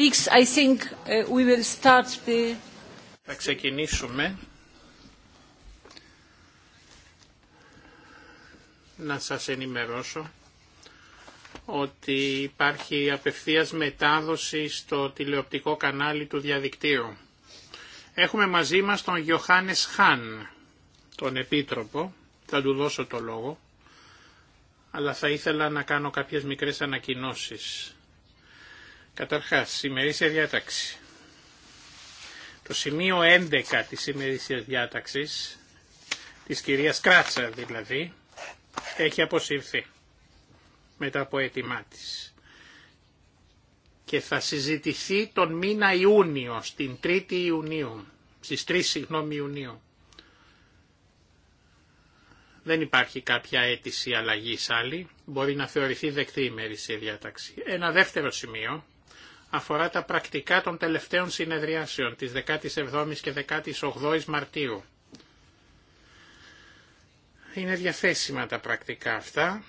Uh, θα ξεκινήσουμε. Να σας ενημερώσω ότι υπάρχει απευθείας μετάδοση στο τηλεοπτικό κανάλι του διαδικτύου. Έχουμε μαζί μας τον Γιωχάνες Χάν, τον Επίτροπο, θα του δώσω το λόγο, αλλά θα ήθελα να κάνω κάποιες μικρές ανακοινώσεις. Καταρχάς, ημερήσια διάταξη. Το σημείο 11 της ημερήσιας διάταξης, της κυρίας Κράτσα δηλαδή, έχει αποσυρθεί μετά από αίτημά της. Και θα συζητηθεί τον μήνα Ιούνιο, στην 3η Ιουνίου, στις 3 συγγνώμη Ιουνίου. Δεν υπάρχει κάποια αίτηση αλλαγής άλλη, μπορεί να θεωρηθεί δεκτή ημερήσια διάταξη. Ένα δεύτερο σημείο, αφορά τα πρακτικά των τελευταίων συνεδριάσεων της 17ης και 18ης Μαρτίου. Είναι διαθέσιμα τα πρακτικά αυτά,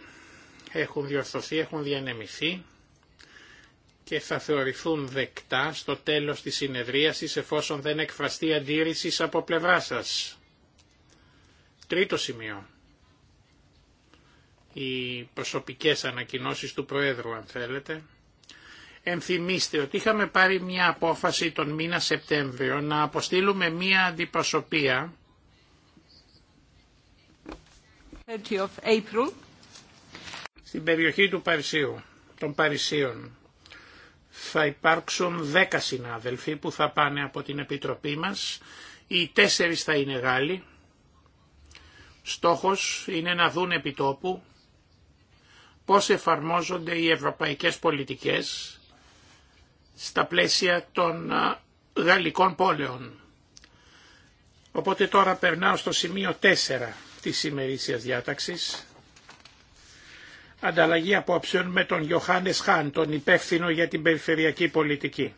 έχουν διορθωθεί, έχουν διανεμηθεί και θα θεωρηθούν δεκτά στο τέλος της συνεδρίασης εφόσον δεν εκφραστεί αντίρρηση από πλευρά σας. Τρίτο σημείο. Οι προσωπικές ανακοινώσεις του Προέδρου, αν θέλετε. Ενθυμίστε ότι είχαμε πάρει μια απόφαση τον μήνα Σεπτέμβριο να αποστείλουμε μια αντιπροσωπεία στην περιοχή του Παρισίου, των Παρισίων. Θα υπάρξουν δέκα συνάδελφοι που θα πάνε από την Επιτροπή μας. Οι τέσσερις θα είναι Γάλλοι. Στόχος είναι να δουν επιτόπου πώς εφαρμόζονται οι ευρωπαϊκές πολιτικές στα πλαίσια των γαλλικών πόλεων. Οπότε τώρα περνάω στο σημείο 4 της ημερήσιας διάταξης. Ανταλλαγή απόψεων με τον Γιωχάνες Χάν, τον υπεύθυνο για την περιφερειακή πολιτική.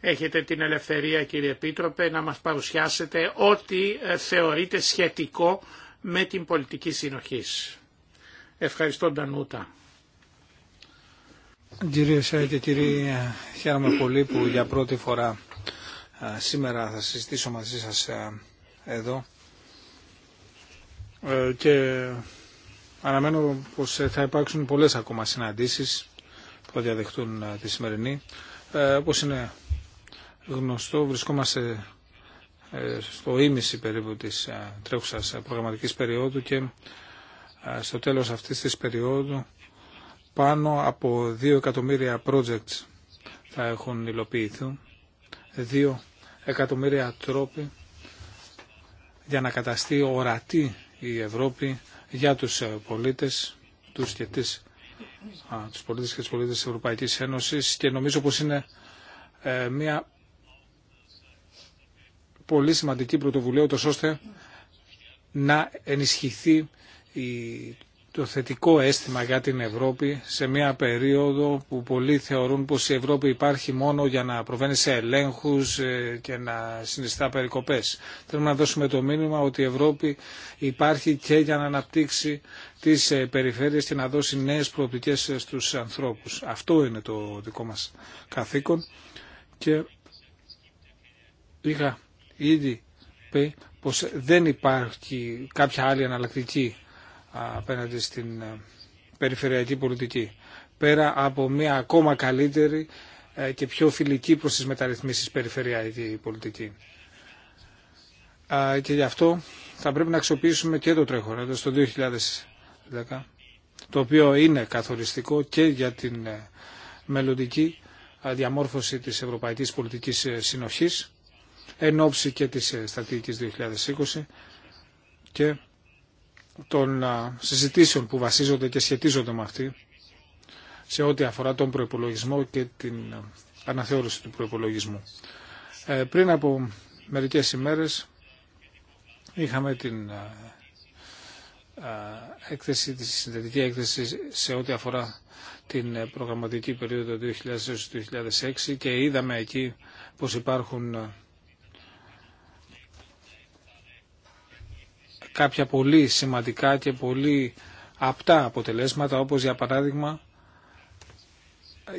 Έχετε την ελευθερία κύριε Επίτροπε να μας παρουσιάσετε ό,τι ε, θεωρείτε σχετικό με την πολιτική συνοχής. Ευχαριστώ Ντανούτα. Κύριε και κύριοι, χαίρομαι πολύ που για πρώτη φορά σήμερα θα συζητήσω μαζί σας εδώ ε, και αναμένω πως ε, θα υπάρξουν πολλές ακόμα συναντήσεις που θα διαδεχτούν τη σημερινή. Ε, όπως είναι γνωστό, βρισκόμαστε στο ίμιση περίπου της τρέχουσας προγραμματικής περίοδου και στο τέλος αυτής της περίοδου πάνω από 2 εκατομμύρια projects θα έχουν υλοποιηθεί, 2 εκατομμύρια τρόποι για να καταστεί ορατή η Ευρώπη για τους ε, πολίτες, τους και τις, α, τους πολίτες και τις πολίτες της Ευρωπαϊκής Ένωσης και νομίζω πως είναι ε, μια πολύ σημαντική πρωτοβουλία ώστε να ενισχυθεί η το θετικό αίσθημα για την Ευρώπη σε μια περίοδο που πολλοί θεωρούν πως η Ευρώπη υπάρχει μόνο για να προβαίνει σε ελέγχους ε, και να συνιστά περικοπές. Θέλουμε να δώσουμε το μήνυμα ότι η Ευρώπη υπάρχει και για να αναπτύξει τις ε, περιφέρειες και να δώσει νέες προοπτικές στους ανθρώπους. Αυτό είναι το δικό μας καθήκον και είχα ήδη πει πως δεν υπάρχει κάποια άλλη αναλλακτική απέναντι στην ε, περιφερειακή πολιτική. Πέρα από μια ακόμα καλύτερη ε, και πιο φιλική προς τις μεταρρυθμίσεις περιφερειακή πολιτική. Και γι' αυτό θα πρέπει να αξιοποιήσουμε και το τρέχον έτος, το 2010, το οποίο είναι καθοριστικό και για την ε, μελλοντική διαμόρφωση της Ευρωπαϊκής Πολιτικής Συνοχής, εν ώψη και της Στατικής 2020 και των συζητήσεων που βασίζονται και σχετίζονται με αυτή σε ό,τι αφορά τον προπολογισμό και την αναθεώρηση του προπολογισμού. Ε, πριν από μερικές ημέρες είχαμε την έκθεση, τη συνδετική έκθεση σε ό,τι αφορά την ε, προγραμματική περίοδο 2000-2006 και είδαμε εκεί πως υπάρχουν κάποια πολύ σημαντικά και πολύ απτά αποτελέσματα όπως για παράδειγμα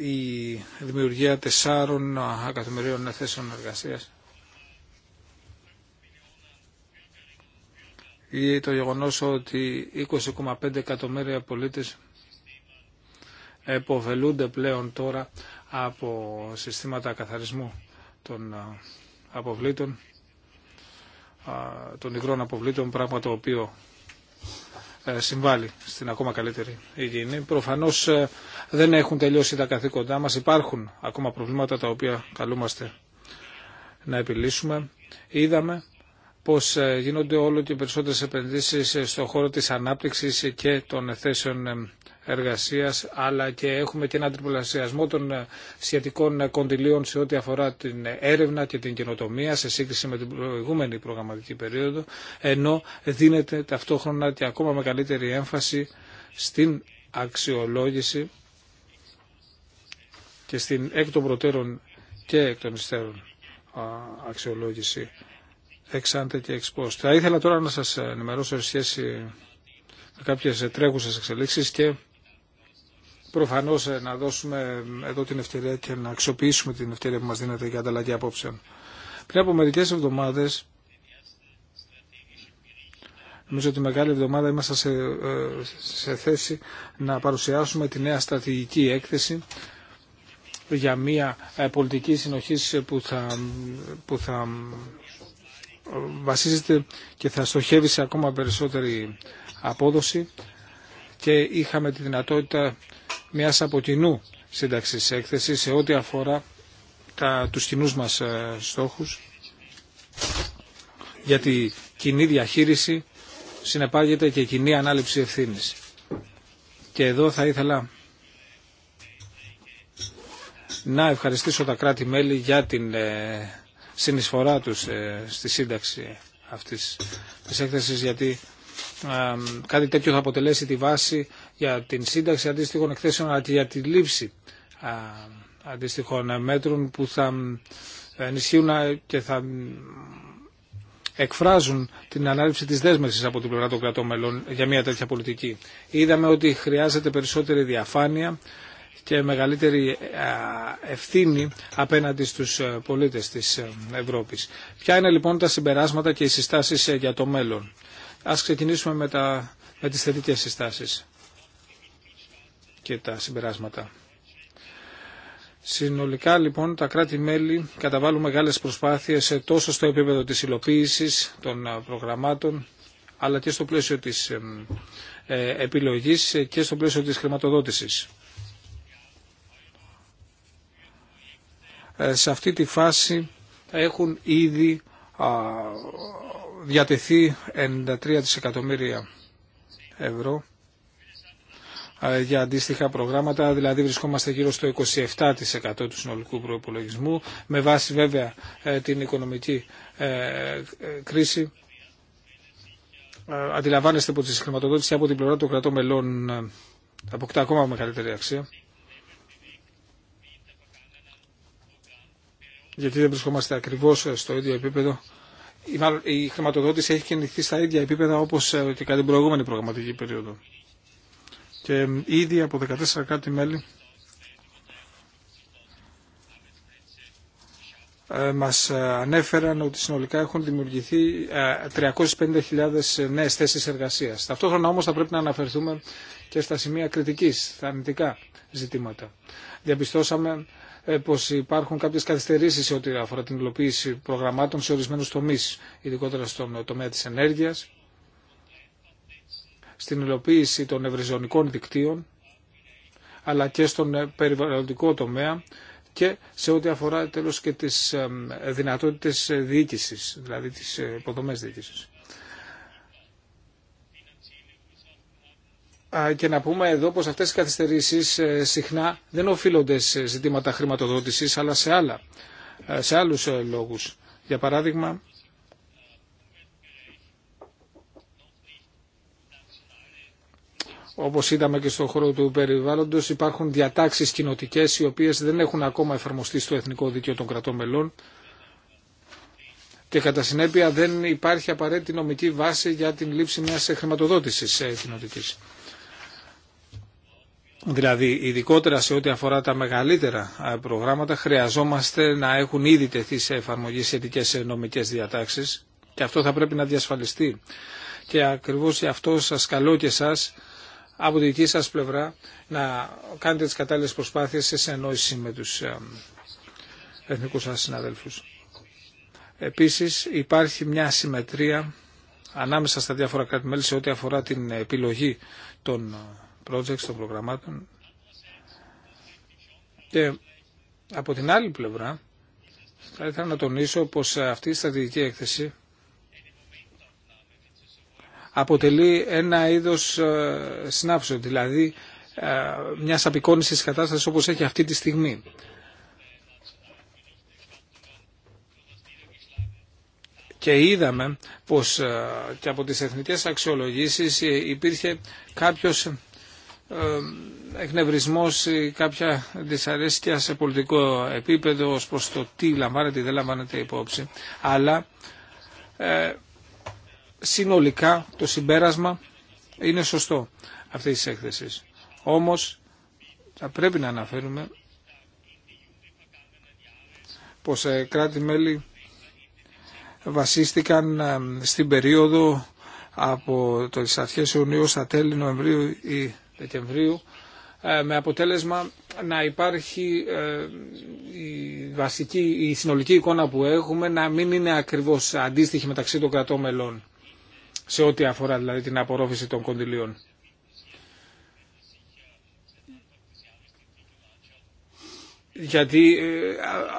η δημιουργία τεσσάρων εκατομμυρίων θέσεων εργασίας ή το γεγονός ότι 20,5 εκατομμύρια πολίτες εποφελούνται πλέον τώρα από συστήματα καθαρισμού των αποβλήτων των υγρών αποβλήτων, πράγμα το οποίο ε, συμβάλλει στην ακόμα καλύτερη υγιεινή. Προφανώς ε, δεν έχουν τελειώσει τα καθήκοντά μας, υπάρχουν ακόμα προβλήματα τα οποία καλούμαστε να επιλύσουμε. Είδαμε πως ε, γίνονται όλο και περισσότερες επενδύσεις στον χώρο της ανάπτυξης και των θέσεων εργασίας αλλά και έχουμε και έναν τριπλασιασμό των σχετικών κοντιλίων σε ό,τι αφορά την έρευνα και την καινοτομία σε σύγκριση με την προηγούμενη προγραμματική περίοδο ενώ δίνεται ταυτόχρονα και ακόμα μεγαλύτερη έμφαση στην αξιολόγηση και στην εκ των προτέρων και εκ των υστέρων αξιολόγηση εξάντε και εξπός. Θα ήθελα τώρα να σας ενημερώσω σε σχέση με κάποιες τρέχουσες εξελίξεις και προφανώς ε, να δώσουμε ε, εδώ την ευκαιρία και να αξιοποιήσουμε την ευκαιρία που μας δίνεται για ανταλλαγή απόψεων. Πριν από μερικέ εβδομάδε, νομίζω ότι μεγάλη εβδομάδα είμαστε σε, ε, σε θέση να παρουσιάσουμε τη νέα στρατηγική έκθεση για μια πολιτική συνοχή που θα, που θα βασίζεται και θα στοχεύει σε ακόμα περισσότερη απόδοση και είχαμε τη δυνατότητα μια από κοινού έκθεση έκθεσης σε ό,τι αφορά τα, τους μα μας ε, στόχους για τη κοινή διαχείριση συνεπάγεται και κοινή ανάληψη ευθύνης. Και εδώ θα ήθελα να ευχαριστήσω τα κράτη-μέλη για την ε, συνεισφορά τους ε, στη σύνταξη αυτής της έκθεσης γιατί κάτι τέτοιο θα αποτελέσει τη βάση για την σύνταξη αντίστοιχων εκθέσεων αλλά και για τη λήψη αντίστοιχων μέτρων που θα ενισχύουν και θα εκφράζουν την ανάληψη της δέσμευσης από την πλευρά των κρατών μελών για μια τέτοια πολιτική. Είδαμε ότι χρειάζεται περισσότερη διαφάνεια και μεγαλύτερη ευθύνη απέναντι στους ε, πολίτες της ε, Ευρώπης. Ποια είναι λοιπόν τα συμπεράσματα και οι συστάσεις ε, για το μέλλον. Ας ξεκινήσουμε με, τα, με τις θετικές συστάσεις και τα συμπεράσματα. Συνολικά λοιπόν τα κράτη-μέλη καταβάλουν μεγάλες προσπάθειες ε, τόσο στο επίπεδο της υλοποίησης των ε, προγραμμάτων αλλά και στο πλαίσιο της ε, επιλογής και στο πλαίσιο της χρηματοδότησης. Σε αυτή τη φάση έχουν ήδη διατεθεί 93 δισεκατομμύρια ευρώ για αντίστοιχα προγράμματα, δηλαδή βρισκόμαστε γύρω στο 27% του συνολικού προπολογισμού, με βάση βέβαια ε, την οικονομική ε, κρίση. Ε, αντιλαμβάνεστε πως η χρηματοδότηση από την πλευρά των κρατών μελών αποκτά ακόμα μεγαλύτερη αξία. Γιατί δεν βρισκόμαστε ακριβώς στο ίδιο επίπεδο η χρηματοδότηση έχει κινηθεί στα ίδια επίπεδα όπως και κατά την προηγούμενη προγραμματική περίοδο και ήδη από 14 κάτι μέλη μας ε, ανέφεραν ότι συνολικά έχουν δημιουργηθεί 350.000 ε, νέες θέσεις εργασίας. Ταυτόχρονα όμως θα πρέπει να αναφερθούμε και στα σημεία κριτικής, στα αρνητικά ζητήματα. Διαπιστώσαμε ε, πως υπάρχουν κάποιες καθυστερήσεις σε ό,τι αφορά την υλοποίηση προγραμμάτων σε ορισμένους τομείς, ειδικότερα στον τομέα της ενέργειας, στην υλοποίηση των ευρυζωνικών δικτύων αλλά και στον περιβαλλοντικό τομέα και σε ό,τι αφορά τέλος και τις δυνατότητες διοίκησης, δηλαδή τις υποδομές διοίκησης. Και να πούμε εδώ πως αυτές οι καθυστερήσεις ε, συχνά δεν οφείλονται σε ζητήματα χρηματοδότησης αλλά σε άλλα, ε, σε άλλους ε, λόγους. Για παράδειγμα, όπως είδαμε και στον χώρο του περιβάλλοντος, υπάρχουν διατάξεις κοινοτικέ οι οποίες δεν έχουν ακόμα εφαρμοστεί στο εθνικό δίκαιο των κρατών μελών και κατά συνέπεια δεν υπάρχει απαραίτητη νομική βάση για την λήψη μιας χρηματοδότησης κοινοτική. Δηλαδή, ειδικότερα σε ό,τι αφορά τα μεγαλύτερα προγράμματα, χρειαζόμαστε να έχουν ήδη τεθεί σε εφαρμογή σχετικέ νομικέ διατάξεις και αυτό θα πρέπει να διασφαλιστεί. Και ακριβώ γι' αυτό σα καλώ και εσά από τη δική σας πλευρά να κάνετε τις κατάλληλες προσπάθειες σε συνεννόηση με τους ε, εθνικούς σας συναδέλφους. Επίσης υπάρχει μια συμμετρία ανάμεσα στα διάφορα κράτη-μέλη σε ό,τι αφορά την επιλογή των ε, projects, των προγραμμάτων. Και από την άλλη πλευρά θα ήθελα να τονίσω πως αυτή η στρατηγική έκθεση αποτελεί ένα είδος συνάψεων, δηλαδή ε, μια απεικόνηση της κατάστασης όπως έχει αυτή τη στιγμή. Και είδαμε πως ε, και από τις εθνικές αξιολογήσεις ε, υπήρχε κάποιος εκνευρισμός ή κάποια δυσαρέσκεια σε πολιτικό επίπεδο ως προς το τι λαμβάνεται ή δεν λαμβάνεται υπόψη. Αλλά συνολικά το συμπέρασμα είναι σωστό αυτή τη έκθεση. Όμως θα πρέπει να αναφέρουμε πως ε, κράτη-μέλη βασίστηκαν ε, στην περίοδο από το αρχές Ιουνίου στα τέλη Νοεμβρίου ή Δεκεμβρίου ε, με αποτέλεσμα να υπάρχει η, βασική, η συνολική εικόνα που έχουμε να μην είναι ακριβώς αντίστοιχη μεταξύ των κρατών μελών σε ό,τι αφορά δηλαδή την απορρόφηση των κονδυλίων. Γιατί ε,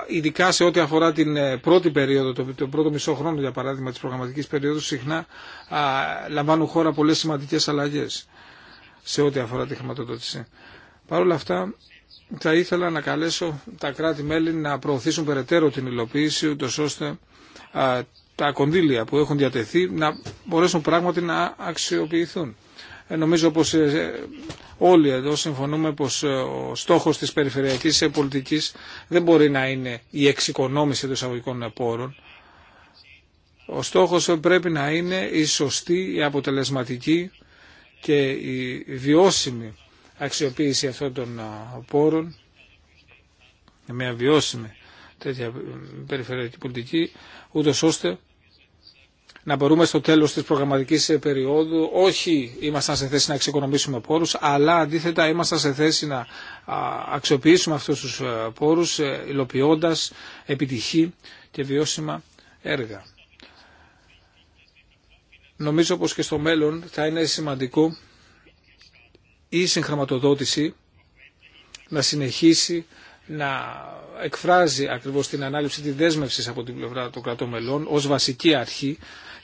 ειδικά σε ό,τι αφορά την ε, πρώτη περίοδο, τον πρώτο μισό χρόνο για παράδειγμα της προγραμματικής περίοδου, συχνά λαμβάνουν χώρα πολλές σημαντικές αλλαγές σε ό,τι αφορά τη χρηματοδότηση. Παρ' όλα αυτά, θα ήθελα να καλέσω τα κράτη-μέλη να προωθήσουν περαιτέρω την υλοποίηση, ούτως ώστε τα κονδύλια που έχουν διατεθεί να μπορέσουν πράγματι να αξιοποιηθούν. Ε, νομίζω πως ε, ε, όλοι εδώ συμφωνούμε πως ο στόχος της περιφερειακής πολιτικής δεν μπορεί να είναι η εξοικονόμηση των εισαγωγικών πόρων. Ο στόχος πρέπει να είναι η σωστή, η αποτελεσματική και η βιώσιμη αξιοποίηση αυτών των πόρων, μια βιώσιμη τέτοια περιφερειακή πολιτική, ούτως ώστε να μπορούμε στο τέλο τη προγραμματική περίοδου όχι ήμασταν σε θέση να εξοικονομήσουμε πόρους αλλά αντίθετα ήμασταν σε θέση να αξιοποιήσουμε αυτούς τους ε, πόρους ε, υλοποιώντα επιτυχή και βιώσιμα έργα. Νομίζω πως και στο μέλλον θα είναι σημαντικό η συγχρηματοδότηση να συνεχίσει να εκφράζει ακριβώς την ανάληψη τη δέσμευσης από την πλευρά των κρατών μελών ως βασική αρχή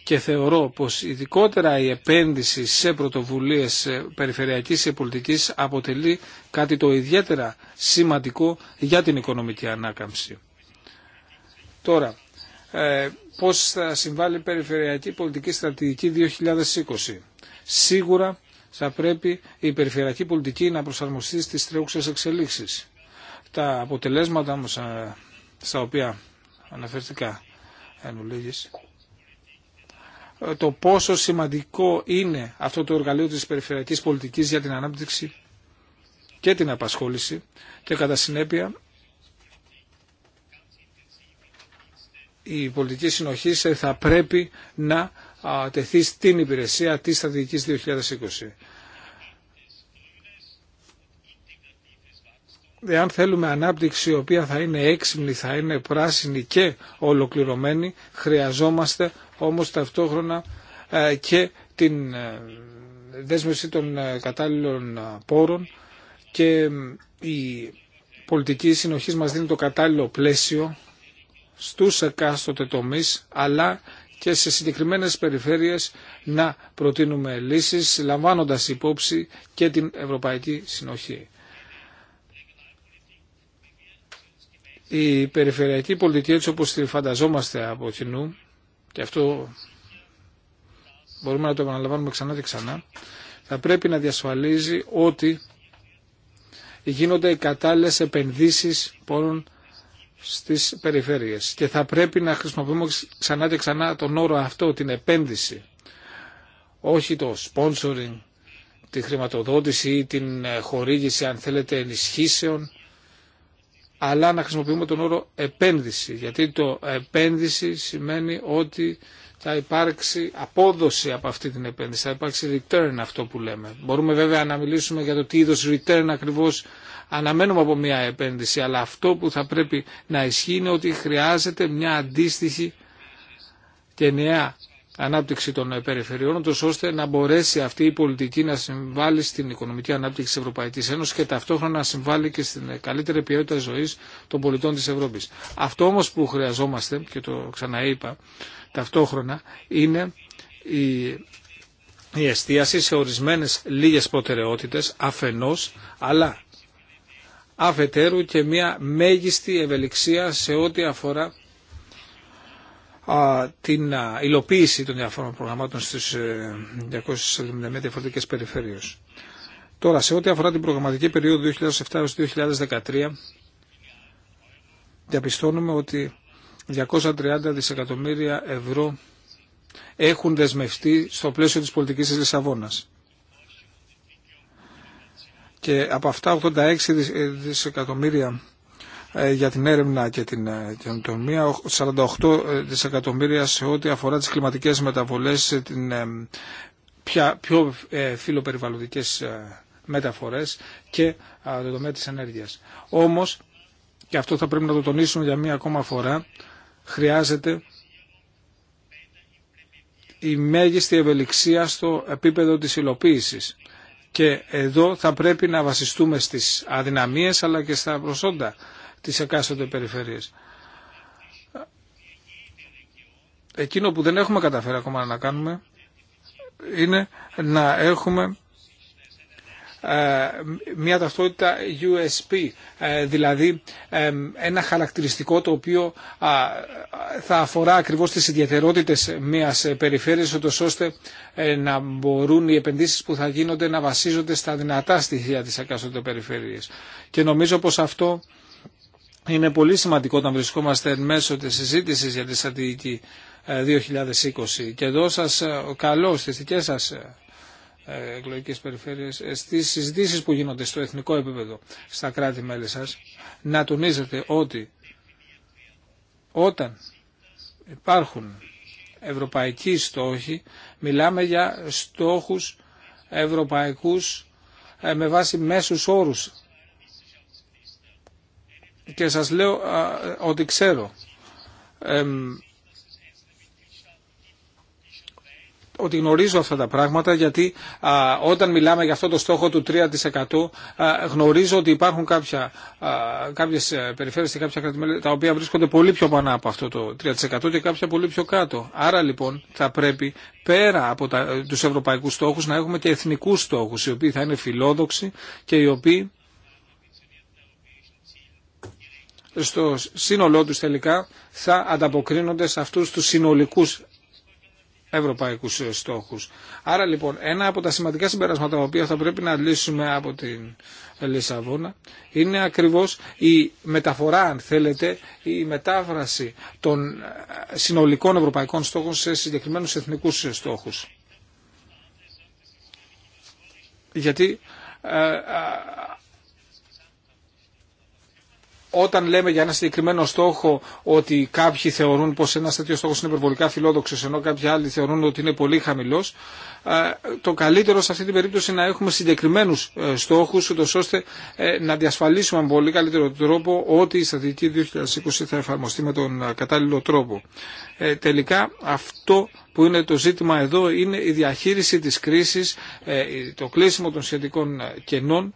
και θεωρώ πως ειδικότερα η επένδυση σε πρωτοβουλίες περιφερειακής πολιτικής αποτελεί κάτι το ιδιαίτερα σημαντικό για την οικονομική ανάκαμψη. Τώρα, ε, πώς θα συμβάλλει η περιφερειακή πολιτική στρατηγική 2020. Σίγουρα θα πρέπει η περιφερειακή πολιτική να προσαρμοστεί στις τρέχουσες εξελίξεις. Τα αποτελέσματα όμως ε, στα οποία αναφερθήκα εν το πόσο σημαντικό είναι αυτό το εργαλείο της περιφερειακής πολιτικής για την ανάπτυξη και την απασχόληση και κατά συνέπεια η πολιτική συνοχή θα πρέπει να τεθεί στην υπηρεσία της στρατηγικής 2020. Εάν θέλουμε ανάπτυξη η οποία θα είναι έξυπνη, θα είναι πράσινη και ολοκληρωμένη, χρειαζόμαστε όμως ταυτόχρονα ε, και την ε, δέσμευση των ε, κατάλληλων πόρων και η πολιτική συνοχή μας δίνει το κατάλληλο πλαίσιο στους εκάστοτε τομείς αλλά και σε συγκεκριμένες περιφέρειες να προτείνουμε λύσεις λαμβάνοντας υπόψη και την Ευρωπαϊκή Συνοχή. Η περιφερειακή πολιτική έτσι όπως τη φανταζόμαστε από κοινού και αυτό μπορούμε να το επαναλαμβάνουμε ξανά και ξανά, θα πρέπει να διασφαλίζει ότι γίνονται οι κατάλληλες επενδύσεις πόρων στις περιφέρειες. Και θα πρέπει να χρησιμοποιούμε ξανά και ξανά τον όρο αυτό, την επένδυση. Όχι το sponsoring, τη χρηματοδότηση ή την χορήγηση, αν θέλετε, ενισχύσεων αλλά να χρησιμοποιούμε τον όρο επένδυση, γιατί το επένδυση σημαίνει ότι θα υπάρξει απόδοση από αυτή την επένδυση, θα υπάρξει return αυτό που λέμε. Μπορούμε βέβαια να μιλήσουμε για το τι είδος return ακριβώς αναμένουμε από μια επένδυση, αλλά αυτό που θα πρέπει να ισχύει είναι ότι χρειάζεται μια αντίστοιχη και νέα ανάπτυξη των ε, περιφερειών, ώστε να μπορέσει αυτή η πολιτική να συμβάλλει στην οικονομική ανάπτυξη της Ευρωπαϊκής Ένωσης και ταυτόχρονα να συμβάλλει και στην ε, καλύτερη ποιότητα ζωής των πολιτών της Ευρώπης. Αυτό όμως που χρειαζόμαστε, και το ξαναείπα ταυτόχρονα, είναι η η εστίαση σε ορισμένες λίγες προτεραιότητες αφενός, αλλά αφετέρου και μια μέγιστη ευελιξία σε ό,τι αφορά την υλοποίηση των διαφόρων προγραμμάτων στις 270 ε, διαφορετικές περιφέρειες. Τώρα, σε ό,τι αφορά την προγραμματική περίοδο 2007-2013, διαπιστώνουμε ότι 230 δισεκατομμύρια ευρώ έχουν δεσμευτεί στο πλαίσιο της πολιτικής της Λισαβόνας. Και από αυτά 86 ε, δισεκατομμύρια ε, για την έρευνα και την καινοτομία, ε, 48 ε, δισεκατομμύρια σε ό,τι αφορά τις κλιματικές μεταβολές, την, πιο φιλοπεριβαλλοντικές μεταφορές και το τομέα της ενέργειας. Όμως, και αυτό θα πρέπει να το τονίσουμε για μία ακόμα φορά, χρειάζεται η μέγιστη ευελιξία στο επίπεδο της υλοποίησης. Και εδώ θα πρέπει να βασιστούμε στις αδυναμίες αλλά και στα προσόντα τις εκάστοτε περιφέρειες. Εκείνο που δεν έχουμε καταφέρει ακόμα να κάνουμε είναι να έχουμε ε, μια ταυτότητα USP, ε, δηλαδή ε, ένα χαρακτηριστικό το οποίο θα αφορά ακριβώς τις ιδιαιτερότητες μιας περιφέρειας ώστε να μπορούν οι επενδύσεις που θα γίνονται να βασίζονται στα δυνατά στοιχεία της εκάστοτε περιφέρειας. Και νομίζω πως αυτό είναι πολύ σημαντικό όταν βρισκόμαστε εν μέσω της συζήτησης για τη στρατηγική 2020. Ε, Και εδώ σας ε, καλώ στις δικές σας ε, εκλογικέ περιφέρειες, στις συζητήσεις που γίνονται στο εθνικό επίπεδο στα κράτη-μέλη σας, να τονίζετε ότι όταν υπάρχουν ευρωπαϊκοί στόχοι, μιλάμε για στόχους ευρωπαϊκούς με βάση μέσους όρους και σας λέω ότι ξέρω ότι γνωρίζω αυτά τα πράγματα γιατί όταν μιλάμε για αυτό το στόχο του 3% γνωρίζω ότι υπάρχουν κάποια, α, κάποιες ε, περιφέρειες και κάποια μέλη τα οποία βρίσκονται πολύ πιο πάνω από αυτό το 3% και κάποια πολύ πιο κάτω. Άρα λοιπόν θα πρέπει πέρα από τα, ε, τους ευρωπαϊκούς στόχους να έχουμε και εθνικούς στόχους οι οποίοι θα είναι φιλόδοξοι και οι οποίοι στο σύνολό τους τελικά θα ανταποκρίνονται σε αυτούς τους συνολικούς ευρωπαϊκούς στόχους. Άρα λοιπόν ένα από τα σημαντικά συμπεράσματα τα οποία θα πρέπει να λύσουμε από την Λισαβόνα είναι ακριβώς η μεταφορά αν θέλετε η μετάφραση των συνολικών ευρωπαϊκών στόχων σε συγκεκριμένους εθνικούς στόχους. Γιατί ε, όταν λέμε για ένα συγκεκριμένο στόχο ότι κάποιοι θεωρούν πως ένα τέτοιο στόχος είναι υπερβολικά φιλόδοξος ενώ κάποιοι άλλοι θεωρούν ότι είναι πολύ χαμηλός ε, το καλύτερο σε αυτή την περίπτωση είναι να έχουμε συγκεκριμένους ε, στόχους ούτως ώστε ε, να διασφαλίσουμε με πολύ καλύτερο τρόπο ότι η στρατηγική 2020 θα εφαρμοστεί με τον κατάλληλο τρόπο. τελικά αυτό που είναι το ζήτημα εδώ είναι η διαχείριση της κρίσης, το κλείσιμο των σχετικών κενών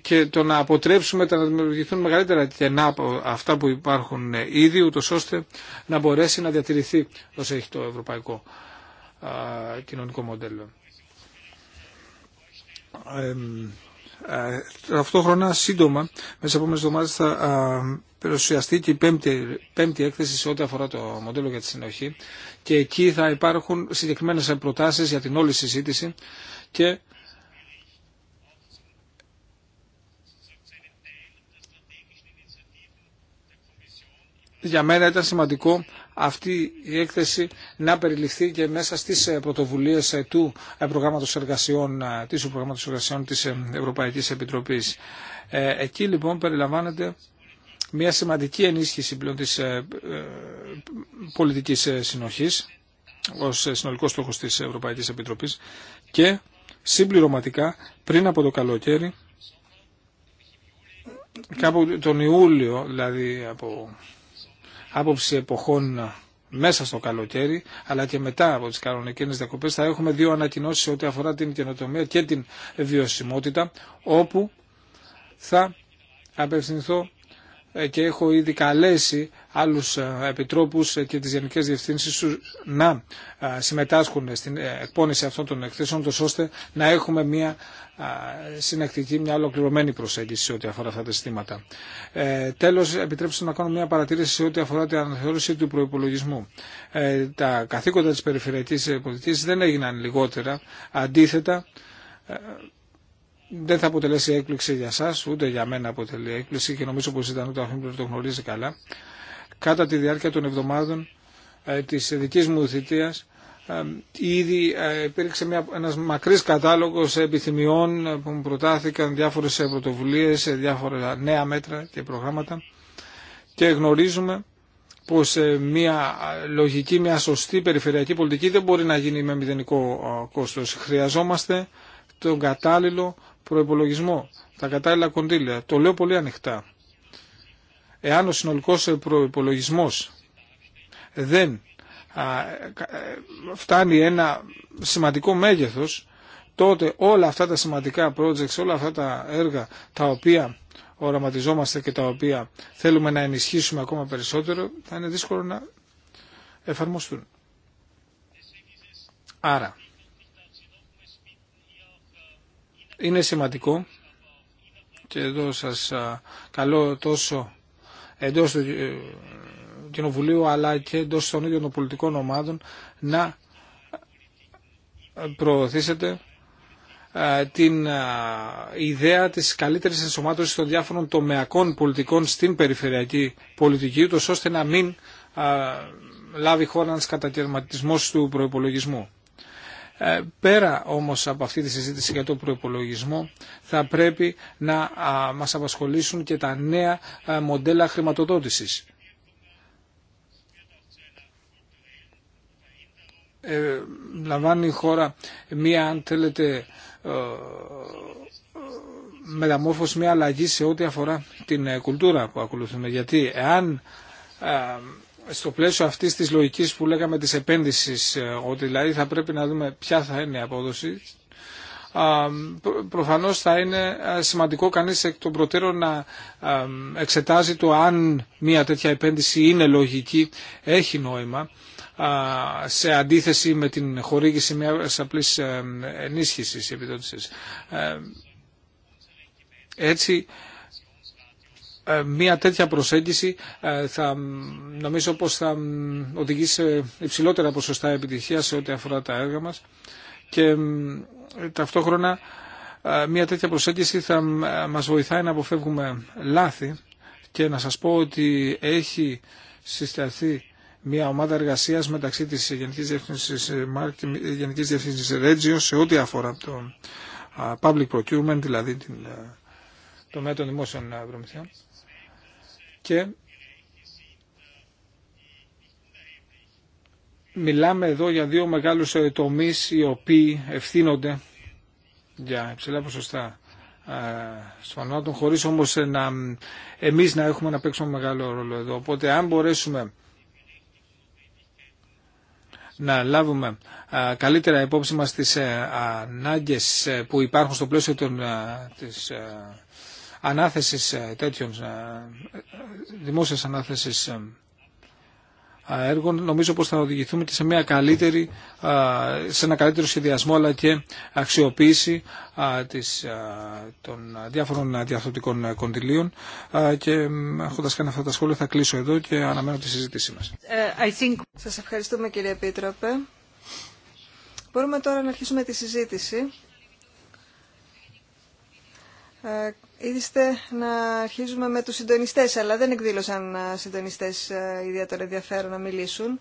και το να αποτρέψουμε τα να δημιουργηθούν μεγαλύτερα κενά από αυτά που υπάρχουν ήδη, ούτως ώστε να μπορέσει να διατηρηθεί όσο έχει το ευρωπαϊκό κοινωνικό μοντέλο. Ε, ταυτόχρονα σύντομα μέσα από μερικέ εβδομάδε θα παρουσιαστεί και η πέμπτη, πέμπτη έκθεση σε ό,τι αφορά το μοντέλο για τη συνοχή και εκεί θα υπάρχουν συγκεκριμένε προτάσει για την όλη συζήτηση και για μένα ήταν σημαντικό αυτή η έκθεση να περιληφθεί και μέσα στις ε, πρωτοβουλίες ε, του ε, προγράμματος εργασιών, της εργασιών Ευρωπαϊκής Επιτροπής. Εκεί λοιπόν περιλαμβάνεται μια σημαντική ενίσχυση πλέον της πολιτικής συνοχής ως συνολικός στόχος της Ευρωπαϊκής Επιτροπής και συμπληρωματικά πριν από το καλοκαίρι κάπου τον Ιούλιο δηλαδή από άποψη εποχών μέσα στο καλοκαίρι, αλλά και μετά από τι κανονικέ διακοπέ, θα έχουμε δύο ανακοινώσει ό,τι αφορά την καινοτομία και την βιωσιμότητα, όπου θα απευθυνθώ ε, και έχω ήδη καλέσει άλλους ε, επιτρόπους ε, και τις γενικές διευθύνσεις να συμμετάσχουν στην εκπόνηση αυτών των εκθέσεων ώστε να έχουμε μια συνεκτική, μια ολοκληρωμένη προσέγγιση σε ό,τι αφορά αυτά τα συστήματα. Ε, τέλος, επιτρέψτε να κάνω μια παρατήρηση σε ό,τι αφορά την αναθεώρηση του προϋπολογισμού. τα καθήκοντα της περιφερειακής πολιτικής δεν έγιναν λιγότερα. Αντίθετα, δεν θα αποτελέσει έκπληξη για εσά, ούτε για μένα αποτελεί έκπληξη και νομίζω πω ήταν ούτε αυτό το γνωρίζει καλά. Κατά τη διάρκεια των εβδομάδων ε, της δικής μου θητείας, ε, ήδη ε, υπήρξε ένα ένας κατάλογο κατάλογος επιθυμιών ε, που μου προτάθηκαν διάφορες πρωτοβουλίες, διάφορα νέα μέτρα και προγράμματα και γνωρίζουμε πως μια λογική, μια σωστή περιφερειακή πολιτική δεν μπορεί να γίνει με μηδενικό κόστο. Χρειαζόμαστε τον κατάλληλο προπολογισμό, τα κατάλληλα κονδύλια. Το λέω πολύ ανοιχτά. Εάν ο συνολικός προπολογισμό δεν ε, φτάνει ένα σημαντικό μέγεθος, τότε όλα αυτά τα σημαντικά projects, όλα αυτά τα έργα τα οποία οραματιζόμαστε και τα οποία θέλουμε να ενισχύσουμε ακόμα περισσότερο, θα είναι δύσκολο να εφαρμοστούν. Άρα, είναι σημαντικό και εδώ σας καλώ τόσο εντός του ε, Κοινοβουλίου αλλά και εντός των ίδιων των πολιτικών ομάδων να ε, προωθήσετε την ιδέα της καλύτερης ενσωμάτωσης των διάφορων τομεακών πολιτικών στην περιφερειακή πολιτική, ούτως ώστε να μην λάβει χώρα ένας του προϋπολογισμού. Ε, πέρα όμως από αυτή τη συζήτηση για τον προϋπολογισμό, θα πρέπει να μας απασχολήσουν και τα νέα ε, μοντέλα χρηματοδότησης. Ε, λαμβάνει η χώρα μία αν θέλετε μεταμόρφωση, μία αλλαγή σε ό,τι αφορά την κουλτούρα που ακολουθούμε. Γιατί εάν στο πλαίσιο αυτής της λογικής που λέγαμε τη επένδυσης, ε, ότι δηλαδή θα πρέπει να δούμε ποια θα είναι η απόδοση, προφανώς θα είναι ε, σημαντικό κανείς εκ των προτέρων να ε, εξετάζει το αν μια τέτοια επένδυση είναι λογική, έχει νόημα σε αντίθεση με την χορήγηση μια απλής ενίσχυση επιδότηση. Έτσι ε, μια τέτοια προσέγγιση ε, θα, νομίζω πως θα οδηγήσει σε υψηλότερα ποσοστά επιτυχία σε ό,τι αφορά τα έργα μας και ταυτόχρονα ε, μια τέτοια προσέγγιση θα μας βοηθάει να αποφεύγουμε λάθη και να σας πω ότι έχει συσταθεί μια ομάδα εργασίας μεταξύ της Γενικής Διεύθυνσης Μάρκ και Γενικής Διεύθυνσης Regio σε ό,τι αφορά το public procurement, δηλαδή την, το μέτρο δημόσιων προμηθειών. Και μιλάμε εδώ για δύο μεγάλους τομείς οι οποίοι ευθύνονται για υψηλά ποσοστά στον των χωρίς όμως να, εμείς να έχουμε να παίξουμε μεγάλο ρόλο εδώ. Οπότε αν μπορέσουμε να λάβουμε καλύτερα υπόψη μας τις ε, ανάγκες ε, που υπάρχουν στο πλαίσιο των, της ε, ανάθεσης ε, τέτοιων ε, δημόσιας ανάθεσης ε, έργων νομίζω πως θα οδηγηθούμε και σε, μια καλύτερη, σε ένα καλύτερο σχεδιασμό αλλά και αξιοποίηση της, των διάφορων διαθροτικών κοντιλίων και έχοντα κάνει αυτά τα σχόλια θα κλείσω εδώ και αναμένω τη συζήτησή μας. I think... Σας ευχαριστούμε κύριε Επίτροπε. Μπορούμε τώρα να αρχίσουμε τη συζήτηση είστε να αρχίζουμε με τους συντονιστές, αλλά δεν εκδήλωσαν ε, συντονιστές ε, ιδιαίτερα ενδιαφέρον να μιλήσουν.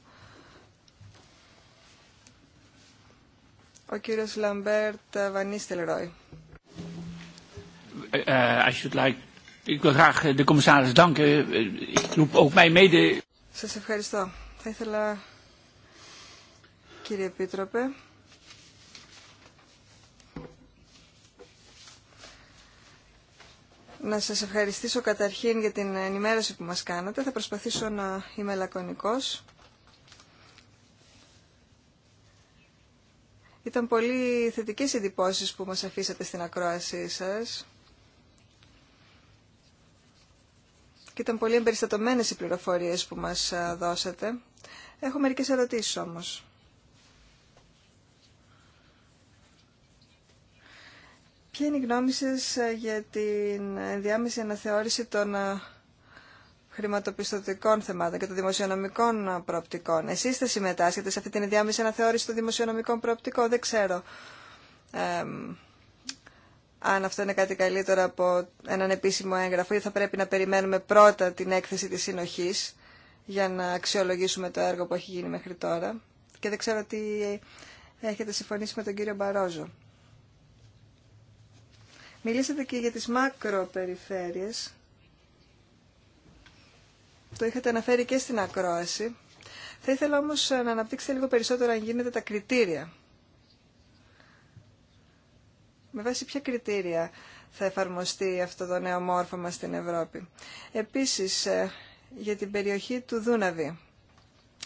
Ο κύριος Λαμπέρτ ε, Βανίστελ Ρόι. Eh, eh, Σας ευχαριστώ. Θα ήθελα, κύριε Επίτροπε, να σας ευχαριστήσω καταρχήν για την ενημέρωση που μας κάνατε. Θα προσπαθήσω να είμαι λακωνικός. Ήταν πολύ θετικές εντυπώσεις που μας αφήσατε στην ακρόασή σας. Και ήταν πολύ εμπεριστατωμένες οι πληροφορίες που μας ε, δώσατε. Έχω μερικές ερωτήσεις όμως. Ποια είναι η γνώμη σας ε, για την ενδιάμεση αναθεώρηση των ε, χρηματοπιστωτικών θεμάτων και των δημοσιονομικών ε, προοπτικών. Εσείς θα συμμετάσχετε σε αυτή την ενδιάμεση αναθεώρηση των δημοσιονομικών προοπτικών. Δεν ξέρω ε, αν αυτό είναι κάτι καλύτερο από έναν επίσημο έγγραφο ή θα πρέπει να περιμένουμε πρώτα την έκθεση της συνοχής για να αξιολογήσουμε το έργο που έχει γίνει μέχρι τώρα. Και δεν ξέρω τι έχετε συμφωνήσει με τον κύριο Μπαρόζο. Μιλήσατε και για τις μακροπεριφέρειες. Το είχατε αναφέρει και στην ακρόαση. Θα ήθελα όμως να αναπτύξετε λίγο περισσότερο αν γίνεται τα κριτήρια. Με βάση ποια κριτήρια θα εφαρμοστεί αυτό το νέο μόρφωμα στην Ευρώπη. Επίσης, ε, για την περιοχή του Δούναβη.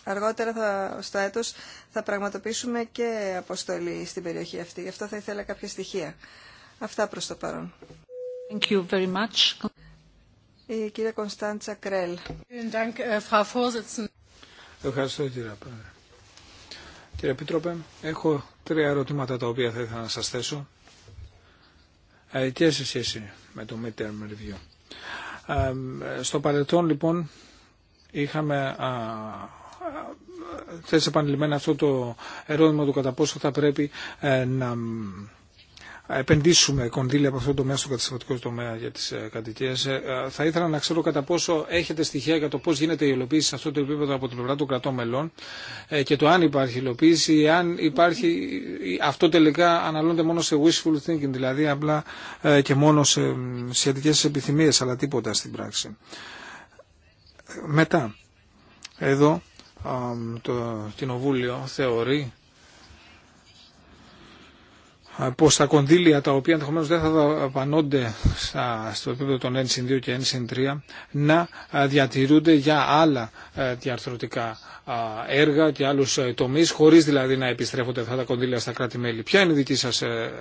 Αργότερα θα, στο έτος θα πραγματοποιήσουμε και αποστολή στην περιοχή αυτή. Γι' αυτό θα ήθελα κάποια στοιχεία. Αυτά προς το παρόν. Thank Η κυρία Κρέλ. Äh, Ευχαριστώ κύριε Πρόεδρε. Κύριε Επίτροπε, έχω τρία ερωτήματα τα οποία θα ήθελα να σας θέσω ε, και σε σχέση με το midterm review. Ε, στο παρελθόν λοιπόν είχαμε θέσει επανειλημμένα αυτό το ερώτημα του κατά πόσο θα πρέπει ε, να επενδύσουμε κονδύλια από αυτό το τομέα στο κατασκευαστικό τομέα για τις ε, κατοικίε, ε, ε, Θα ήθελα να ξέρω κατά πόσο έχετε στοιχεία για το πώς γίνεται η υλοποίηση σε αυτό το επίπεδο από την πλευρά των κρατών μελών και το αν υπάρχει υλοποίηση ή αν υπάρχει αυτό τελικά αναλώνεται μόνο σε wishful thinking, δηλαδή απλά και μόνο σε σχετικέ επιθυμίε, αλλά τίποτα στην πράξη. Μετά, εδώ το Κοινοβούλιο θεωρεί πως τα κονδύλια τα οποία ενδεχομένω δεν θα δαπανώνται στο επίπεδο των n 2 και n 3 να διατηρούνται για άλλα διαρθρωτικά έργα και άλλους ε, τομείς χωρίς δηλαδή να επιστρέφονται αυτά τα κονδύλια στα κράτη-μέλη. Ποια είναι η δική σας ε,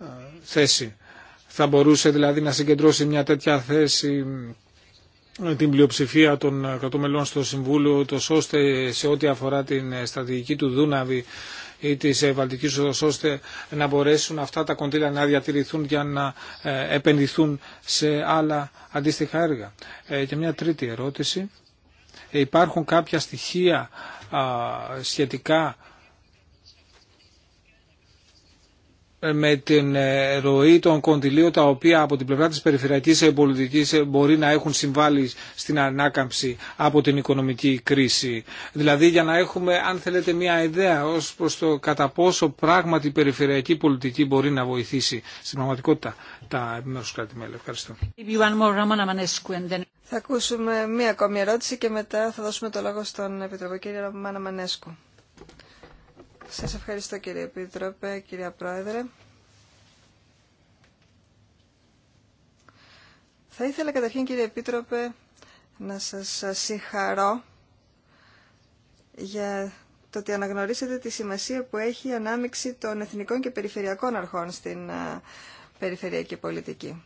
ε, θέση. Θα μπορούσε δηλαδή να συγκεντρώσει μια τέτοια θέση την πλειοψηφία των κρατομελών στο Συμβούλιο, ώστε σε ό,τι αφορά την στρατηγική του Δούναβη ή τη ε, βαλτική Οδό, ώστε να μπορέσουν αυτά τα κονδύλια να διατηρηθούν για να ε, επενδυθούν σε άλλα αντίστοιχα έργα. Ε, και μια τρίτη ερώτηση. Υπάρχουν κάποια στοιχεία σχετικά με την ε, ροή των κοντιλίων τα οποία από την πλευρά της περιφερειακής πολιτικής ε, μπορεί να έχουν συμβάλει στην ανάκαμψη από την οικονομική κρίση. Δηλαδή για να έχουμε αν θέλετε μια ιδέα ως προς το κατά πόσο πράγματι η περιφερειακή πολιτική μπορεί να βοηθήσει στην πραγματικότητα τα επιμέρους κράτη-μέλη. Ευχαριστώ. Θα ακούσουμε μία ακόμη ερώτηση και μετά θα δώσουμε το λόγο στον Επιτροπό κύριο Μάνα Μανέσκου. Σας ευχαριστώ κύριε Επίτροπε, κυρία Πρόεδρε. Θα ήθελα καταρχήν κύριε Επίτροπε να σας συγχαρώ για το ότι αναγνωρίσατε τη σημασία που έχει η ανάμειξη των εθνικών και περιφερειακών αρχών στην περιφερειακή πολιτική.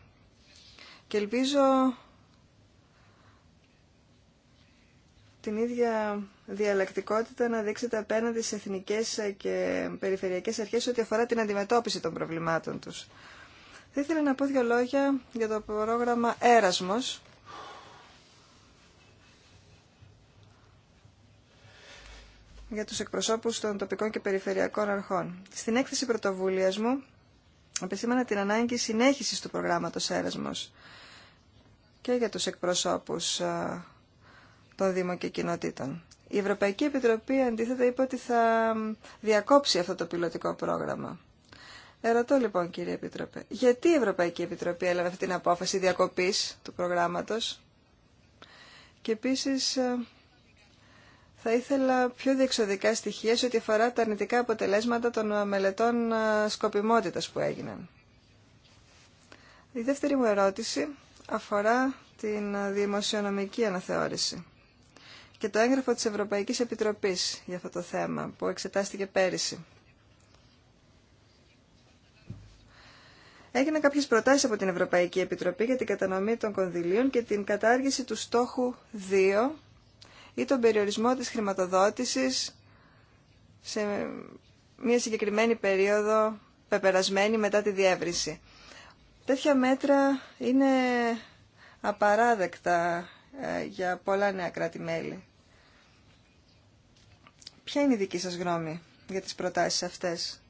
Και ελπίζω την ίδια διαλεκτικότητα να δείξετε απέναντι σε εθνικές και περιφερειακές αρχές ό,τι αφορά την αντιμετώπιση των προβλημάτων τους. Θα ήθελα να πω δύο λόγια για το πρόγραμμα Έρασμος. για τους εκπροσώπους των τοπικών και περιφερειακών αρχών. Στην έκθεση πρωτοβουλίας μου επισήμανα την ανάγκη συνέχισης του προγράμματος Έρασμος και για τους εκπροσώπους των Δήμων και Κοινοτήτων. Η Ευρωπαϊκή Επιτροπή αντίθετα είπε ότι θα διακόψει αυτό το πιλωτικό πρόγραμμα. Ερωτώ λοιπόν κύριε Επιτροπέ, γιατί η Ευρωπαϊκή Επιτροπή έλαβε αυτή την απόφαση διακοπής του προγράμματος και επίσης ε, θα ήθελα πιο διεξοδικά στοιχεία σε ό,τι αφορά τα αρνητικά αποτελέσματα των μελετών ε, σκοπιμότητας που έγιναν. Η δεύτερη μου ερώτηση αφορά την δημοσιονομική αναθεώρηση και το έγγραφο της Ευρωπαϊκής Επιτροπής για αυτό το θέμα που εξετάστηκε πέρυσι. Έγιναν κάποιες προτάσεις από την Ευρωπαϊκή Επιτροπή για την κατανομή των κονδυλίων και την κατάργηση του στόχου 2 ή τον περιορισμό της χρηματοδότησης σε μια συγκεκριμένη περίοδο πεπερασμένη μετά τη διεύρυνση. Τέτοια μέτρα είναι απαράδεκτα ε, για πολλά νέα κράτη-μέλη. Ποια είναι η δική σας γνώμη για τις προτάσεις αυτές.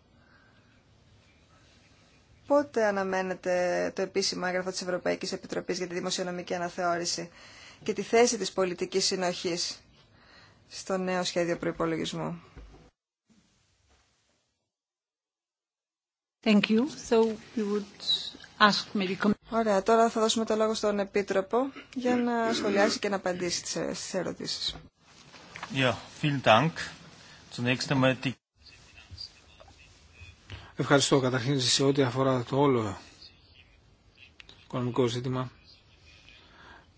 Πότε αναμένετε το επίσημο έγγραφο της Ευρωπαϊκής Επιτροπής για τη Δημοσιονομική Αναθεώρηση και τη θέση της πολιτικής συνοχής στο νέο σχέδιο προϋπολογισμού. Thank you. So we would... Ωραία, τώρα θα δώσουμε το λόγο στον Επίτροπο για να σχολιάσει και να απαντήσει στις ερωτήσεις. Yeah, Ευχαριστώ καταρχήν σε ό,τι αφορά το όλο οικονομικό ζήτημα.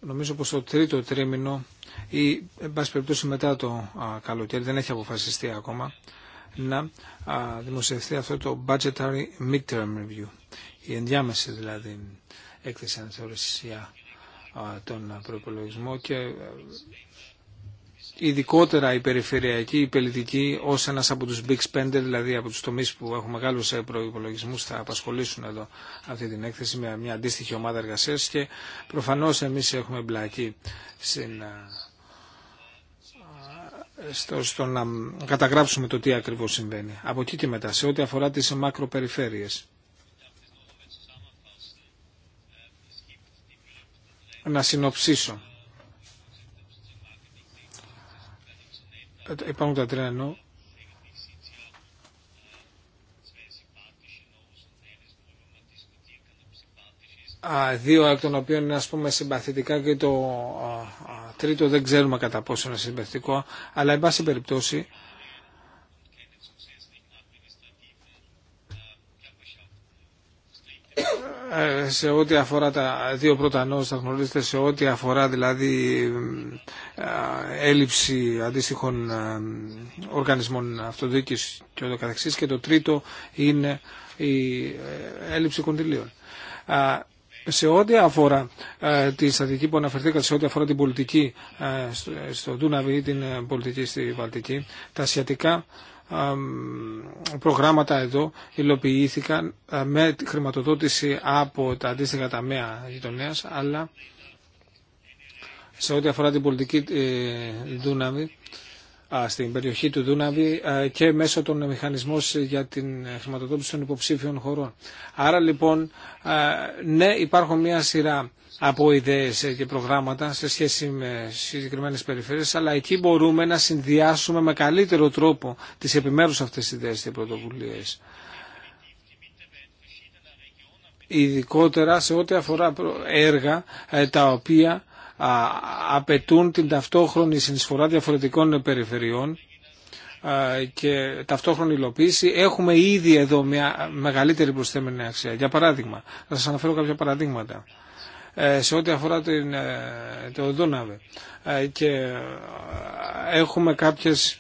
Νομίζω πως το τρίτο τρίμηνο ή εν πάση περιπτώσει μετά το καλοκαίρι, δεν έχει αποφασιστεί ακόμα, να δημοσιευθεί αυτό το budgetary midterm review, η ενδιάμεση δηλαδή έκθεση αναθεώρησης για τον προπολογισμό και ειδικότερα η περιφερειακή, η πολιτική ως ένας από τους Big Spender, δηλαδή από τους τομεί που έχουν μεγάλου ε, προπολογισμού θα απασχολήσουν εδώ αυτή την έκθεση με μια αντίστοιχη ομάδα εργασίας και προφανώς εμείς έχουμε μπλακεί στην ε, στο, στο να καταγράψουμε το τι ακριβώς συμβαίνει. Από εκεί και μετά, σε ό,τι αφορά τις μακροπεριφέρειες. Να συνοψίσω. Ε, υπάρχουν τα τρία εννοώ. Δύο εκ των οποίων είναι ας πούμε συμπαθητικά και το τρίτο δεν ξέρουμε κατά πόσο είναι συμπαθητικό, αλλά εν πάση περιπτώσει σε ό,τι αφορά τα δύο πρώτα νότα, θα γνωρίζετε, σε ό,τι αφορά δηλαδή ε, έλλειψη αντίστοιχων ε, οργανισμών αυτοδίκης και ούτω καθεξής και το τρίτο είναι η ε, έλλειψη κοντιλίων. Σε ό,τι αφορά τη στατική που αναφερθήκατε, σε ό,τι αφορά την πολιτική στο Ντούναβι ή την πολιτική στη Βαλτική, τα ασιατικά προγράμματα εδώ υλοποιήθηκαν ε, με χρηματοδότηση από τα αντίστοιχα ταμεία γειτονία, αλλά σε ό,τι αφορά την πολιτική ε, Δούναβη, στην περιοχή του Δούναβη ε, και μέσω των μηχανισμών για την χρηματοδότηση των υποψήφιων χωρών. Άρα λοιπόν, ναι, υπάρχουν μια σειρά από ιδέε και προγράμματα σε σχέση με συγκεκριμένες περιφέρειες, αλλά εκεί μπορούμε να συνδυάσουμε με καλύτερο τρόπο τι επιμέρους αυτές τις ιδέες και πρωτοβουλίε. Ειδικότερα σε ό,τι αφορά έργα ε, τα οποία απαιτούν την ταυτόχρονη συνεισφορά διαφορετικών περιφερειών και ταυτόχρονη υλοποίηση έχουμε ήδη εδώ μια μεγαλύτερη προσθέμενη αξία. Για παράδειγμα, θα σας αναφέρω κάποια παραδείγματα. Ε, σε ό,τι αφορά την, ε, το Δούναβε. Ε, και έχουμε κάποιες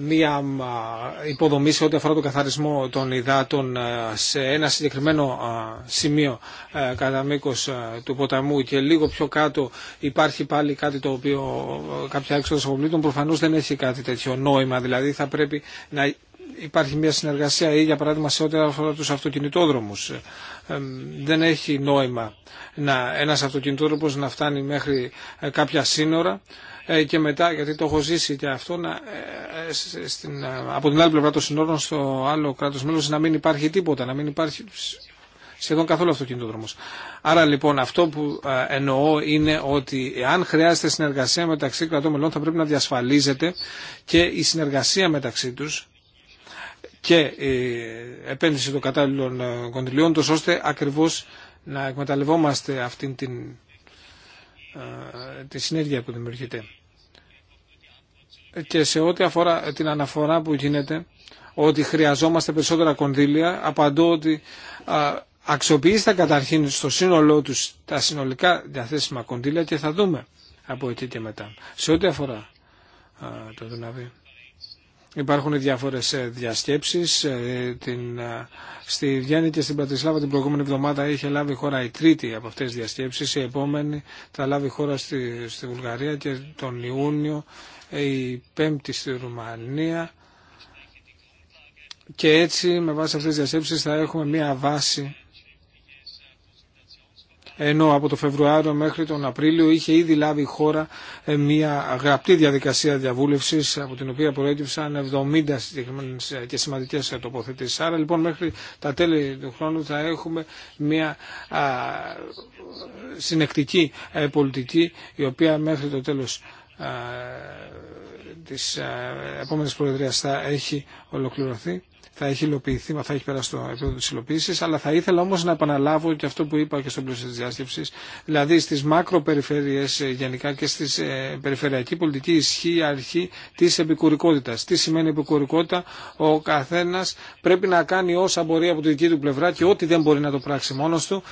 μία υποδομή σε ό,τι αφορά τον καθαρισμό των υδάτων σε ένα συγκεκριμένο σημείο κατά μήκο του ποταμού και λίγο πιο κάτω υπάρχει πάλι κάτι το οποίο κάποια έξοδος αποβλήτων προφανώς δεν έχει κάτι τέτοιο νόημα δηλαδή θα πρέπει να υπάρχει μια συνεργασία ή για παράδειγμα σε ό,τι αφορά τους αυτοκινητόδρομους. Ε, δεν έχει νόημα να, ένας αυτοκινητόδρομος να φτάνει μέχρι ε, κάποια σύνορα ε, και μετά, γιατί το έχω ζήσει και αυτό, να, στην, από την άλλη πλευρά των σύνορων στο άλλο κράτος μέλος να μην υπάρχει τίποτα, να μην υπάρχει σχεδόν καθόλου αυτοκινητόδρομος. Άρα λοιπόν αυτό που εννοώ είναι ότι αν χρειάζεται συνεργασία μεταξύ κρατών μελών θα πρέπει να διασφαλίζεται και η συνεργασία μεταξύ τους και η ε, επένδυση των κατάλληλων ε, κοντιλίων, τόσο ώστε ακριβώς να εκμεταλλευόμαστε αυτήν την ε, τη συνέργεια που δημιουργείται. Και σε ό,τι αφορά την αναφορά που γίνεται ότι χρειαζόμαστε περισσότερα κονδύλια, απαντώ ότι αξιοποιήστε καταρχήν στο σύνολό τους τα συνολικά διαθέσιμα κονδύλια και θα δούμε από εκεί και μετά. Σε ό,τι αφορά το Δουναβί. Υπάρχουν διάφορες ε, διασκέψεις. Ε, την, ε, στη Βιέννη και στην Πατρισλάβα την προηγούμενη εβδομάδα είχε λάβει χώρα η τρίτη από αυτές τις διασκέψεις. Η επόμενη θα λάβει χώρα στη, στη Βουλγαρία και τον Ιούνιο, η πέμπτη στη Ρουμανία. Και έτσι με βάση αυτές τις διασκέψεις θα έχουμε μία βάση ενώ από το Φεβρουάριο μέχρι τον Απρίλιο είχε ήδη λάβει η χώρα ε, μια γραπτή διαδικασία διαβούλευσης από την οποία προέκυψαν 70 συγκεκριμένες ε, και σημαντικές ε, τοποθετήσεις. Άρα λοιπόν μέχρι τα τέλη του χρόνου θα έχουμε μια συνεκτική πολιτική η οποία μέχρι το τέλος της επόμενης Προεδρίας θα έχει ολοκληρωθεί θα έχει υλοποιηθεί, θα έχει περάσει το επίπεδο τη υλοποίηση, αλλά θα ήθελα όμω να επαναλάβω και αυτό που είπα και στο πλαίσιο τη διάσκεψη, δηλαδή στι μακροπεριφέρειε ε, γενικά και στη ε, περιφερειακή πολιτική ισχύει η αρχή τη επικουρικότητα. Τι σημαίνει επικουρικότητα, ο καθένα πρέπει να κάνει όσα μπορεί από τη δική του πλευρά και ό,τι δεν μπορεί να το πράξει μόνο του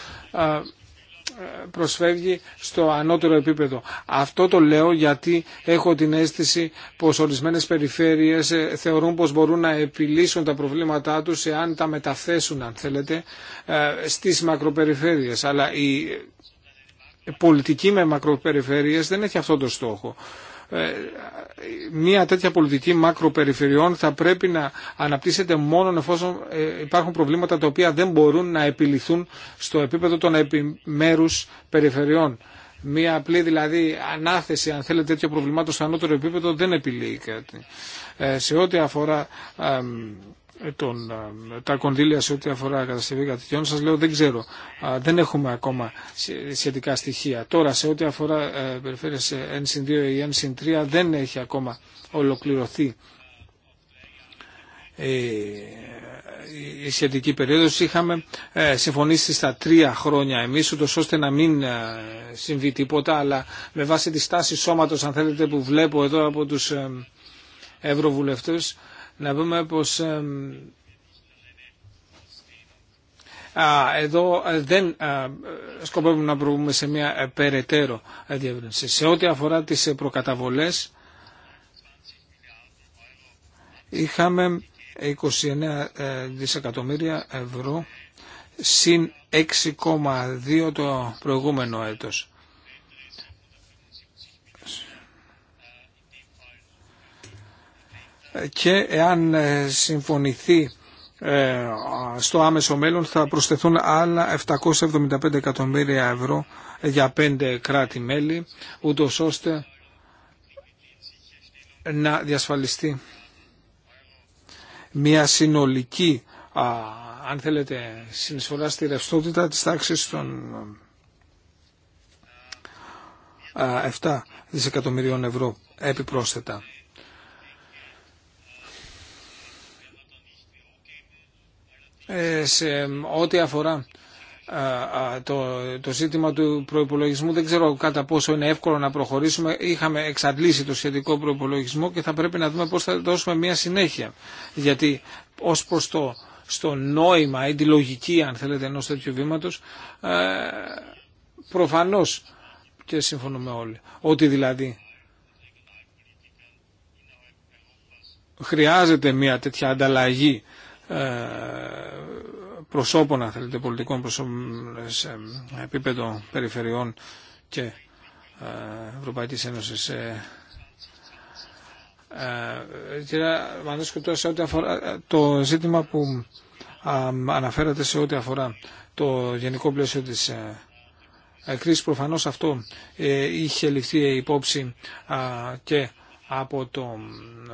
προσφεύγει στο ανώτερο επίπεδο. Αυτό το λέω γιατί έχω την αίσθηση πως ορισμένες περιφέρειες ε, θεωρούν πως μπορούν να επιλύσουν τα προβλήματά τους εάν τα μεταθέσουν, αν θέλετε, ε, στις μακροπεριφέρειες. Αλλά η πολιτική με μακροπεριφέρειες δεν έχει αυτό το στόχο. Ε, μια τέτοια πολιτική μακροπεριφερειών θα πρέπει να αναπτύσσεται μόνο εφόσον ε, υπάρχουν προβλήματα τα οποία δεν μπορούν να επιληθούν στο επίπεδο των επιμέρους περιφερειών. Μία απλή δηλαδή ανάθεση, αν θέλετε, τέτοιο προβλημάτων στο ανώτερο επίπεδο δεν επιλύει κάτι. Ε, σε ό,τι αφορά ε, τον, ε, τα κονδύλια σε ό,τι αφορά κατασκευή κατοικιών, σας λέω δεν ξέρω, δεν έχουμε ακόμα σχετικά στοιχεία. Τώρα σε ό,τι αφορά ε, περιφέρειες N2 ή N3 δεν έχει ακόμα ολοκληρωθεί η σχετική περίοδος είχαμε συμφωνήσει στα τρία χρόνια εμείς ούτως ώστε να μην συμβεί τίποτα αλλά με βάση τη στάση σώματος αν θέλετε που βλέπω εδώ από τους ευρωβουλευτές να πούμε πως εδώ ε, δεν σκοπεύουμε να προβούμε σε μια ε, περαιτέρω ε, διεύρυνση. Σε ό,τι αφορά τις προκαταβολές είχαμε 29 δισεκατομμύρια ευρώ συν 6,2 το προηγούμενο έτος. και εάν ε, συμφωνηθεί ε, στο άμεσο μέλλον θα προσθεθούν άλλα 775 εκατομμύρια ευρώ για πέντε κράτη-μέλη, ούτως ώστε να διασφαλιστεί μια συνολική, αν θέλετε, συνεισφορά στη ρευστότητα της τάξης των 7 δισεκατομμυρίων ευρώ επιπρόσθετα. Ε, σε ό,τι αφορά το, το ζήτημα του προϋπολογισμού δεν ξέρω κατά πόσο είναι εύκολο να προχωρήσουμε είχαμε εξαντλήσει το σχετικό προϋπολογισμό και θα πρέπει να δούμε πώς θα δώσουμε μια συνέχεια γιατί ως προς το στο νόημα ή τη λογική αν θέλετε ενό τέτοιου βήματος ε, προφανώς και συμφωνούμε όλοι ότι δηλαδή χρειάζεται μια τέτοια ανταλλαγή ε, προσώπων, αν θέλετε, πολιτικών προσώπων σε επίπεδο περιφερειών και ε, Ευρωπαϊκής Ένωσης. Κύριε ε, σε ό,τι αφορά το ζήτημα που αναφέρατε σε ό,τι αφορά το γενικό πλαίσιο της κρίσης, προφανώς αυτό είχε ληφθεί υπόψη και από το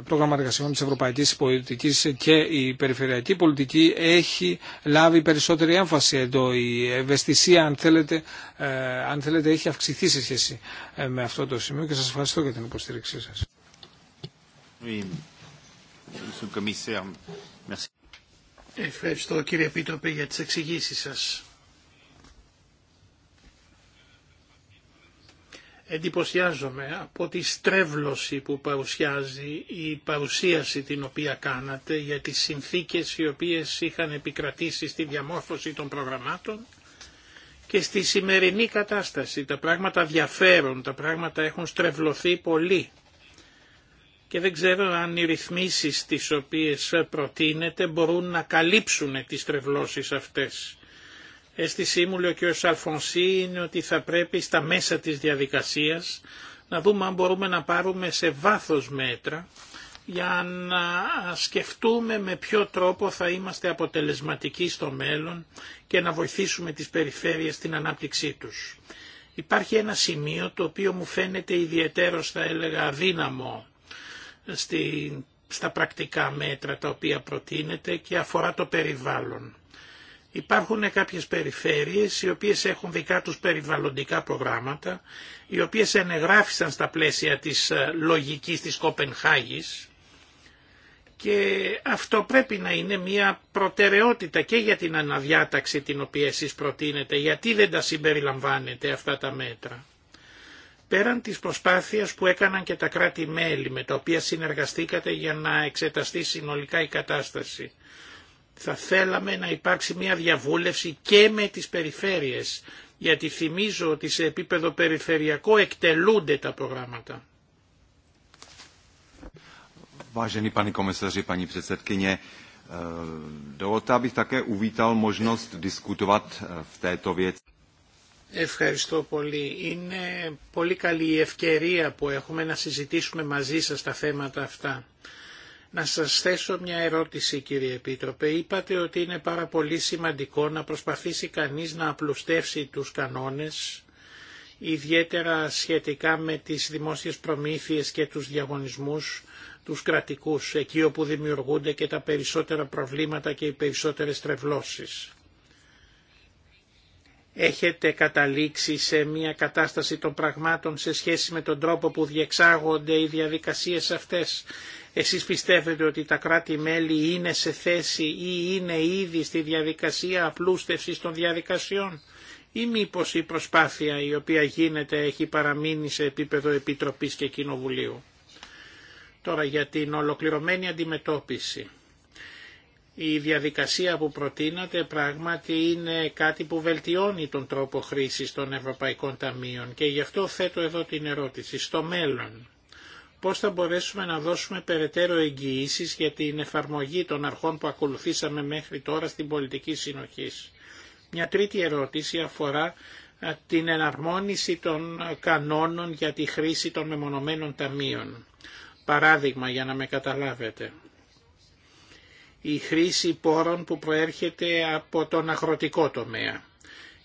πρόγραμμα εργασιών της Ευρωπαϊκής Πολιτικής και η περιφερειακή πολιτική έχει λάβει περισσότερη έμφαση εδώ. Η ευαισθησία, αν θέλετε, ε, αν θέλετε έχει αυξηθεί σε σχέση ε, με αυτό το σημείο και σας ευχαριστώ για την υποστήριξή σας. Ευχαριστώ κύριε Πίτροπε, για τις εξηγήσεις σας. εντυπωσιάζομαι από τη στρέβλωση που παρουσιάζει η παρουσίαση την οποία κάνατε για τις συνθήκες οι οποίες είχαν επικρατήσει στη διαμόρφωση των προγραμμάτων και στη σημερινή κατάσταση. Τα πράγματα διαφέρουν, τα πράγματα έχουν στρεβλωθεί πολύ και δεν ξέρω αν οι ρυθμίσεις τις οποίες προτείνεται μπορούν να καλύψουν τις στρεβλώσεις αυτές αίσθησή μου, λέει ο κ. Αλφονσί, είναι ότι θα πρέπει στα μέσα της διαδικασίας να δούμε αν μπορούμε να πάρουμε σε βάθος μέτρα για να σκεφτούμε με ποιο τρόπο θα είμαστε αποτελεσματικοί στο μέλλον και να βοηθήσουμε τις περιφέρειες στην ανάπτυξή τους. Υπάρχει ένα σημείο το οποίο μου φαίνεται ιδιαίτερο θα έλεγα αδύναμο στη, στα πρακτικά μέτρα τα οποία προτείνεται και αφορά το περιβάλλον. Υπάρχουν κάποιες περιφέρειες οι οποίες έχουν δικά τους περιβαλλοντικά προγράμματα, οι οποίες ενεγράφησαν στα πλαίσια της ε, λογικής της Κοπενχάγης και αυτό πρέπει να είναι μια προτεραιότητα και για την αναδιάταξη την οποία εσείς προτείνετε, γιατί δεν τα συμπεριλαμβάνετε αυτά τα μέτρα. Πέραν της προσπάθειας που έκαναν και τα κράτη-μέλη με τα οποία συνεργαστήκατε για να εξεταστεί συνολικά η κατάσταση, θα θέλαμε να υπάρξει μια διαβούλευση και με τις περιφέρειες, γιατί θυμίζω ότι σε επίπεδο περιφερειακό εκτελούνται τα προγράμματα. Vážený komisaři, paní předsedkyně, dovolte, Ευχαριστώ πολύ. Είναι πολύ καλή η ευκαιρία που έχουμε να συζητήσουμε μαζί σας τα θέματα αυτά. Να σας θέσω μια ερώτηση κύριε Επίτροπε. Είπατε ότι είναι πάρα πολύ σημαντικό να προσπαθήσει κανείς να απλουστεύσει τους κανόνες, ιδιαίτερα σχετικά με τις δημόσιες προμήθειες και τους διαγωνισμούς τους κρατικούς, εκεί όπου δημιουργούνται και τα περισσότερα προβλήματα και οι περισσότερες τρευλώσεις. Έχετε καταλήξει σε μια κατάσταση των πραγμάτων σε σχέση με τον τρόπο που διεξάγονται οι διαδικασίες αυτές εσείς πιστεύετε ότι τα κράτη-μέλη είναι σε θέση ή είναι ήδη στη διαδικασία απλούστευσης των διαδικασιών ή μήπω η προσπάθεια η οποία γίνεται έχει παραμείνει σε επίπεδο Επιτροπής και Κοινοβουλίου. Τώρα για την ολοκληρωμένη αντιμετώπιση. Η διαδικασία που προτείνατε πράγματι είναι κάτι που βελτιώνει τον τρόπο χρήσης των Ευρωπαϊκών Ταμείων και γι' αυτό θέτω εδώ την ερώτηση. Στο μέλλον, πώς θα μπορέσουμε να δώσουμε περαιτέρω εγγυήσει για την εφαρμογή των αρχών που ακολουθήσαμε μέχρι τώρα στην πολιτική συνοχή. Μια τρίτη ερώτηση αφορά την εναρμόνιση των κανόνων για τη χρήση των μεμονωμένων ταμείων. Παράδειγμα για να με καταλάβετε. Η χρήση πόρων που προέρχεται από τον αγροτικό τομέα.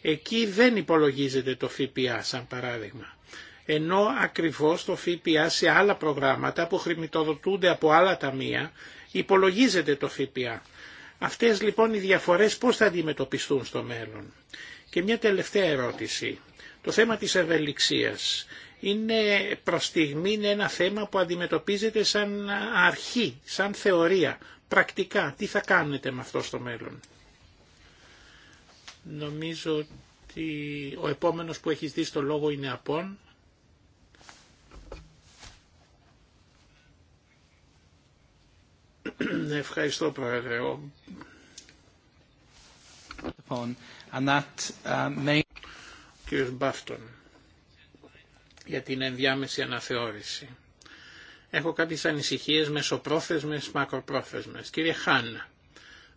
Εκεί δεν υπολογίζεται το ΦΠΑ σαν παράδειγμα ενώ ακριβώς το ΦΠΑ σε άλλα προγράμματα που χρηματοδοτούνται από άλλα ταμεία υπολογίζεται το ΦΠΑ. Αυτές λοιπόν οι διαφορές πώς θα αντιμετωπιστούν στο μέλλον. Και μια τελευταία ερώτηση. Το θέμα της ευελιξίας είναι προς στιγμή ένα θέμα που αντιμετωπίζεται σαν αρχή, σαν θεωρία. Πρακτικά, τι θα κάνετε με αυτό στο μέλλον. Νομίζω ότι ο επόμενος που έχει δει στο λόγο είναι Απόν. Ναι, ευχαριστώ Πρόεδρε. And uh, Μπάφτον, για την ενδιάμεση αναθεώρηση. Έχω κάποιες ανησυχίες μεσοπρόθεσμες, μακροπρόθεσμες. Κύριε Χάν,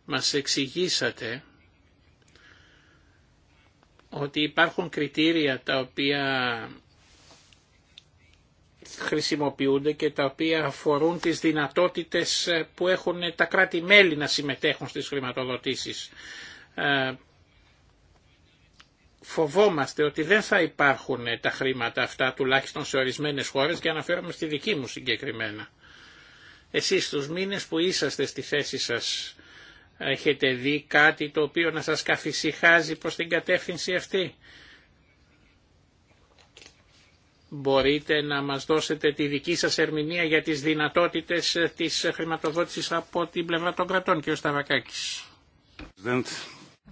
μας εξηγήσατε ότι υπάρχουν κριτήρια τα οποία χρησιμοποιούνται και τα οποία αφορούν τις δυνατότητες ε, που έχουν τα κράτη-μέλη να συμμετέχουν στις χρηματοδοτήσεις. Ε, φοβόμαστε ότι δεν θα υπάρχουν ε, τα χρήματα αυτά, τουλάχιστον σε ορισμένες χώρες, και αναφέρομαι στη δική μου συγκεκριμένα. Εσείς τους μήνες που είσαστε στη θέση σας έχετε δει κάτι το οποίο να σας καθησυχάζει προς την κατεύθυνση αυτή μπορείτε να μας δώσετε τη δική σας ερμηνεία για τις δυνατότητες ε, της χρηματοδότησης από την πλευρά των κρατών, κ. Σταυρακάκης.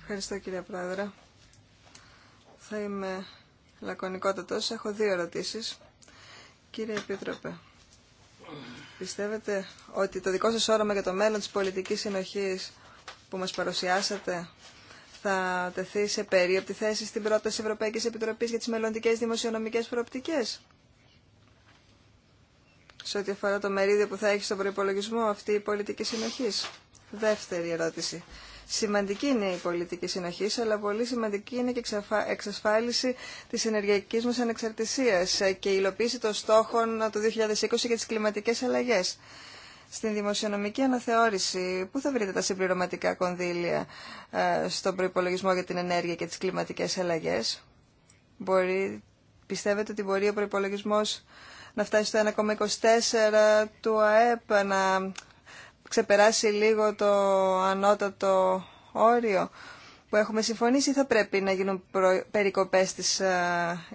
Ευχαριστώ κύριε Πρόεδρε. Θα είμαι λακωνικότατος. Έχω δύο ερωτήσεις. Κύριε Επίτροπε, πιστεύετε ότι το δικό σας όρομα για το μέλλον της πολιτικής συνοχής που μας παρουσιάσατε θα τεθεί σε περίοπτη θέση στην πρόταση Ευρωπαϊκής Επιτροπής για τις μελλοντικές δημοσιονομικές προοπτικές. Σε ό,τι αφορά το μερίδιο που θα έχει στον προϋπολογισμό αυτή η πολιτική συνοχής. Δεύτερη ερώτηση. Σημαντική είναι η πολιτική συνοχή, αλλά πολύ σημαντική είναι και εξασφάλιση τη ενεργειακή μα ανεξαρτησία και η υλοποίηση των στόχων του 2020 για τι κλιματικέ αλλαγέ στην δημοσιονομική αναθεώρηση, πού θα βρείτε τα συμπληρωματικά κονδύλια ε, στον προϋπολογισμό για την ενέργεια και τις κλιματικές αλλαγές. Μπορεί, πιστεύετε ότι μπορεί ο προϋπολογισμός να φτάσει στο 1,24 του ΑΕΠ, να ξεπεράσει λίγο το ανώτατο όριο που έχουμε συμφωνήσει θα πρέπει να γίνουν περικοπές στις ε,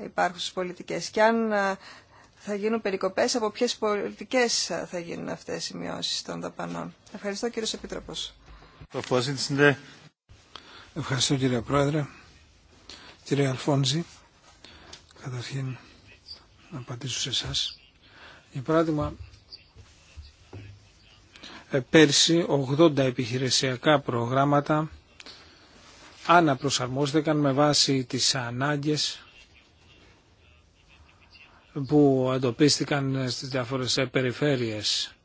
υπάρχουσες πολιτικές. Και αν ε, θα γίνουν περικοπές, από ποιες πολιτικές θα γίνουν αυτές οι μειώσεις των δαπανών. Ευχαριστώ κύριο Επίτροπος. Ευχαριστώ κύριε Πρόεδρε. Κύριε Αλφόνζη, καταρχήν να απαντήσω σε εσά. Για παράδειγμα, ε, πέρσι 80 επιχειρησιακά προγράμματα αναπροσαρμόστηκαν με βάση τις ανάγκες που εντοπίστηκαν στις διάφορες περιφέρειες.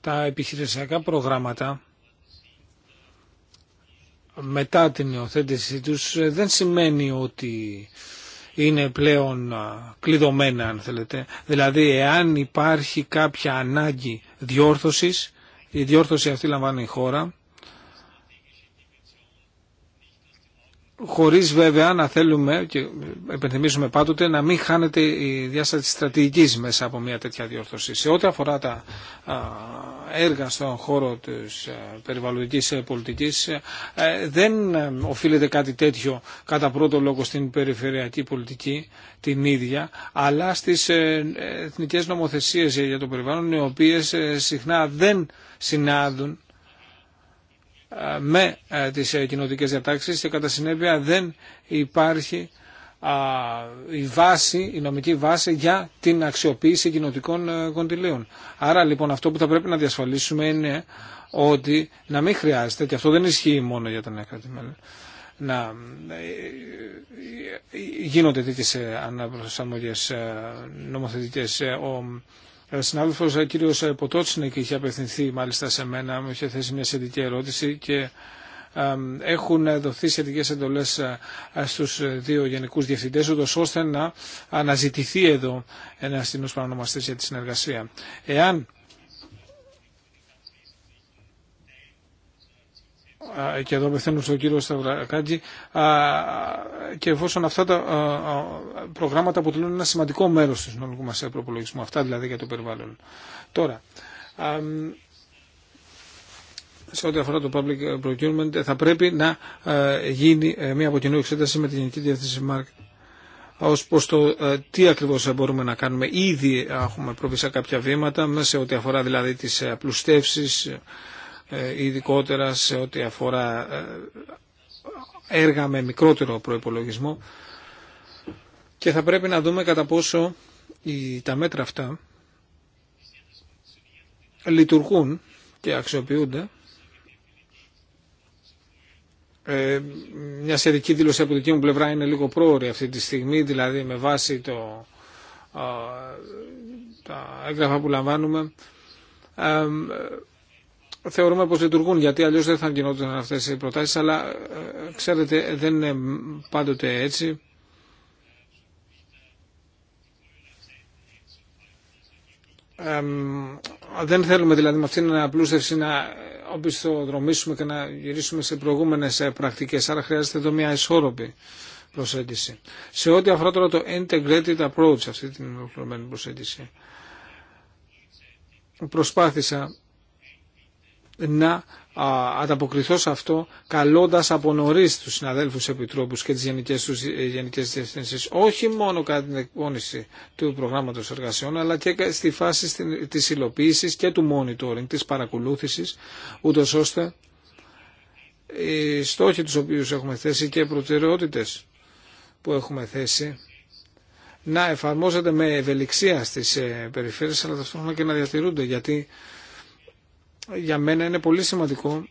Τα επιχειρησιακά προγράμματα μετά την υιοθέτησή τους δεν σημαίνει ότι είναι πλέον κλειδωμένα αν θέλετε. Δηλαδή εάν υπάρχει κάποια ανάγκη διόρθωσης, η διόρθωση αυτή λαμβάνει η χώρα χωρίς βέβαια να θέλουμε και επενθυμίζουμε πάντοτε να μην χάνεται η διάσταση της στρατηγικής μέσα από μια τέτοια διορθώση. Σε ό,τι αφορά τα έργα στον χώρο της περιβαλλοντικής ε, πολιτικής ε, δεν ε, οφείλεται κάτι τέτοιο κατά πρώτο λόγο στην περιφερειακή πολιτική την ίδια αλλά στις εθνικές νομοθεσίες για το περιβάλλον οι οποίες συχνά δεν συνάδουν με ε, τις ε, κοινωτικές διατάξεις και κατά συνέπεια δεν υπάρχει η, βάση, η νομική βάση για την αξιοποίηση κοινωτικών ε, κοντιλίων. Άρα λοιπόν αυτό που θα πρέπει να διασφαλίσουμε είναι ότι να μην χρειάζεται, και αυτό δεν ισχύει μόνο για τα νέα να γίνονται τέτοιες αναπροσαρμογές νομοθετικές. Ο ε, συνάδελφος ε, κύριος ε, Ποτότσινεκ είχε απευθυνθεί μάλιστα σε μένα, μου είχε θέσει μια σχετική ερώτηση και έχουν δοθεί σχετικέ εντολέ στου δύο γενικού διευθυντέ, ούτω ώστε να αναζητηθεί εδώ ένα κοινό παρανομαστή για τη συνεργασία. Εάν και εδώ μεθαίνουν στον κύριο Σταυρακάκη και εφόσον αυτά τα προγράμματα αποτελούν ένα σημαντικό μέρος του συνολικού μας προπολογισμού, αυτά δηλαδή για το περιβάλλον. Τώρα, σε ό,τι αφορά το public procurement θα πρέπει να γίνει ε, μια αποκοινού εξέταση με την Γενική Διεύθυνση Μάρκ ως προς το ε, τι ακριβώς μπορούμε να κάνουμε. Ήδη έχουμε προβεί κάποια βήματα σε ό,τι αφορά δηλαδή τις ε, απλουστεύσεις ε, ειδικότερα σε ό,τι αφορά ε, έργα με μικρότερο προϋπολογισμό και θα πρέπει να δούμε κατά πόσο τα μέτρα αυτά λειτουργούν και αξιοποιούνται ε, μια σχετική δήλωση από την δική μου πλευρά είναι λίγο πρόωρη αυτή τη στιγμή, δηλαδή με βάση το, τα έγγραφα που λαμβάνουμε θεωρούμε πως λειτουργούν γιατί αλλιώς δεν θα γινόταν αυτές οι προτάσεις αλλά ε, ξέρετε δεν είναι πάντοτε έτσι δεν θέλουμε δηλαδή με αυτήν την απλούστευση να οπισθοδρομήσουμε και να γυρίσουμε σε προηγούμενες ε, πρακτικές άρα χρειάζεται εδώ μια ισόρροπη προσέγγιση σε ό,τι αφορά τώρα το integrated approach αυτή την ολοκληρωμένη προσέγγιση προσπάθησα να ανταποκριθώ σε αυτό καλώντας από νωρίς τους συναδέλφους επιτρόπους και τις γενικές τους ε, όχι μόνο κατά την εκπόνηση του προγράμματος εργασιών αλλά και στη φάση της υλοποίησης και του monitoring, της παρακολούθησης ούτως ώστε οι στόχοι τους οποίους έχουμε θέσει και οι προτεραιότητες που έχουμε θέσει να εφαρμόζονται με ευελιξία στις ε, περιφέρειες αλλά ταυτόχρονα και να διατηρούνται γιατί για μένα είναι πολύ σημαντικό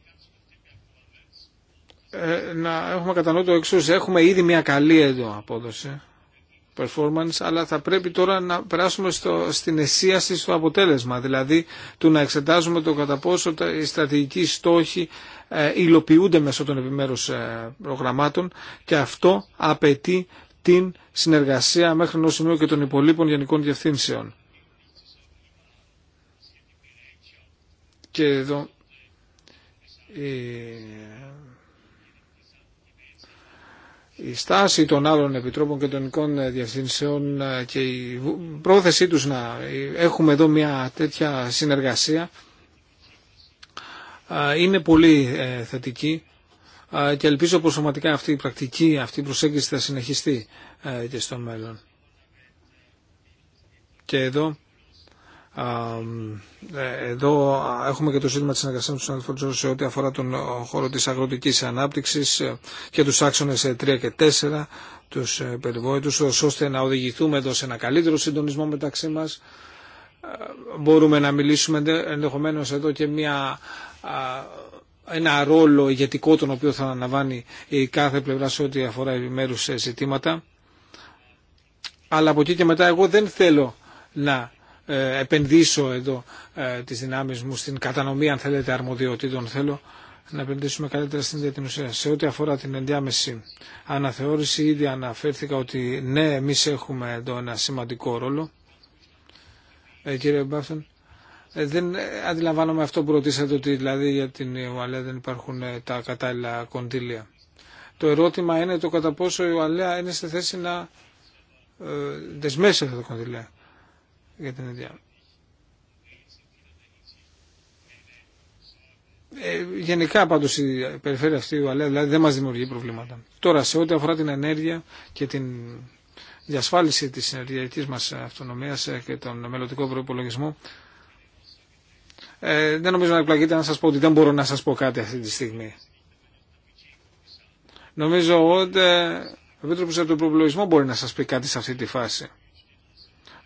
ε, να έχουμε κατανοήσει νου Έχουμε ήδη μια καλή εδώ απόδοση performance, αλλά θα πρέπει τώρα να περάσουμε στο, στην αισίαση στο αποτέλεσμα, δηλαδή του να εξετάζουμε το κατά πόσο τα, οι στρατηγικοί στόχοι ε, υλοποιούνται μέσω των επιμέρους ε, προγραμμάτων και αυτό απαιτεί την συνεργασία μέχρι ενός σημείου και των υπολείπων γενικών διευθύνσεων. και εδώ ε, η στάση των άλλων επιτρόπων και των οικών διευθυνσεών ε, και η πρόθεσή τους να ε, έχουμε εδώ μια τέτοια συνεργασία είναι πολύ θετική και ελπίζω πως σωματικά αυτή η πρακτική, αυτή η προσέγγιση θα συνεχιστεί και στο μέλλον. Και εδώ ε, εδώ έχουμε και το ζήτημα της συνεργασίας του ανθρώπου σε ό,τι αφορά τον ε, χώρο της αγροτικής ανάπτυξης ε, και τους άξονες 3 και 4, τους περιβόητους, ώστε να οδηγηθούμε εδώ σε ένα καλύτερο συντονισμό μεταξύ μας. Μπορούμε να μιλήσουμε ενδεχομένω εδώ και μια ένα ρόλο ηγετικό τον οποίο θα αναλαμβάνει η κάθε πλευρά σε ό,τι αφορά επιμέρους ζητήματα. Αλλά από εκεί και μετά εγώ δεν θέλω να ε, επενδύσω εδώ ε, τις δυνάμεις μου στην κατανομή αν θέλετε αρμοδιοτήτων θέλω να επενδύσουμε καλύτερα στην ίδια ουσία. Σε ό,τι αφορά την ενδιάμεση αναθεώρηση, ήδη αναφέρθηκα ότι ναι, εμείς έχουμε εδώ ένα σημαντικό ρόλο. Ε, κύριε Μπάφτον, ε, δεν αντιλαμβάνομαι αυτό που ρωτήσατε, ότι δηλαδή για την Ιουαλέα δεν υπάρχουν τα κατάλληλα κοντήλια Το ερώτημα είναι το κατά πόσο η Ιουαλέα είναι στη θέση να δεσμεύσει αυτά τα κοντήλια για ε, γενικά πάντως η περιφέρεια αυτή η δηλαδή δεν μας δημιουργεί προβλήματα. Τώρα σε ό,τι αφορά την ενέργεια και την διασφάλιση της ενεργειακής μας αυτονομίας και τον μελλοντικό προπολογισμό ε, δεν νομίζω να εκπλαγείτε να σας πω ότι δεν μπορώ να σας πω κάτι αυτή τη στιγμή. Νομίζω ότι ο Επίτροπος από τον προπολογισμό μπορεί να σας πει κάτι σε αυτή τη φάση.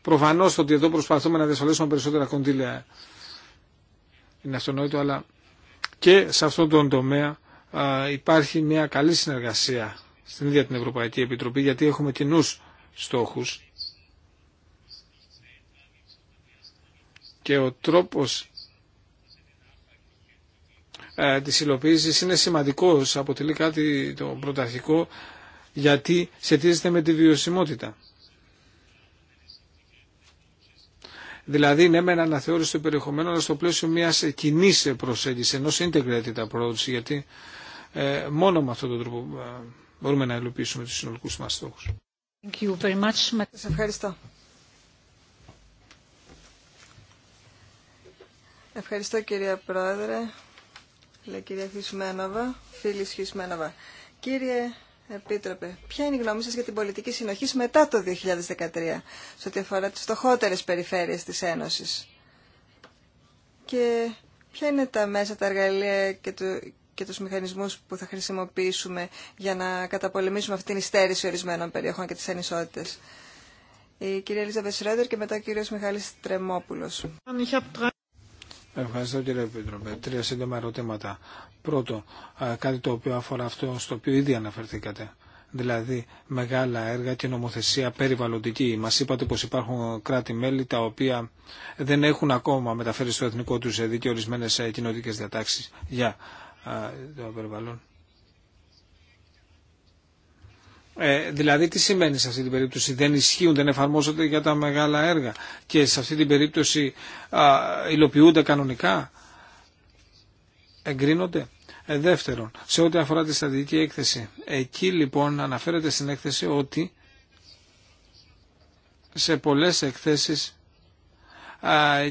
Προφανώ ότι εδώ προσπαθούμε να διασφαλίσουμε περισσότερα κονδύλια. Είναι αυτονόητο, αλλά και σε αυτόν τον τομέα υπάρχει μια καλή συνεργασία στην ίδια την Ευρωπαϊκή Επιτροπή, γιατί έχουμε κοινού στόχου. Και ο τρόπος της υλοποίησης είναι σημαντικός, αποτελεί κάτι το πρωταρχικό, γιατί σχετίζεται με τη βιωσιμότητα. Δηλαδή, ναι, με ένα αναθεώρηση του περιεχομένου, αλλά στο πλαίσιο μια κοινή προσέγγιση, ενό integrated approach, γιατί ε, μόνο με αυτόν τον τρόπο ε, μπορούμε να υλοποιήσουμε του συνολικού μα στόχου. ευχαριστώ. Ευχαριστώ κυρία Πρόεδρε, κυρία Χισμένοβα, φίλη Κύριε Επίτροπε, ποια είναι η γνώμη σας για την πολιτική συνοχή μετά το 2013, σε ό,τι αφορά τις φτωχότερες περιφέρειες της Ένωσης. Και ποια είναι τα μέσα, τα εργαλεία και, του, και τους μηχανισμούς που θα χρησιμοποιήσουμε για να καταπολεμήσουμε αυτήν την υστέρηση ορισμένων περιοχών και τις ανισότητες. Η κυρία Ελίζα Βεσρέντερ και μετά ο κύριος Μιχάλης Τρεμόπουλος. Ευχαριστώ κύριε Επίτροπε. Τρία σύντομα ερωτήματα. Πρώτο, κάτι το οποίο αφορά αυτό στο οποίο ήδη αναφερθήκατε. Δηλαδή μεγάλα έργα και νομοθεσία περιβαλλοντική. Μα είπατε πω υπάρχουν κράτη-μέλη τα οποία δεν έχουν ακόμα μεταφέρει στο εθνικό τους δίκαιο ορισμένε ε, κοινωτικές διατάξει για το περιβαλλον. Ε, δηλαδή τι σημαίνει σε αυτή την περίπτωση, δεν ισχύουν, δεν εφαρμόζονται για τα μεγάλα έργα και σε αυτή την περίπτωση α, υλοποιούνται κανονικά, εγκρίνονται. Ε, δεύτερον, σε ό,τι αφορά τη στατική έκθεση, εκεί λοιπόν αναφέρεται στην έκθεση ότι σε πολλές εκθέσεις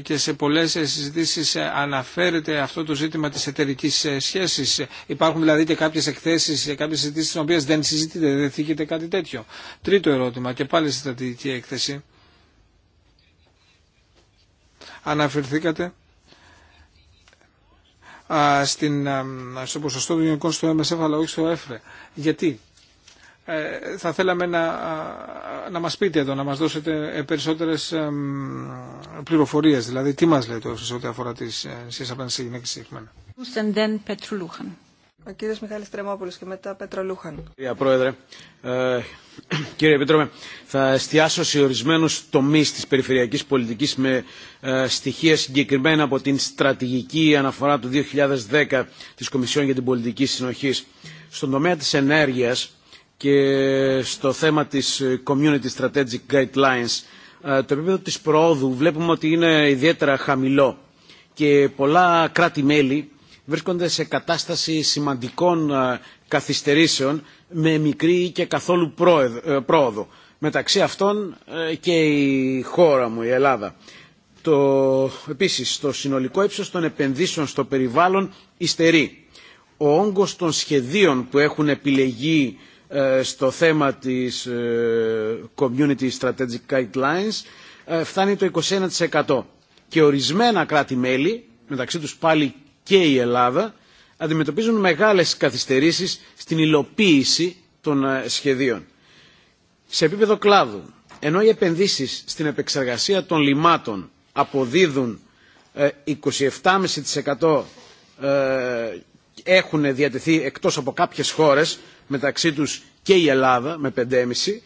και σε πολλές συζητήσεις αναφέρεται αυτό το ζήτημα της εταιρική σχέσης. Υπάρχουν δηλαδή και κάποιες εκθέσεις και κάποιες συζητήσεις στις οποίες δεν συζητείται, δεν θίγεται κάτι τέτοιο. Τρίτο ερώτημα και πάλι στη στρατηγική έκθεση. Αναφερθήκατε στο ποσοστό των γενικών στο MSF αλλά όχι στο ΕΦΡΕ. E. Γιατί ε, θα θέλαμε να, να μας πείτε εδώ, να μας δώσετε ε, περισσότερες πληροφορίες, δηλαδή τι μας λέτε σε αφορά τις ε, σχέσεις απέναντι σε γυναίκες συγκεκριμένα. Ο κύριο Μιχάλη Τρεμόπουλο και μετά Λούχαν. Κύριε Πρόεδρε, κύριε Επίτροπε, θα εστιάσω σε ορισμένου τομεί τη περιφερειακή πολιτική με στοιχεία συγκεκριμένα από την στρατηγική αναφορά του 2010 τη Κομισιόν για την Πολιτική συνοχή Στον τομέα τη ενέργεια και στο θέμα της ε, Community Strategic Guidelines ε, το επίπεδο της προόδου βλέπουμε ότι είναι ιδιαίτερα χαμηλό και πολλά κράτη-μέλη βρίσκονται σε κατάσταση σημαντικών ε, καθυστερήσεων με μικρή και καθόλου πρόοδο. Μεταξύ αυτών και η χώρα μου, η Ελλάδα. Το, επίσης, το συνολικό ύψος των επενδύσεων στο περιβάλλον υστερεί. Ο όγκος των σχεδίων που έχουν επιλεγεί ε, στο θέμα της ε, Community Strategic Guidelines ε, φτάνει το 21% και ορισμένα κράτη-μέλη, μεταξύ τους πάλι και η Ελλάδα, αντιμετωπίζουν μεγάλες καθυστερήσεις στην υλοποίηση των σχεδίων. Σε επίπεδο κλάδου, ενώ οι επενδύσεις στην επεξεργασία των λιμάτων αποδίδουν 27,5% έχουν διατεθεί εκτός από κάποιες χώρες, μεταξύ τους και η Ελλάδα με 5,5,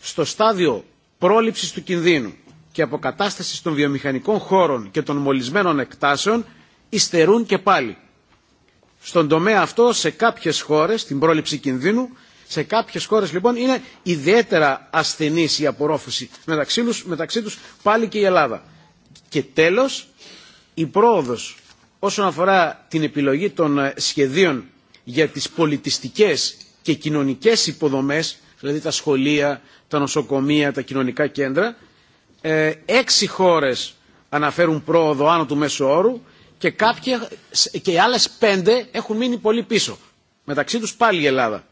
στο στάδιο πρόληψης του κινδύνου και αποκατάστασης των βιομηχανικών χώρων και των μολυσμένων εκτάσεων, υστερούν και πάλι. Στον τομέα αυτό, σε κάποιες χώρες, την πρόληψη κινδύνου, σε κάποιες χώρες λοιπόν είναι ιδιαίτερα ασθενής η απορρόφωση μεταξύ τους, μεταξύ τους πάλι και η Ελλάδα. Και τέλος, η πρόοδος όσον αφορά την επιλογή των ε, σχεδίων για τις πολιτιστικές και κοινωνικές υποδομές, δηλαδή τα σχολεία, τα νοσοκομεία, τα κοινωνικά κέντρα, ε, έξι χώρες αναφέρουν πρόοδο άνω του μέσου όρου και, κάποια, και οι άλλες πέντε έχουν μείνει πολύ πίσω. Μεταξύ τους πάλι η Ελλάδα.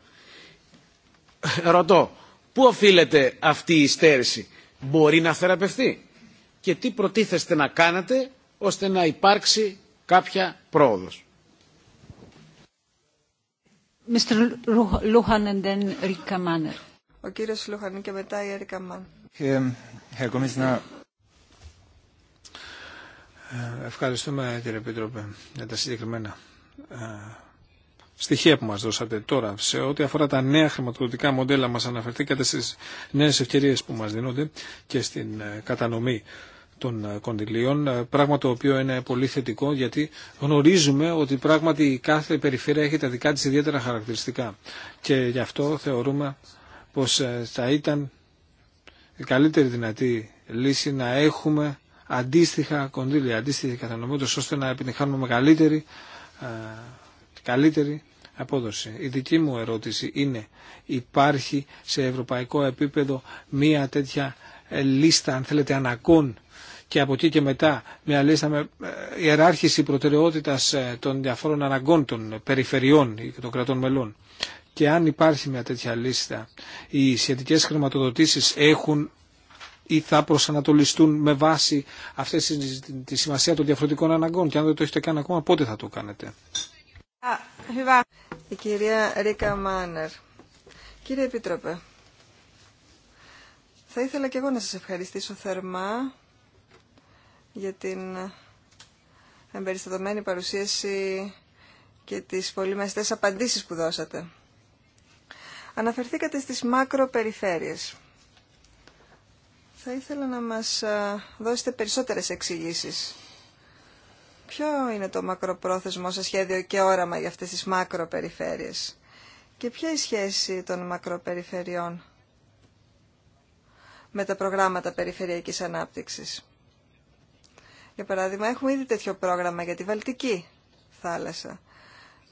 Ρωτώ, πού οφείλεται αυτή η στέρηση. Μπορεί να θεραπευτεί. Και τι προτίθεστε να κάνετε ώστε να υπάρξει κάποια πρόοδος. Ο και μετά η Ερικα ε, Ευχαριστούμε κύριε Επίτροπε για τα συγκεκριμένα ε, στοιχεία που μας δώσατε τώρα σε ό,τι αφορά τα νέα χρηματοδοτικά μοντέλα μας αναφερθήκατε στις νέες ευκαιρίες που μας δίνονται και στην ε, κατανομή των ε, κονδυλίων, ε, πράγμα το οποίο είναι πολύ θετικό γιατί γνωρίζουμε ότι πράγματι κάθε περιφέρεια έχει τα δικά της ιδιαίτερα χαρακτηριστικά και γι' αυτό θεωρούμε πως ε, θα ήταν η καλύτερη δυνατή λύση να έχουμε αντίστοιχα κονδύλια, αντίστοιχη κατανομή, ώστε να επιτυχάνουμε μεγαλύτερη, καλύτερη απόδοση. Η δική μου ερώτηση είναι υπάρχει σε ευρωπαϊκό επίπεδο μία τέτοια λίστα, αν θέλετε, ανακών και από εκεί και μετά μια λίστα με ε, ιεράρχηση προτεραιότητας ε, των διαφόρων αναγκών των περιφερειών και των κρατών μελών. Και αν υπάρχει μια τέτοια λίστα, οι σχετικές χρηματοδοτήσεις έχουν ή θα προσανατολιστούν με βάση αυτές τη σημασία των διαφορετικών αναγκών και αν δεν το έχετε κάνει ακόμα πότε θα το κάνετε. Η κυρία Ρίκα Μάνερ. Κύριε Επίτροπε, θα ήθελα και εγώ να σας ευχαριστήσω θερμά για την εμπεριστατωμένη παρουσίαση και τις πολύ μεστές απαντήσεις που δώσατε. Αναφερθήκατε στις μακροπεριφέρειες. Θα ήθελα να μας δώσετε περισσότερες εξηγήσεις. Ποιο είναι το μακροπρόθεσμο σε σχέδιο και όραμα για αυτές τις μακροπεριφέρειες και ποια είναι η σχέση των μακροπεριφερειών με τα προγράμματα περιφερειακής ανάπτυξης. Για παράδειγμα, έχουμε ήδη τέτοιο πρόγραμμα για τη Βαλτική θάλασσα.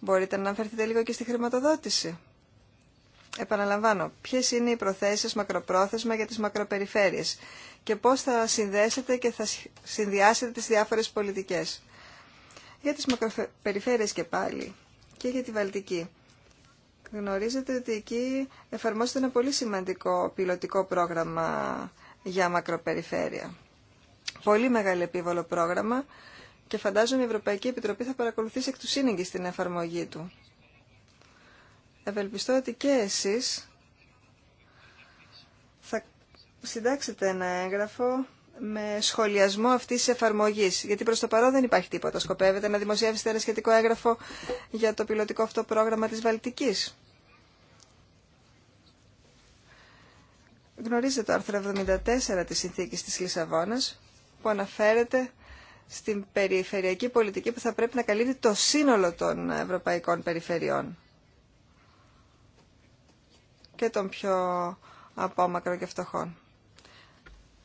Μπορείτε να αναφερθείτε λίγο και στη χρηματοδότηση. Επαναλαμβάνω, ποιε είναι οι προθέσει μακροπρόθεσμα για τι μακροπεριφέρειες και πώ θα συνδέσετε και θα συνδυάσετε τι διάφορε πολιτικέ. Για τι μακροπεριφέρειες και πάλι και για τη Βαλτική. Γνωρίζετε ότι εκεί εφαρμόζεται ένα πολύ σημαντικό πιλωτικό πρόγραμμα για μακροπεριφέρεια πολύ μεγάλο επίβολο πρόγραμμα και φαντάζομαι η Ευρωπαϊκή Επιτροπή θα παρακολουθήσει εκ του στην εφαρμογή του. Ευελπιστώ ότι και εσείς θα συντάξετε ένα έγγραφο με σχολιασμό αυτής της εφαρμογής, γιατί προς το παρόν δεν υπάρχει τίποτα. Σκοπεύετε να δημοσιεύσετε ένα σχετικό έγγραφο για το πιλωτικό αυτό πρόγραμμα της Βαλτικής. Γνωρίζετε το άρθρο 74 της Συνθήκης της Λισαβόνας, που αναφέρεται στην περιφερειακή πολιτική που θα πρέπει να καλύπτει το σύνολο των ευρωπαϊκών περιφερειών και των πιο απόμακρων και φτωχών.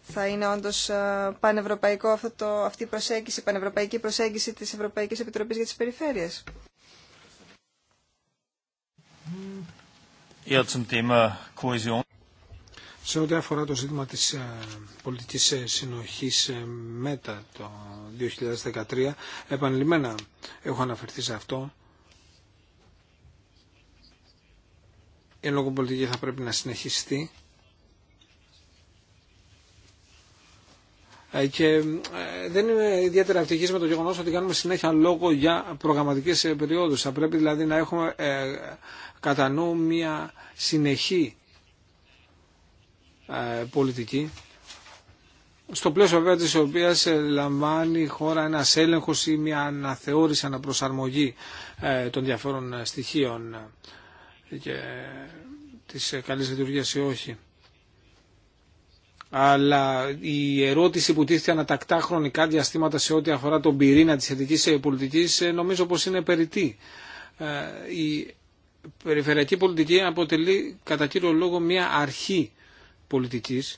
Θα είναι όντως ε, πανευρωπαϊκό αυτό αυτή η προσέγγιση, πανευρωπαϊκή προσέγγιση της Ευρωπαϊκής Επιτροπής για τις Περιφέρειες. Ja, zum Thema Kohäsion. Σε ό,τι αφορά το ζήτημα της ε, πολιτικής ε, συνοχής ε, μετά το 2013, επανειλημμένα έχω αναφερθεί σε αυτό. Η λόγο πολιτική θα πρέπει να συνεχιστεί και δεν είμαι ιδιαίτερα ευτυχή με το γεγονό ότι κάνουμε συνέχεια λόγο για προγραμματικέ περιόδου. Θα πρέπει δηλαδή να έχουμε κατά νου μια συνεχή ε, πολιτική στο πλαίσιο βέβαια της οποίας ε, λαμβάνει η χώρα ένας έλεγχος ή μια αναθεώρηση, αναπροσαρμογή ε, των διαφόρων στοιχείων και της καλής λειτουργίας ή όχι. Αλλά η ερώτηση που τίθεται ανατακτά χρονικά διαστήματα σε ό,τι αφορά τον πυρήνα της ειδικής πολιτικής νομίζω πως είναι περιττή. Η περιφερειακή πολιτική αποτελεί κατά κύριο λόγο μια αρχή πολιτικής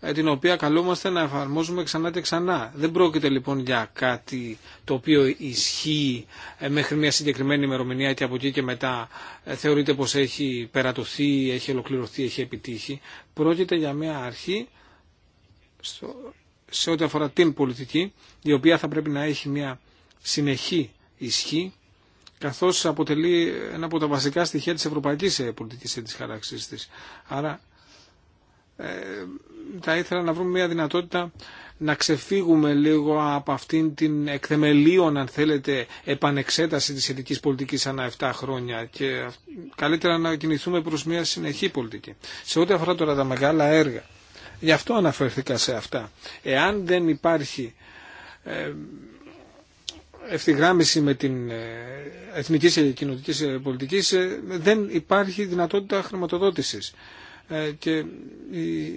ε, την οποία καλούμαστε να εφαρμόζουμε ξανά και ξανά. Δεν πρόκειται λοιπόν για κάτι το οποίο ισχύει ε, μέχρι μια συγκεκριμένη ημερομηνία και από εκεί και μετά ε, θεωρείται πως έχει περατωθεί, έχει ολοκληρωθεί, έχει επιτύχει. Πρόκειται για μια αρχή σε ό,τι αφορά την πολιτική, η οποία θα πρέπει να έχει μια συνεχή ισχύ, καθώς αποτελεί ένα από τα βασικά στοιχεία της ευρωπαϊκής πολιτικής της χαράξης της. Άρα ε, θα ήθελα να βρούμε μια δυνατότητα να ξεφύγουμε λίγο από αυτήν την εκθεμελίων, αν θέλετε, επανεξέταση της ειδικής πολιτικής ανά 7 χρόνια και καλύτερα να κινηθούμε προς μια συνεχή πολιτική. Σε ό,τι αφορά τώρα τα μεγάλα έργα, γι' αυτό αναφέρθηκα σε αυτά. Εάν δεν υπάρχει ε, ευθυγράμμιση με την ε, εθνική και κοινωνική πολιτική, δεν υπάρχει δυνατότητα χρηματοδότησης. Ε, και η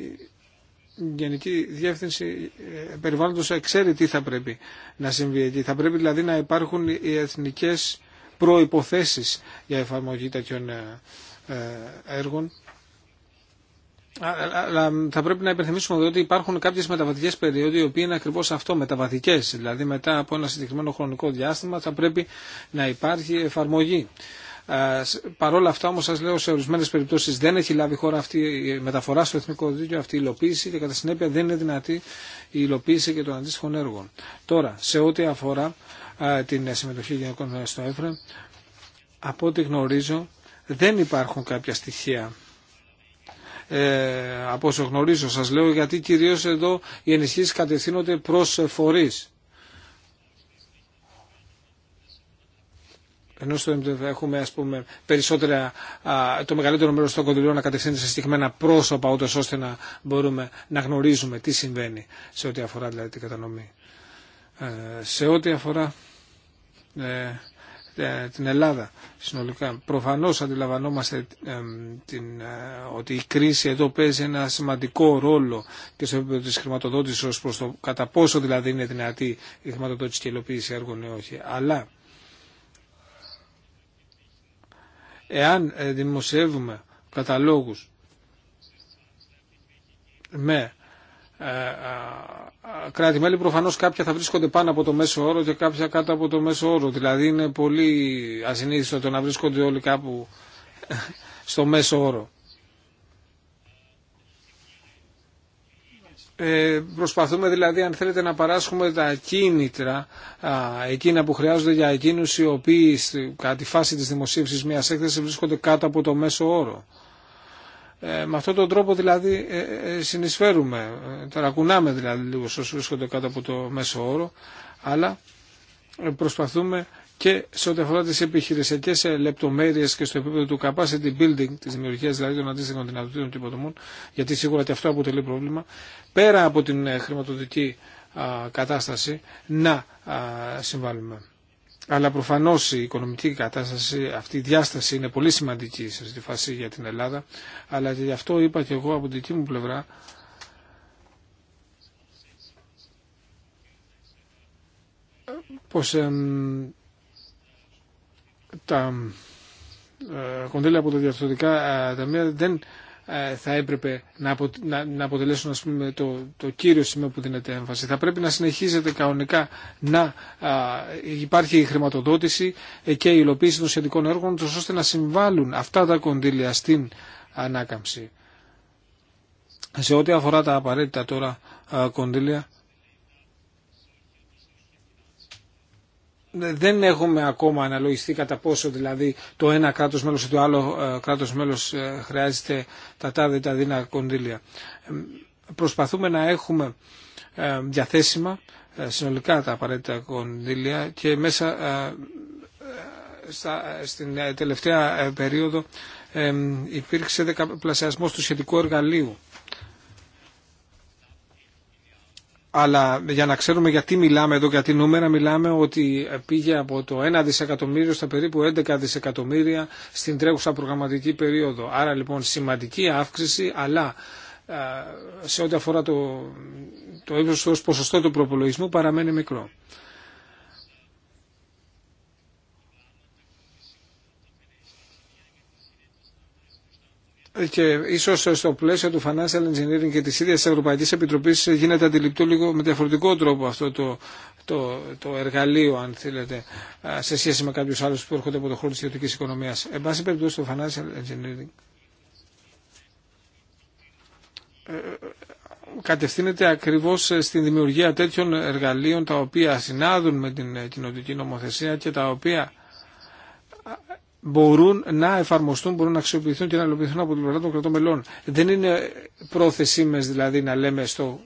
Γενική Διεύθυνση ε, Περιβάλλοντος ξέρει τι θα πρέπει να συμβεί εκεί. Θα πρέπει δηλαδή να υπάρχουν οι εθνικές προϋποθέσεις για εφαρμογή τέτοιων ε, έργων. Αλλά θα πρέπει να υπενθυμίσουμε ότι υπάρχουν κάποιε μεταβατικέ περίοδοι, οι οποίε είναι ακριβώ αυτό, μεταβατικέ. Δηλαδή, μετά από ένα συγκεκριμένο χρονικό διάστημα θα πρέπει να υπάρχει εφαρμογή ε, παρόλα αυτά όμω σα λέω σε ορισμένε περιπτώσεις δεν έχει λάβει χώρα αυτή η μεταφορά στο εθνικό δίκαιο, αυτή η υλοποίηση και κατά συνέπεια δεν είναι δυνατή η υλοποίηση και των αντίστοιχων έργων. Τώρα, σε ό,τι αφορά ε, την συμμετοχή γυναικών στο ΕΦΡΕ, από ό,τι γνωρίζω δεν υπάρχουν κάποια στοιχεία ε, από όσο γνωρίζω σας λέω γιατί κυρίως εδώ οι ενισχύσεις κατευθύνονται προς φορείς ενώ στο MDF έχουμε ας πούμε, περισσότερα, το μεγαλύτερο μέρο των κονδυλίων να κατευθύνεται σε συγκεκριμένα πρόσωπα, ούτως ώστε να μπορούμε να γνωρίζουμε τι συμβαίνει σε ό,τι αφορά δηλαδή, την κατανομή. Ε, σε ό,τι αφορά ε, ε την Ελλάδα συνολικά. προφανώ αντιλαμβανόμαστε ε, την, ε, ότι η κρίση εδώ παίζει ένα σημαντικό ρόλο και στο επίπεδο της χρηματοδότησης ως προς το κατά πόσο δηλαδή είναι δυνατή η χρηματοδότηση και η υλοποίηση έργων ή όχι. Αλλά εάν ε, δημοσιεύουμε καταλόγους με ε, κράτη-μέλη, προφανώς κάποια θα βρίσκονται πάνω από το μέσο όρο και κάποια κάτω από το μέσο όρο. Δηλαδή είναι πολύ ασυνήθιστο το να βρίσκονται όλοι κάπου ε, στο μέσο όρο. Ε, προσπαθούμε δηλαδή αν θέλετε να παράσχουμε τα κίνητρα εκείνα που χρειάζονται για εκείνους οι οποίοι κατά τη φάση της δημοσίευσης μιας έκθεσης βρίσκονται κάτω από το μέσο όρο. Ε, με αυτόν τον τρόπο δηλαδή ε, ε συνεισφέρουμε, ε, ταρακουνάμε δηλαδή λίγο όσους βρίσκονται κάτω από το μέσο όρο, αλλά προσπαθούμε και σε ό,τι αφορά τι επιχειρησιακέ ε, λεπτομέρειε και στο επίπεδο του capacity building, τη δημιουργία δηλαδή των αντίστοιχων δυνατοτήτων και υποδομών, γιατί σίγουρα και αυτό αποτελεί πρόβλημα, πέρα από την ε, χρηματοδοτική κατάσταση να συμβάλλουμε. Αλλά προφανώ η οικονομική κατάσταση, αυτή η διάσταση είναι πολύ σημαντική σε αυτή τη φάση για την Ελλάδα, αλλά και γι' αυτό είπα και εγώ από την δική μου πλευρά πως εμ, τα ε, κονδύλια από τα διαφθορτικά ε, ταμεία δεν ε, θα έπρεπε να αποτελέσουν το, το κύριο σημείο που δίνεται έμφαση. Θα πρέπει να συνεχίζεται κανονικά να υπάρχει η χρηματοδότηση και η υλοποίηση των σχετικών έργων ώστε να συμβάλλουν αυτά τα κονδύλια στην ανάκαμψη. Σε ό,τι αφορά τα απαραίτητα τώρα κονδύλια δεν έχουμε ακόμα αναλογιστεί κατά πόσο δηλαδή το ένα κράτος μέλος ή το άλλο ε, κράτος μέλος ε, χρειάζεται τα τάδε τα δίνα κονδύλια. Προσπαθούμε να έχουμε ε, διαθέσιμα συνολικά τα απαραίτητα κονδύλια και μέσα στην τελευταία περίοδο υπήρξε δεκαπλασιασμός του σχετικού εργαλείου Αλλά για να ξέρουμε γιατί μιλάμε εδώ, γιατί νούμερα μιλάμε ότι πήγε από το 1 δισεκατομμύριο στα περίπου 11 δισεκατομμύρια στην τρέχουσα προγραμματική περίοδο. Άρα λοιπόν σημαντική αύξηση, αλλά ε, σε ό,τι αφορά το, το ύψος ως ποσοστό του προπολογισμού παραμένει μικρό. και ίσω στο πλαίσιο του Financial Engineering και τη ίδια τη Ευρωπαϊκή Επιτροπή, γίνεται αντιληπτό λίγο με διαφορετικό τρόπο αυτό το, το, το εργαλείο αν θέλετε σε σχέση με κάποιου άλλου που έρχονται από το χώρο τη ιδιωτική οικονομία. Εν πάση περιπτώσει το Financial Engineering ε, κατευθύνεται ακριβώς στην δημιουργία τέτοιων εργαλείων τα οποία συνάδουν με την ε, κοινωτική νομοθεσία και τα οποία μπορούν να εφαρμοστούν, μπορούν να αξιοποιηθούν και να υλοποιηθούν από την πλευρά των κρατών μελών. Δεν είναι πρόθεσή μας δηλαδή να λέμε στο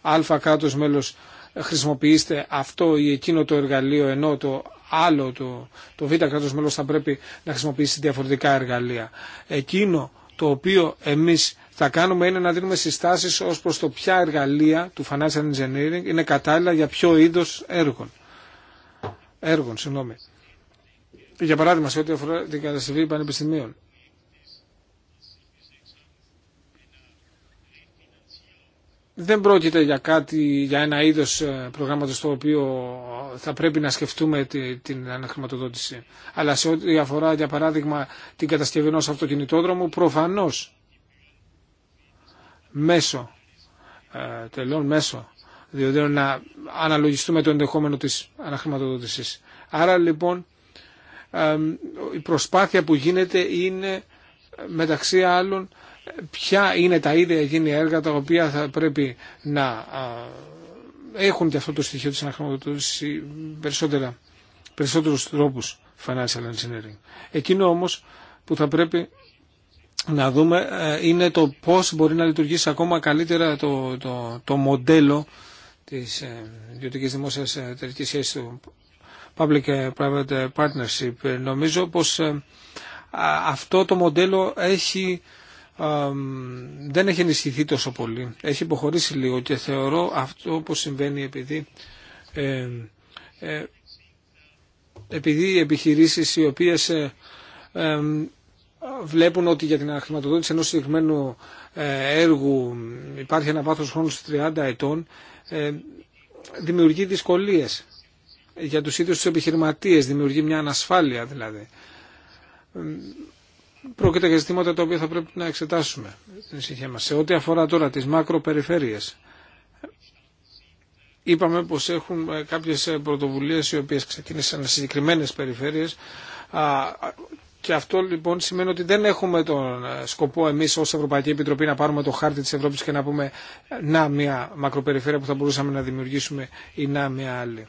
α κράτο μέλος χρησιμοποιήστε αυτό ή εκείνο το εργαλείο ενώ το άλλο το, το β κράτο μέλος θα πρέπει να χρησιμοποιήσει διαφορετικά εργαλεία. Εκείνο το οποίο εμεί θα κάνουμε είναι να δίνουμε συστάσει ω προ το ποια εργαλεία του financial engineering είναι κατάλληλα για ποιο είδο έργων. έργων συγγνώμη για παράδειγμα σε ό,τι αφορά την κατασκευή πανεπιστημίων. Δεν πρόκειται για κάτι, για ένα είδος ε, προγράμματος το οποίο θα πρέπει να σκεφτούμε την αναχρηματοδότηση. Αλλά σε ό,τι αφορά, για παράδειγμα, την κατασκευή ενός αυτοκινητόδρομου, προφανώς μέσω ε, τελών, μέσω διότι να αναλογιστούμε το ενδεχόμενο της αναχρηματοδότησης. Άρα λοιπόν η προσπάθεια που γίνεται είναι μεταξύ άλλων ποια είναι τα ίδια γίνει έργα τα οποία θα πρέπει να έχουν και αυτό το στοιχείο της αναχρηματοδότησης περισσότερα, περισσότερους τρόπους financial engineering. Εκείνο όμως που θα πρέπει να δούμε ε, είναι το πώς μπορεί να λειτουργήσει ακόμα καλύτερα το, το, το μοντέλο της ε, ιδιωτικής δημόσιας εταιρικής σχέσης του public-private ε, ε, partnership. Νομίζω πως ε, αυτό το μοντέλο έχει, δεν έχει ενισχυθεί τόσο πολύ. Έχει υποχωρήσει λίγο και θεωρώ αυτό που συμβαίνει επειδή επειδή οι επιχειρήσεις οι οποίες βλέπουν ότι για την χρηματοδότηση ενός συγκεκριμένου έργου υπάρχει ένα βάθος χρόνου 30 ετών δημιουργεί δυσκολίες για τους ίδιους τους επιχειρηματίες, δημιουργεί μια ανασφάλεια δηλαδή. Πρόκειται για ζητήματα τα οποία θα πρέπει να εξετάσουμε στην Σε ό,τι αφορά τώρα τις μακροπεριφέρειες, είπαμε πως έχουν ε, κάποιες ε, πρωτοβουλίες οι οποίες ξεκίνησαν σε συγκεκριμένες περιφέρειες και αυτό λοιπόν σημαίνει ότι δεν έχουμε τον ε, σκοπό εμείς ως Ευρωπαϊκή Επιτροπή να πάρουμε το χάρτη της Ευρώπης και να πούμε να μια μακροπεριφέρεια που θα μπορούσαμε να δημιουργήσουμε ή να μια άλλη.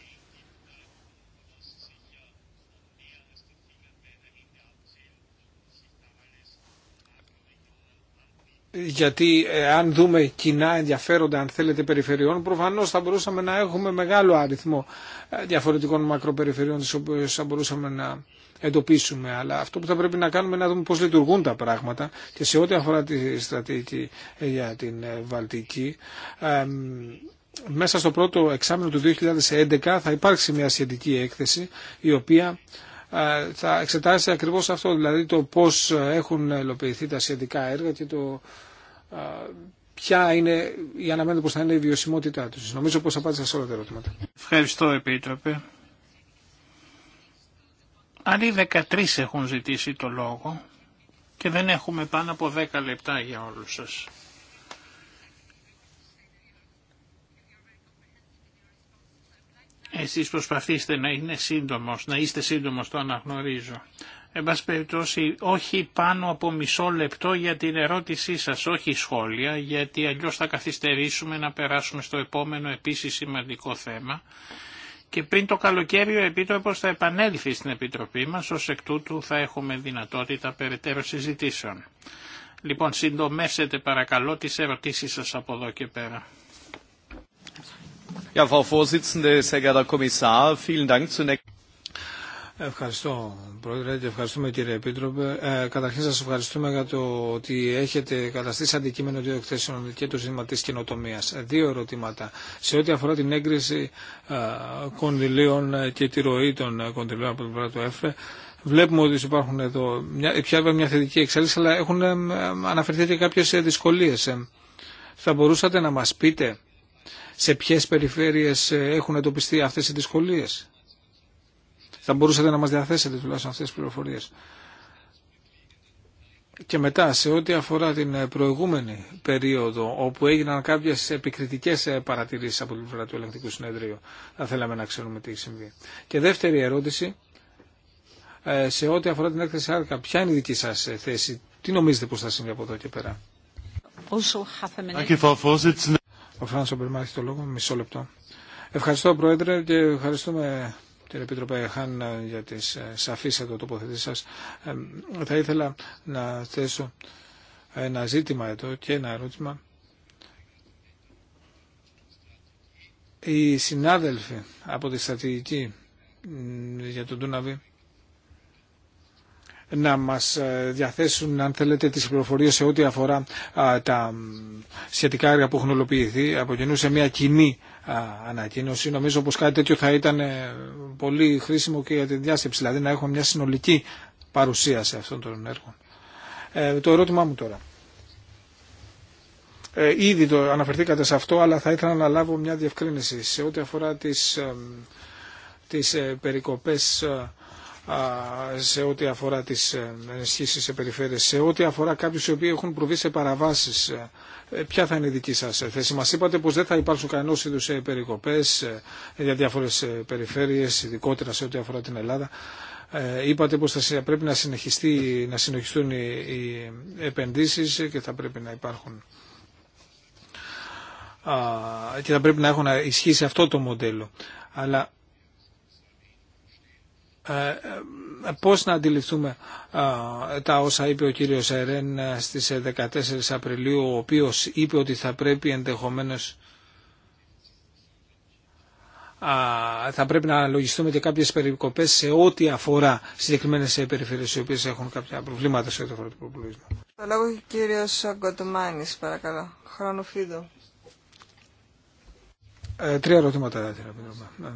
γιατί ε, αν δούμε κοινά ενδιαφέροντα αν θέλετε περιφερειών προφανώς θα μπορούσαμε να έχουμε μεγάλο αριθμό ε, διαφορετικών μακροπεριφερειών τις οποίες θα μπορούσαμε να εντοπίσουμε αλλά αυτό που θα πρέπει να κάνουμε είναι να δούμε πώς λειτουργούν τα πράγματα και σε ό,τι αφορά τη στρατηγική ε, για την Βαλτική μέσα στο πρώτο εξάμεινο του 2011 θα υπάρξει μια σχετική έκθεση η οποία θα εξετάσει ακριβώς αυτό, δηλαδή το πώς έχουν ελοποιηθεί τα σχετικά έργα και το ποια είναι η αναμένω πως θα είναι η βιωσιμότητά τους. Νομίζω πως απάντησα σε όλα τα ερωτήματα. Ευχαριστώ Επίτροπε. Άλλοι 13 έχουν ζητήσει το λόγο και δεν έχουμε πάνω από 10 λεπτά για όλους σας. Εσείς προσπαθήστε να, είναι σύντομος, να είστε σύντομος, το αναγνωρίζω. Εν πάση περιπτώσει, όχι πάνω από μισό λεπτό για την ερώτησή σας, όχι σχόλια, γιατί αλλιώς θα καθυστερήσουμε να περάσουμε στο επόμενο επίσης σημαντικό θέμα. Και πριν το καλοκαίρι ο Επίτροπος θα επανέλθει στην Επιτροπή μας, ως εκ τούτου θα έχουμε δυνατότητα περαιτέρω συζητήσεων. Λοιπόν, συντομέσετε παρακαλώ τις ερωτήσεις σας από εδώ και πέρα. Ja, Vorsitzende, sehr geehrter Kommissar, vielen Dank Ευχαριστώ, Πρόεδρε, και ευχαριστούμε κύριε Επίτροπε. Ε, καταρχήν σα ευχαριστούμε για το ότι έχετε καταστήσει αντικείμενο δύο εκθέσεων και το ζήτημα τη καινοτομία. Δύο ερωτήματα. Σε ό,τι αφορά την έγκριση ε, κονδυλίων και τη ροή των κονδυλίων από την πλευρά του ΕΦΡΕ, Βλέπουμε ότι υπάρχουν εδώ μια, πια μια θετική εξέλιξη, αλλά έχουν ε, αναφερθεί και κάποιες δυσκολίες. Ε, θα μπορούσατε να μα πείτε σε ποιε περιφέρειες ε, έχουν εντοπιστεί αυτέ οι δυσκολίε. Θα μπορούσατε να μας διαθέσετε τουλάχιστον αυτές τις πληροφορίες. Και μετά, σε ό,τι αφορά την ε, προηγούμενη περίοδο, όπου έγιναν κάποιε επικριτικέ ε, παρατηρήσει από την πλευρά του Ελεγκτικού Συνεδρίου, θα θέλαμε να ξέρουμε τι έχει συμβεί. Και δεύτερη ερώτηση, ε, σε ό,τι αφορά την έκθεση Άρκα, ποια είναι η δική σα θέση, τι νομίζετε πώ θα συμβεί από εδώ και πέρα. Ο Φράνσο το λόγο, μισό λεπτό. Ευχαριστώ, Πρόεδρε, και ευχαριστούμε την Επίτροπα ΕΧΑΝ για τις ε, σαφείς τοποθετήσεις σας. Θα ήθελα να θέσω ένα ζήτημα εδώ και ένα ερώτημα. Οι συνάδελφοι από τη στρατηγική για τον Τούναβη να μας ε, διαθέσουν αν θέλετε τις πληροφορίες σε ό,τι αφορά τα σχετικά έργα που έχουν ολοποιηθεί από κοινού σε μια κοινή ανακοίνωση. Νομίζω πως κάτι τέτοιο θα ήταν ε, πολύ χρήσιμο και για τη διάσκεψη, δηλαδή να έχουμε μια συνολική παρουσίαση αυτών των έργων. Ε, το ερώτημά μου τώρα. Ε, ήδη το αναφερθήκατε σε αυτό, αλλά θα ήθελα να λάβω μια διευκρίνηση σε ό,τι αφορά τις, ε, τις ε, περικοπές σε ό,τι αφορά τις ε, ενισχύσεις σε περιφέρειες, σε ό,τι αφορά κάποιους οι οποίοι έχουν προβεί σε παραβάσεις, ε, ε, ποια θα είναι η δική σας θέση. Μας είπατε πως δεν θα υπάρξουν κανένα είδους περικοπές για διάφορες περιφέρειες, ειδικότερα σε ό,τι αφορά την Ελλάδα. Είπατε πως θα πρέπει να, συνεχιστεί, να συνεχιστούν οι επενδύσεις και θα πρέπει να υπάρχουν και θα πρέπει να έχουν ισχύσει αυτό το μοντέλο. Αλλά ε, ε, πώς να αντιληφθούμε τα όσα είπε ο κύριος Ερέν ε, στις 14 Απριλίου, ο οποίος είπε ότι θα πρέπει ενδεχομένως θα πρέπει να λογιστούμε και κάποιες περικοπές σε ό,τι αφορά συγκεκριμένες περιφέρειες οι οποίες έχουν κάποια προβλήματα σε ό,τι αφορά τον Το λόγο έχει ο κύριος παρακαλώ. Χρόνο φίδο. τρία ερωτήματα, πει.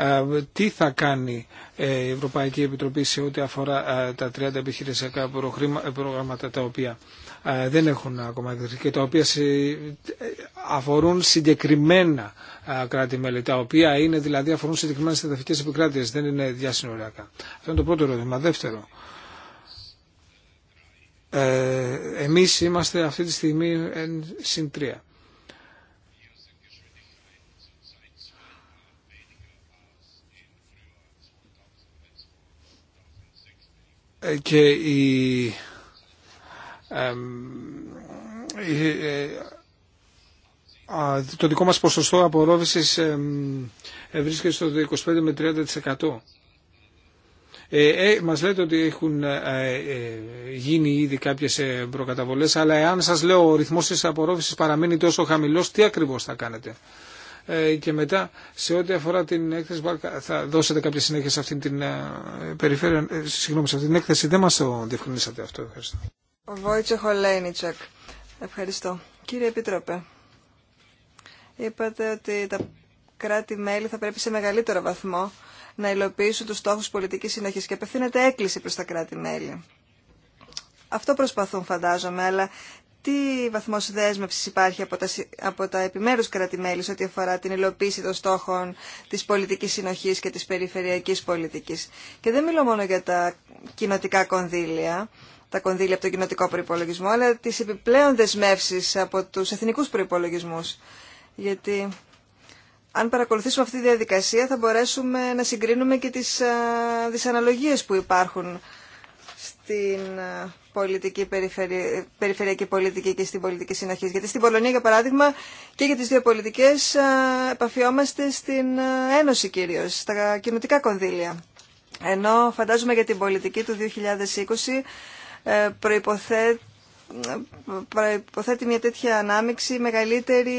Ε, τι θα κάνει ε, η Ευρωπαϊκή Επιτροπή σε ό,τι αφορά ε, τα 30 επιχειρησιακά προγράμματα τα οποία δεν έχουν ακόμα εκδοθεί και τα οποία αφορούν συγκεκριμένα κράτη-μέλη, τα οποία είναι δηλαδή αφορούν συγκεκριμένε εδαφικέ επικράτειε, δεν είναι διασυνοριακά. Αυτό είναι το πρώτο ερώτημα. Δεύτερο, ε, εμείς είμαστε αυτή τη στιγμή εν Ε, και η, ε, το δικό μας ποσοστό απορρόφησης ε, βρίσκεται στο 25 με 30%. Ε, μας λέτε ότι έχουν γίνει ήδη κάποιες προκαταβολές, αλλά εάν σας λέω ο ρυθμός της απορρόφησης παραμένει τόσο χαμηλός, τι ακριβώς θα κάνετε. Ε, και μετά σε ό,τι αφορά την έκθεση θα δώσετε κάποια συνέχεια σε αυτήν την ε, περιφέρεια, ε, συγγνώμη, σε αυτήν την έκθεση. Δεν μας το διευκρινίσατε αυτό. Ευχαριστώ. Βόιτσο Ευχαριστώ. Κύριε Επίτροπε, είπατε ότι τα κράτη-μέλη θα πρέπει σε μεγαλύτερο βαθμό να υλοποιήσουν τους στόχους πολιτικής συνοχής και απευθύνεται έκκληση προς τα κράτη-μέλη. Αυτό προσπαθούν φαντάζομαι, αλλά τι βαθμό δέσμευση υπάρχει από τα, από τα επιμέρους ό,τι αφορά την υλοποίηση των στόχων τη πολιτική συνοχή και τη περιφερειακή πολιτική. Και δεν μιλώ μόνο για τα κοινοτικά κονδύλια, τα κονδύλια από τον κοινοτικό προπολογισμό, αλλά τι επιπλέον δεσμεύσει από του εθνικού προπολογισμού. Γιατί αν παρακολουθήσουμε αυτή τη διαδικασία θα μπορέσουμε να συγκρίνουμε και τις δυσαναλογίες που υπάρχουν στην πολιτική, περιφερειακή πολιτική και στην πολιτική συνοχή. Γιατί στην Πολωνία, για παράδειγμα, και για τις δύο πολιτικέ ε, επαφιόμαστε στην ε, Ένωση κυρίω, στα κοινωτικά κονδύλια. Ενώ φαντάζομαι για την πολιτική του 2020 ε, προϋποθέτει μια τέτοια ανάμειξη μεγαλύτερη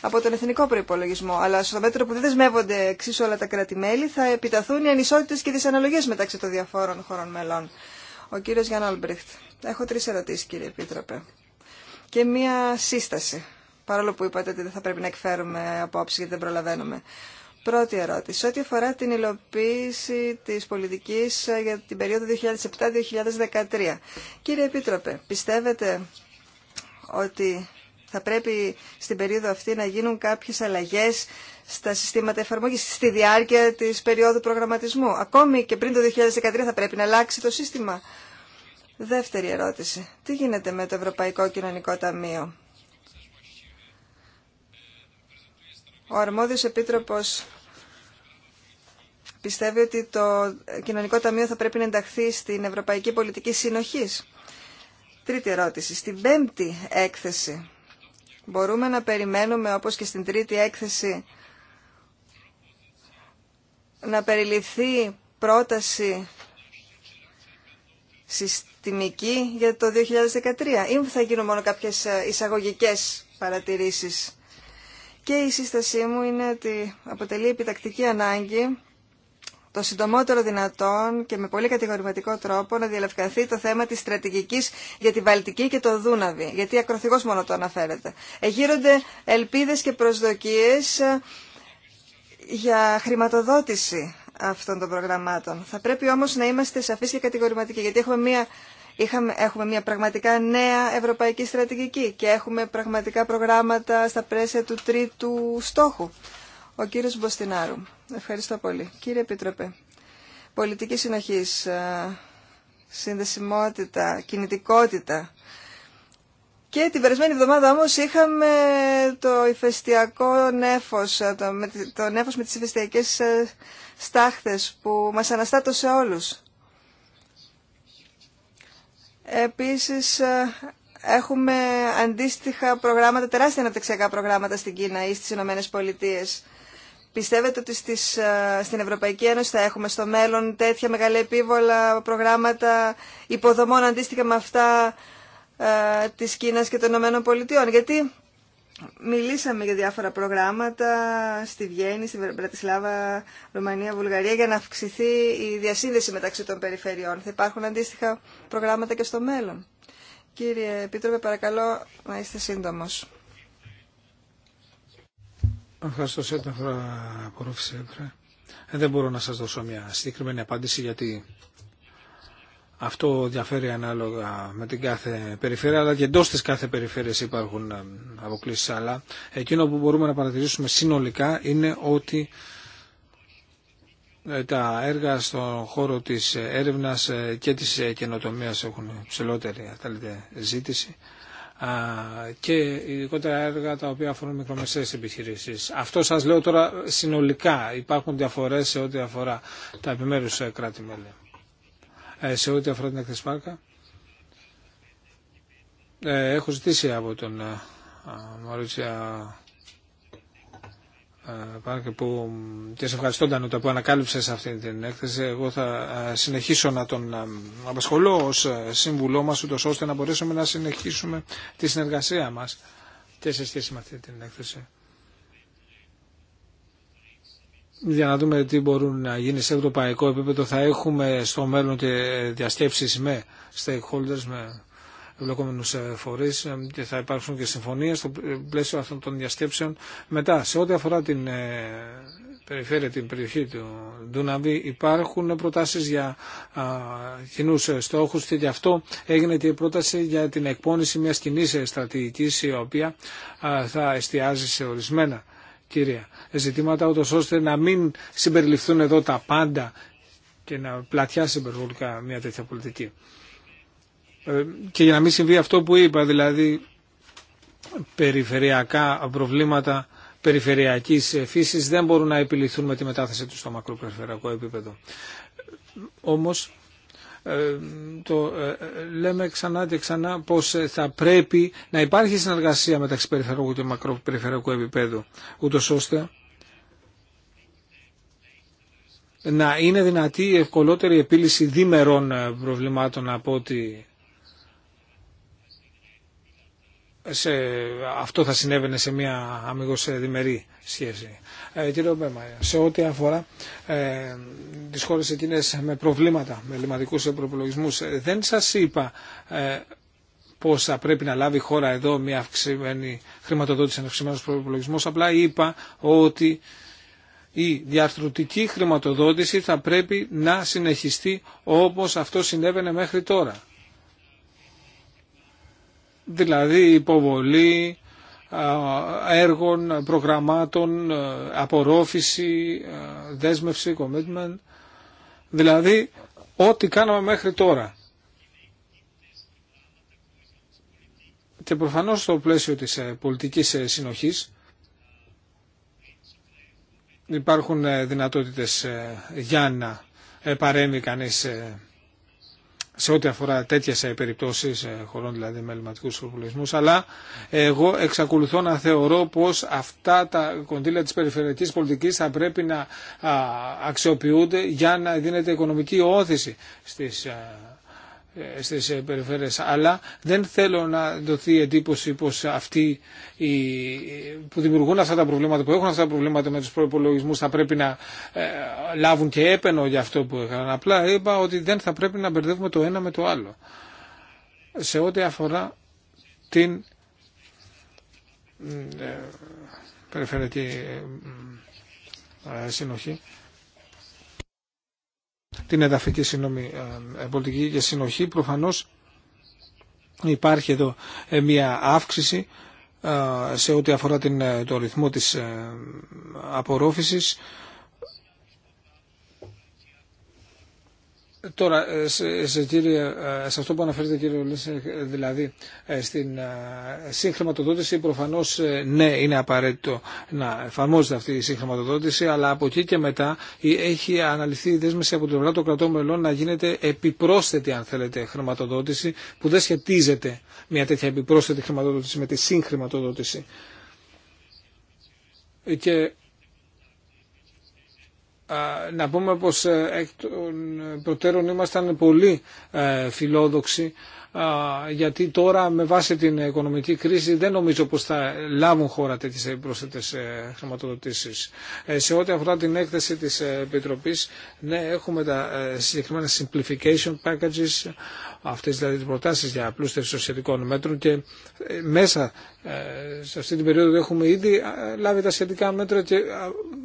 από τον εθνικό προϋπολογισμό. Αλλά στο μέτρο που δεν δεσμεύονται εξίσου όλα τα κράτη-μέλη θα επιταθούν οι ανισότητες και τις αναλογίες μεταξύ των διαφόρων χωρών μελών. Ο κύριο Γιάννα Αλμπρίχτ. Έχω τρει ερωτήσει, κύριε Επίτροπε. Και μία σύσταση. Παρόλο που είπατε ότι δεν θα πρέπει να εκφέρουμε όψη γιατί δεν προλαβαίνουμε. Πρώτη ερώτηση. Ό,τι αφορά την υλοποίηση τη πολιτική ε, για την περίοδο 2007-2013. Κύριε Επίτροπε, πιστεύετε ότι θα πρέπει στην περίοδο αυτή να γίνουν κάποιες αλλαγές στα συστήματα εφαρμογής, στη διάρκεια της περίοδου προγραμματισμού. Ακόμη και πριν το 2013 θα πρέπει να αλλάξει το σύστημα. Δεύτερη ερώτηση. Τι γίνεται με το Ευρωπαϊκό Κοινωνικό Ταμείο. Ο αρμόδιος επίτροπος πιστεύει ότι το Κοινωνικό Ταμείο θα πρέπει να ενταχθεί στην Ευρωπαϊκή Πολιτική Συνοχής. Τρίτη ερώτηση. Στην πέμπτη έκθεση Μπορούμε να περιμένουμε, όπως και στην τρίτη έκθεση, να περιληφθεί πρόταση συστημική για το 2013 ή θα γίνουν μόνο κάποιες ε, εισαγωγικές παρατηρήσεις. Και η σύστασή μου είναι ότι αποτελεί επιτακτική ανάγκη το συντομότερο δυνατόν και με πολύ κατηγορηματικό τρόπο να διαλευκανθεί το θέμα της στρατηγικής για τη Βαλτική και το Δούναβι, γιατί ακροθυγώς μόνο το αναφέρεται. Εγείρονται ελπίδες και προσδοκίες ε, για χρηματοδότηση αυτών των προγραμμάτων. Θα πρέπει όμως να είμαστε σαφείς και κατηγορηματικοί, γιατί έχουμε μια, είχαμε, έχουμε μια πραγματικά νέα ευρωπαϊκή στρατηγική και έχουμε πραγματικά προγράμματα στα πρέσια του τρίτου στόχου ο κύριος Μποστινάρου. Ευχαριστώ πολύ. Κύριε Επίτροπε, πολιτική συνοχής, ε, συνδεσιμότητα, κινητικότητα. Και την περασμένη εβδομάδα όμως είχαμε το ηφαιστιακό, νέφος, ε, το, το νέφος με τις ηφαιστειακές ε, στάχτες που μας αναστάτωσε όλους. Επίσης έχουμε αντίστοιχα προγράμματα, τεράστια αναπτυξιακά προγράμματα στην Κίνα ή στις Ηνωμένε Πολιτείες Πιστεύετε ότι στις, ε, στην Ευρωπαϊκή Ένωση θα έχουμε στο μέλλον τέτοια μεγάλα επίβολα προγράμματα υποδομών αντίστοιχα με αυτά ε, της Κίνας και των Ηνωμένων Πολιτειών. Γιατί μιλήσαμε για διάφορα προγράμματα στη Βιέννη, στην Βρατισλάβα, Ρουμανία, Βουλγαρία για να αυξηθεί η διασύνδεση μεταξύ των περιφερειών. Θα υπάρχουν αντίστοιχα προγράμματα και στο μέλλον. Κύριε Επίτροπε, παρακαλώ να είστε σύντομος. Ευχαριστώ σε την αφορά Δεν μπορώ να σας δώσω μια συγκεκριμένη απάντηση γιατί αυτό διαφέρει ανάλογα με την κάθε περιφέρεια, αλλά και εντό τη κάθε περιφέρεια υπάρχουν ε, αποκλήσεις. Αλλά εκείνο που μπορούμε να παρατηρήσουμε συνολικά είναι ότι ε, τα έργα στον χώρο της ε, έρευνας και της καινοτομίας έχουν ψηλότερη ζήτηση και ειδικότερα έργα τα οποία αφορούν μικρομεσαίες επιχειρήσεις. Αυτό σας λέω τώρα συνολικά. Υπάρχουν διαφορές σε ό,τι αφορά τα επιμέρους ε, κράτη-μέλη. Ε, σε ό,τι αφορά την έκθεση Πάρκα, ε, έχω ζητήσει από τον Μαρίτσια που και σε ευχαριστώ Ντανούτα που ανακάλυψες αυτή την έκθεση. Εγώ θα συνεχίσω να τον απασχολώ ως σύμβουλό μας ούτως ώστε να μπορέσουμε να συνεχίσουμε τη συνεργασία μας και σε σχέση με αυτή την έκθεση. Για να δούμε τι μπορούν να γίνει σε ευρωπαϊκό επίπεδο. Θα έχουμε στο μέλλον και διασκέψεις με stakeholders, με εμπλεκόμενους ε, φορείς ε, και θα υπάρξουν και συμφωνίε στο πλαίσιο αυτών των διασκέψεων. Μετά, σε ό,τι αφορά την ε, περιφέρεια, την περιοχή του Ντούναβη, υπάρχουν προτάσεις για κοινού στόχου και γι' αυτό έγινε και η πρόταση για την εκπόνηση μια κοινή στρατηγικής η οποία θα εστιάζει σε ορισμένα κύρια ζητήματα, ούτω ώστε να μην συμπεριληφθούν εδώ τα πάντα και να πλατιάσει υπερβολικά μια τέτοια πολιτική. Ε, και για να μην συμβεί αυτό που είπα, δηλαδή περιφερειακά προβλήματα περιφερειακής φύσης δεν μπορούν να επιληθούν με τη μετάθεση του στο μακροπεριφερειακό επίπεδο. Όμως ε, το ε, λέμε ξανά και ξανά πως θα πρέπει να υπάρχει συνεργασία μεταξύ περιφερειακού και μακροπεριφερειακού επίπεδου ούτως ώστε να είναι δυνατή η ευκολότερη επίλυση διμερών προβλημάτων από ότι σε, αυτό θα συνέβαινε σε μια αμυγός ε, διμερή σχέση. Ε, κύριε Ομπέμα, σε ό,τι αφορά ε, τις χώρες εκείνες με προβλήματα, με λιματικούς προπολογισμούς, ε, δεν σας είπα ε, πώς θα πρέπει να λάβει η χώρα εδώ μια αυξημένη χρηματοδότηση, ένα αυξημένος προπολογισμός, απλά είπα ότι η διαρθρωτική χρηματοδότηση θα πρέπει να συνεχιστεί όπως αυτό συνέβαινε μέχρι τώρα δηλαδή υποβολή έργων, προγραμμάτων, απορρόφηση, δέσμευση, commitment, δηλαδή ό,τι κάναμε μέχρι τώρα. Και προφανώς στο πλαίσιο της ε, πολιτικής ε, συνοχής υπάρχουν ε, δυνατότητες για να παρέμει κανείς σε ό,τι αφορά τέτοιες ε, περιπτώσεις ε, χωρών δηλαδή με ελληματικούς αλλά εγώ εξακολουθώ να θεωρώ πως αυτά τα κονδύλια της περιφερειακής πολιτικής θα πρέπει να αξιοποιούνται για να δίνεται οικονομική όθηση στις ε, ε, στις ε, περιφέρειες αλλά δεν θέλω να δοθεί εντύπωση πως αυτοί που δημιουργούν αυτά τα προβλήματα που έχουν αυτά τα προβλήματα με τους προπολογισμού θα πρέπει να ε, λάβουν και έπαινο για αυτό που έκαναν απλά είπα ότι δεν θα πρέπει να μπερδεύουμε το ένα με το άλλο σε ό,τι αφορά την περιφερειακή συνοχή την εδαφική σύνομη, ε, ε, πολιτική και συνοχή. Προφανώς υπάρχει εδώ ε, μια αύξηση σε ό,τι αφορά την, το ρυθμό της απορρόφησης Τώρα, ε, σε, σε, κύριε, ε, αυτό που αναφέρεται κύριε ε, δηλαδή στην συγχρηματοδότηση, προφανώς ναι, είναι απαραίτητο να εφαρμόζεται αυτή η συγχρηματοδότηση, αλλά από εκεί και μετά έχει αναλυθεί η δέσμευση από την πλευρά των κρατών μελών να γίνεται επιπρόσθετη, αν θέλετε, χρηματοδότηση, που δεν σχετίζεται μια τέτοια επιπρόσθετη χρηματοδότηση με τη συγχρηματοδότηση. Και να πούμε πως ε, εκ των ε, προτέρων ήμασταν πολύ ε, φιλόδοξοι γιατί τώρα με βάση την οικονομική κρίση δεν νομίζω πως θα λάβουν χώρα τέτοιες προσθέτες ε, χρηματοδοτήσεις. Ε, σε ό,τι αφορά την έκθεση της ε, Επιτροπής, ναι, έχουμε τα συγκεκριμένα simplification packages, αυτές δηλαδή τις προτάσεις για απλούστευση των σχετικών μέτρων και μέσα σε αυτή την περίοδο έχουμε ήδη λάβει τα σχετικά μέτρα και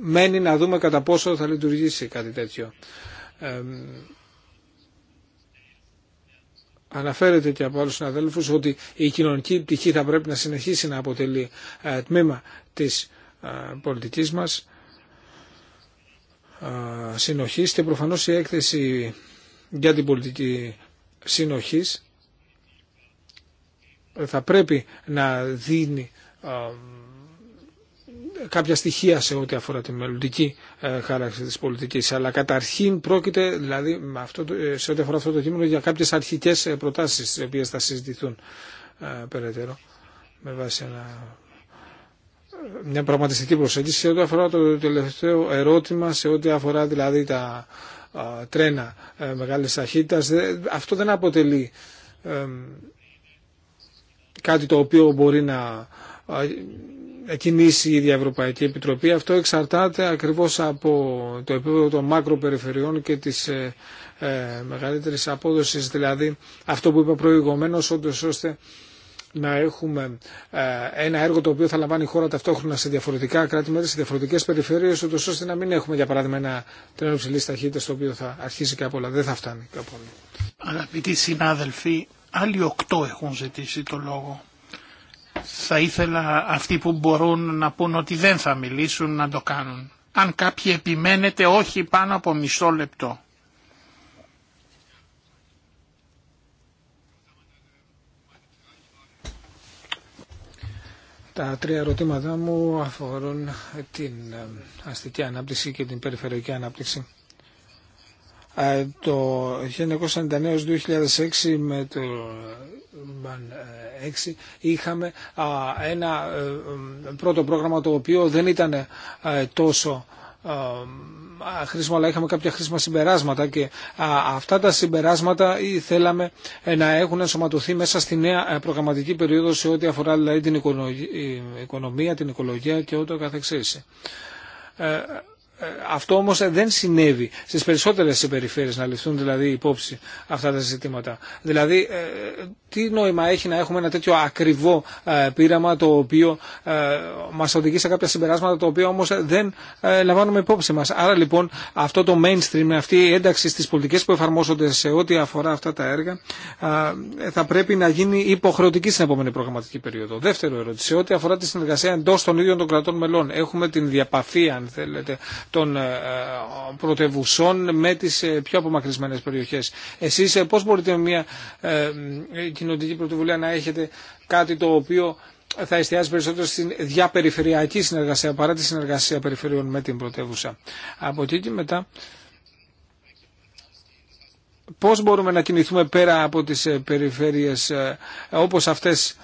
μένει να δούμε κατά πόσο θα λειτουργήσει κάτι τέτοιο αναφέρεται και από άλλους συναδέλφους ότι η κοινωνική πτυχή θα πρέπει να συνεχίσει να αποτελεί ε, τμήμα της ε, πολιτικής μας ε, συνοχής και προφανώς η έκθεση για την πολιτική συνοχής θα πρέπει να δίνει κάποια στοιχεία σε ό,τι αφορά τη μελλοντική ε, χάραξη της πολιτικής. Αλλά καταρχήν πρόκειται, δηλαδή με αυτό, ε, σε ό,τι αφορά αυτό το κείμενο, για κάποιες αρχικές ε, προτάσεις, οι οποίες θα συζητηθούν περαιτέρω, με βάση ένα μια πραγματιστική προσέγγιση σε ό,τι αφορά το τελευταίο ερώτημα, σε ό,τι αφορά δηλαδή τα τρένα ε, μεγάλης αυτό δεν αποτελεί κάτι το οποίο μπορεί να κινήσει η ίδια Ευρωπαϊκή Επιτροπή. Αυτό εξαρτάται ακριβώς από το επίπεδο των μακροπεριφερειών και της ε, ε μεγαλύτερης απόδοσης, δηλαδή αυτό που είπα προηγουμένως, όντως ώστε να έχουμε ε, ένα έργο το οποίο θα λαμβάνει η χώρα ταυτόχρονα σε διαφορετικά κράτη-μέρη, σε διαφορετικέ περιφέρειε, ώστε να μην έχουμε για παράδειγμα ένα τρένο υψηλή ταχύτητα το οποίο θα αρχίσει κάπου, όλα. δεν θα φτάνει κάπου. Αγαπητοί συνάδελφοι, άλλοι οκτώ έχουν ζητήσει το λόγο. Θα ήθελα αυτοί που μπορούν να πούν ότι δεν θα μιλήσουν να το κάνουν. Αν κάποιοι επιμένετε όχι πάνω από μισό λεπτό. Τα τρία ερωτήματά μου αφορούν την ε, αστική ανάπτυξη και την περιφερειακή ανάπτυξη. Ε, το 1999-2006 με το 6 ε, είχαμε ένα ε, πρώτο πρόγραμμα το οποίο δεν ήταν τόσο χρήσιμο αλλά είχαμε κάποια χρήσιμα συμπεράσματα και αυτά τα συμπεράσματα θέλαμε να έχουν ενσωματωθεί μέσα στη νέα προγραμματική περίοδο σε ό,τι αφορά δηλαδή την οικονομία, την οικολογία και ούτω καθεξής. Ε, αυτό όμως δεν συνέβη στις περισσότερες περιφέρειες να ληφθούν δηλαδή υπόψη αυτά τα ζητήματα. Δηλαδή ε, τι νόημα έχει να έχουμε ένα τέτοιο ακριβό ε, πείραμα το οποίο μας οδηγεί σε κάποια συμπεράσματα το οποίο όμως δεν λαμβάνουμε υπόψη μας. Άρα λοιπόν αυτό το mainstream, αυτή η ένταξη στις πολιτικές που εφαρμόζονται σε ό,τι αφορά αυτά τα έργα θα πρέπει να γίνει υποχρεωτική στην επόμενη προγραμματική περίοδο. Δεύτερο ερώτηση, σε ό,τι αφορά τη συνεργασία εντός των ίδιων των κρατών μελών. Έχουμε την διαπαθή, αν θέλετε των ε, πρωτευουσών με τις ε, πιο απομακρυσμένες περιοχές. Εσείς ε, πώς μπορείτε μια κοινωνική πρωτοβουλία να έχετε κάτι το οποίο θα εστιάζει περισσότερο στην διαπεριφερειακή συνεργασία παρά τη συνεργασία περιφερειών με την πρωτεύουσα. Από εκεί και μετά πώς μπορούμε να κινηθούμε πέρα από τις περιφέρειες όπως αυτές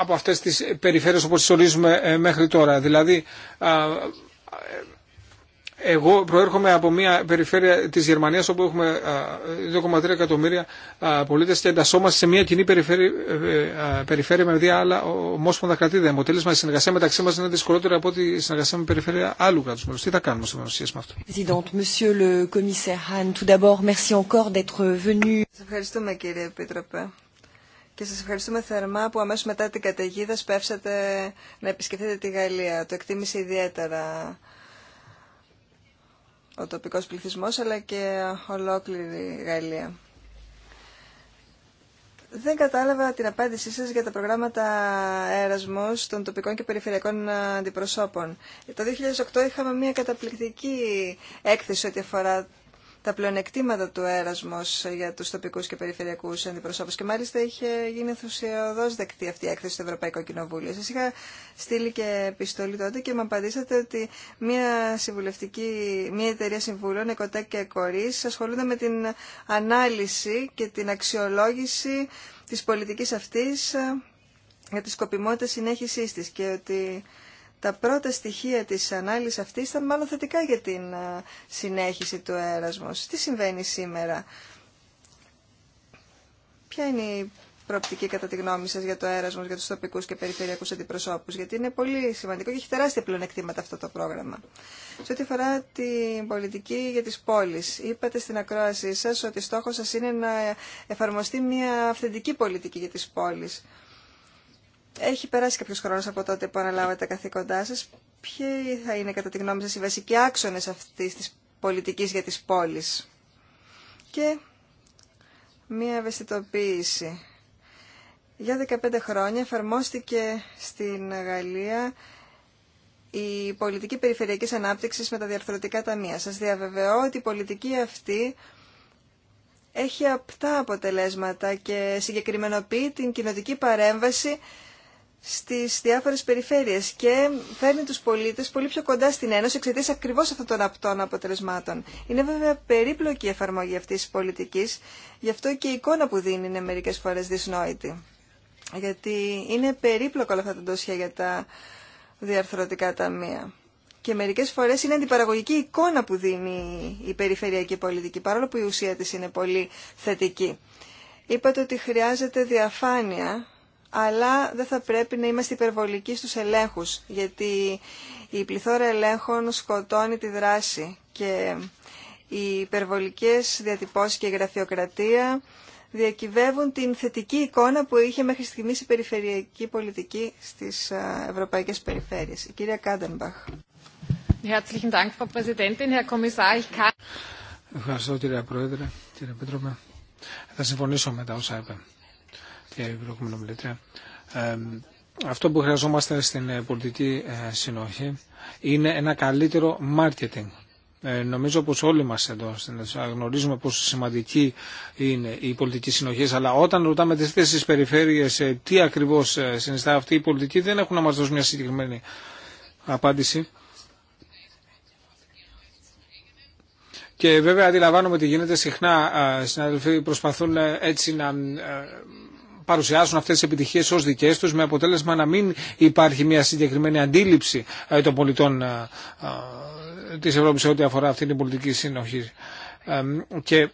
από αυτές τις περιφέρειες όπως τις ορίζουμε ε, μέχρι τώρα. Δηλαδή, εγώ προέρχομαι από μια περιφέρεια της Γερμανίας όπου έχουμε 2,3 εκατομμύρια πολίτες και εντασσόμαστε σε μια κοινή ε, περιφέρεια, με δύο άλλα ομόσπονδα κρατήδια. Με αποτέλεσμα η συνεργασία μεταξύ μας είναι δυσκολότερη από ότι η συνεργασία με περιφέρεια άλλου κράτους Τι θα κάνουμε στην ουσία με αυτό. Σας ευχαριστούμε κύριε Επίτροπε και σας ευχαριστούμε θερμά που αμέσως μετά την καταιγίδα σπεύσατε να επισκεφτείτε τη Γαλλία. Το εκτίμησε ιδιαίτερα ο τοπικός πληθυσμός αλλά και ολόκληρη η Γαλλία. Δεν κατάλαβα την απάντησή σας για τα προγράμματα έρασμος των τοπικών και περιφερειακών αντιπροσώπων. Το 2008 είχαμε μια καταπληκτική έκθεση ό,τι αφορά τα πλεονεκτήματα του έρασμο για τους τοπικούς και περιφερειακούς αντιπροσώπους και μάλιστα είχε γίνει ενθουσιοδός δεκτή αυτή η έκθεση στο Ευρωπαϊκό Κοινοβούλιο. Σας είχα στείλει και επιστολή τότε και μου απαντήσατε ότι μια, συμβουλευτική, μια εταιρεία συμβουλών, Εκοτέ και Κορίς, ασχολούνται με την ανάλυση και την αξιολόγηση της πολιτικής αυτής ε, για τη σκοπιμότητα συνέχισής της και ότι τα πρώτα στοιχεία της ανάλυσης αυτής ήταν μάλλον θετικά για την ε, συνέχιση του έρασμος. Τι συμβαίνει σήμερα. Ποια είναι η προοπτική κατά τη γνώμη σας για το έρασμος, για τους τοπικούς και περιφερειακούς αντιπροσώπους, γιατί είναι πολύ σημαντικό και έχει τεράστια πλεονεκτήματα αυτό το πρόγραμμα. Σε ό,τι αφορά την πολιτική για τις πόλεις, είπατε στην ακρόασή σας ότι στόχος σας είναι να εφαρμοστεί μια αυθεντική πολιτική για τις πόλεις. Έχει περάσει κάποιος χρόνος από τότε που αναλάβατε τα καθήκοντά σας. Ποιοι θα είναι κατά τη γνώμη σας οι βασικοί άξονες αυτής της πολιτικής για τις πόλεις. Και μία ευαισθητοποίηση. Για 15 χρόνια εφαρμόστηκε στην Γαλλία η πολιτική περιφερειακής ανάπτυξης με τα διαρθρωτικά ταμεία. Σας διαβεβαιώ ότι η πολιτική αυτή έχει απτά αποτελέσματα και συγκεκριμενοποιεί την κοινοτική παρέμβαση στις διάφορες περιφέρειες και φέρνει τους πολίτες πολύ πιο κοντά στην Ένωση εξαιτίας ακριβώς αυτών των απτών αποτελεσμάτων. Είναι βέβαια περίπλοκη η εφαρμογή αυτής της πολιτικής, γι' αυτό και η εικόνα που δίνει είναι μερικές φορές δυσνόητη. Γιατί είναι περίπλοκο όλα αυτά τα ντοσιά για τα διαρθρωτικά ταμεία. Και μερικές φορές είναι αντιπαραγωγική εικόνα που δίνει η περιφερειακή πολιτική, παρόλο που η ουσία της είναι πολύ θετική. Είπατε ότι χρειάζεται διαφάνεια αλλά δεν θα πρέπει να είμαστε υπερβολικοί στους ελέγχους, γιατί η πληθώρα ελέγχων σκοτώνει τη δράση και οι υπερβολικές διατυπώσεις και γραφειοκρατία διακυβεύουν την θετική εικόνα που είχε μέχρι στιγμής η περιφερειακή πολιτική στις ε, ευρωπαϊκές περιφέρειες. Η κυρία Κάντεμπαχ. Ευχαριστώ κύριε Πρόεδρε, κύριε Θα συμφωνήσω με τα όσα είπε. Ε, αυτό που χρειαζόμαστε στην ε, πολιτική ε, συνοχή είναι ένα καλύτερο marketing. Νομίζω πως όλοι μας εδώ γνωρίζουμε πόσο σημαντική είναι η πολιτική συνοχή, αλλά όταν ρωτάμε τις θέσεις περιφέρειες τι ακριβώς συνιστά αυτή η πολιτική δεν έχουν να μας δώσουν μια συγκεκριμένη απάντηση. Και βέβαια αντιλαμβάνομαι ότι γίνεται συχνά, συναδελφοί προσπαθούν έτσι να παρουσιάσουν αυτές τις επιτυχίες ως δικές τους με αποτέλεσμα να μην υπάρχει μια συγκεκριμένη αντίληψη ε, των πολιτών ε, ε, της Ευρώπης σε ό,τι αφορά αυτή την πολιτική συνοχή. Και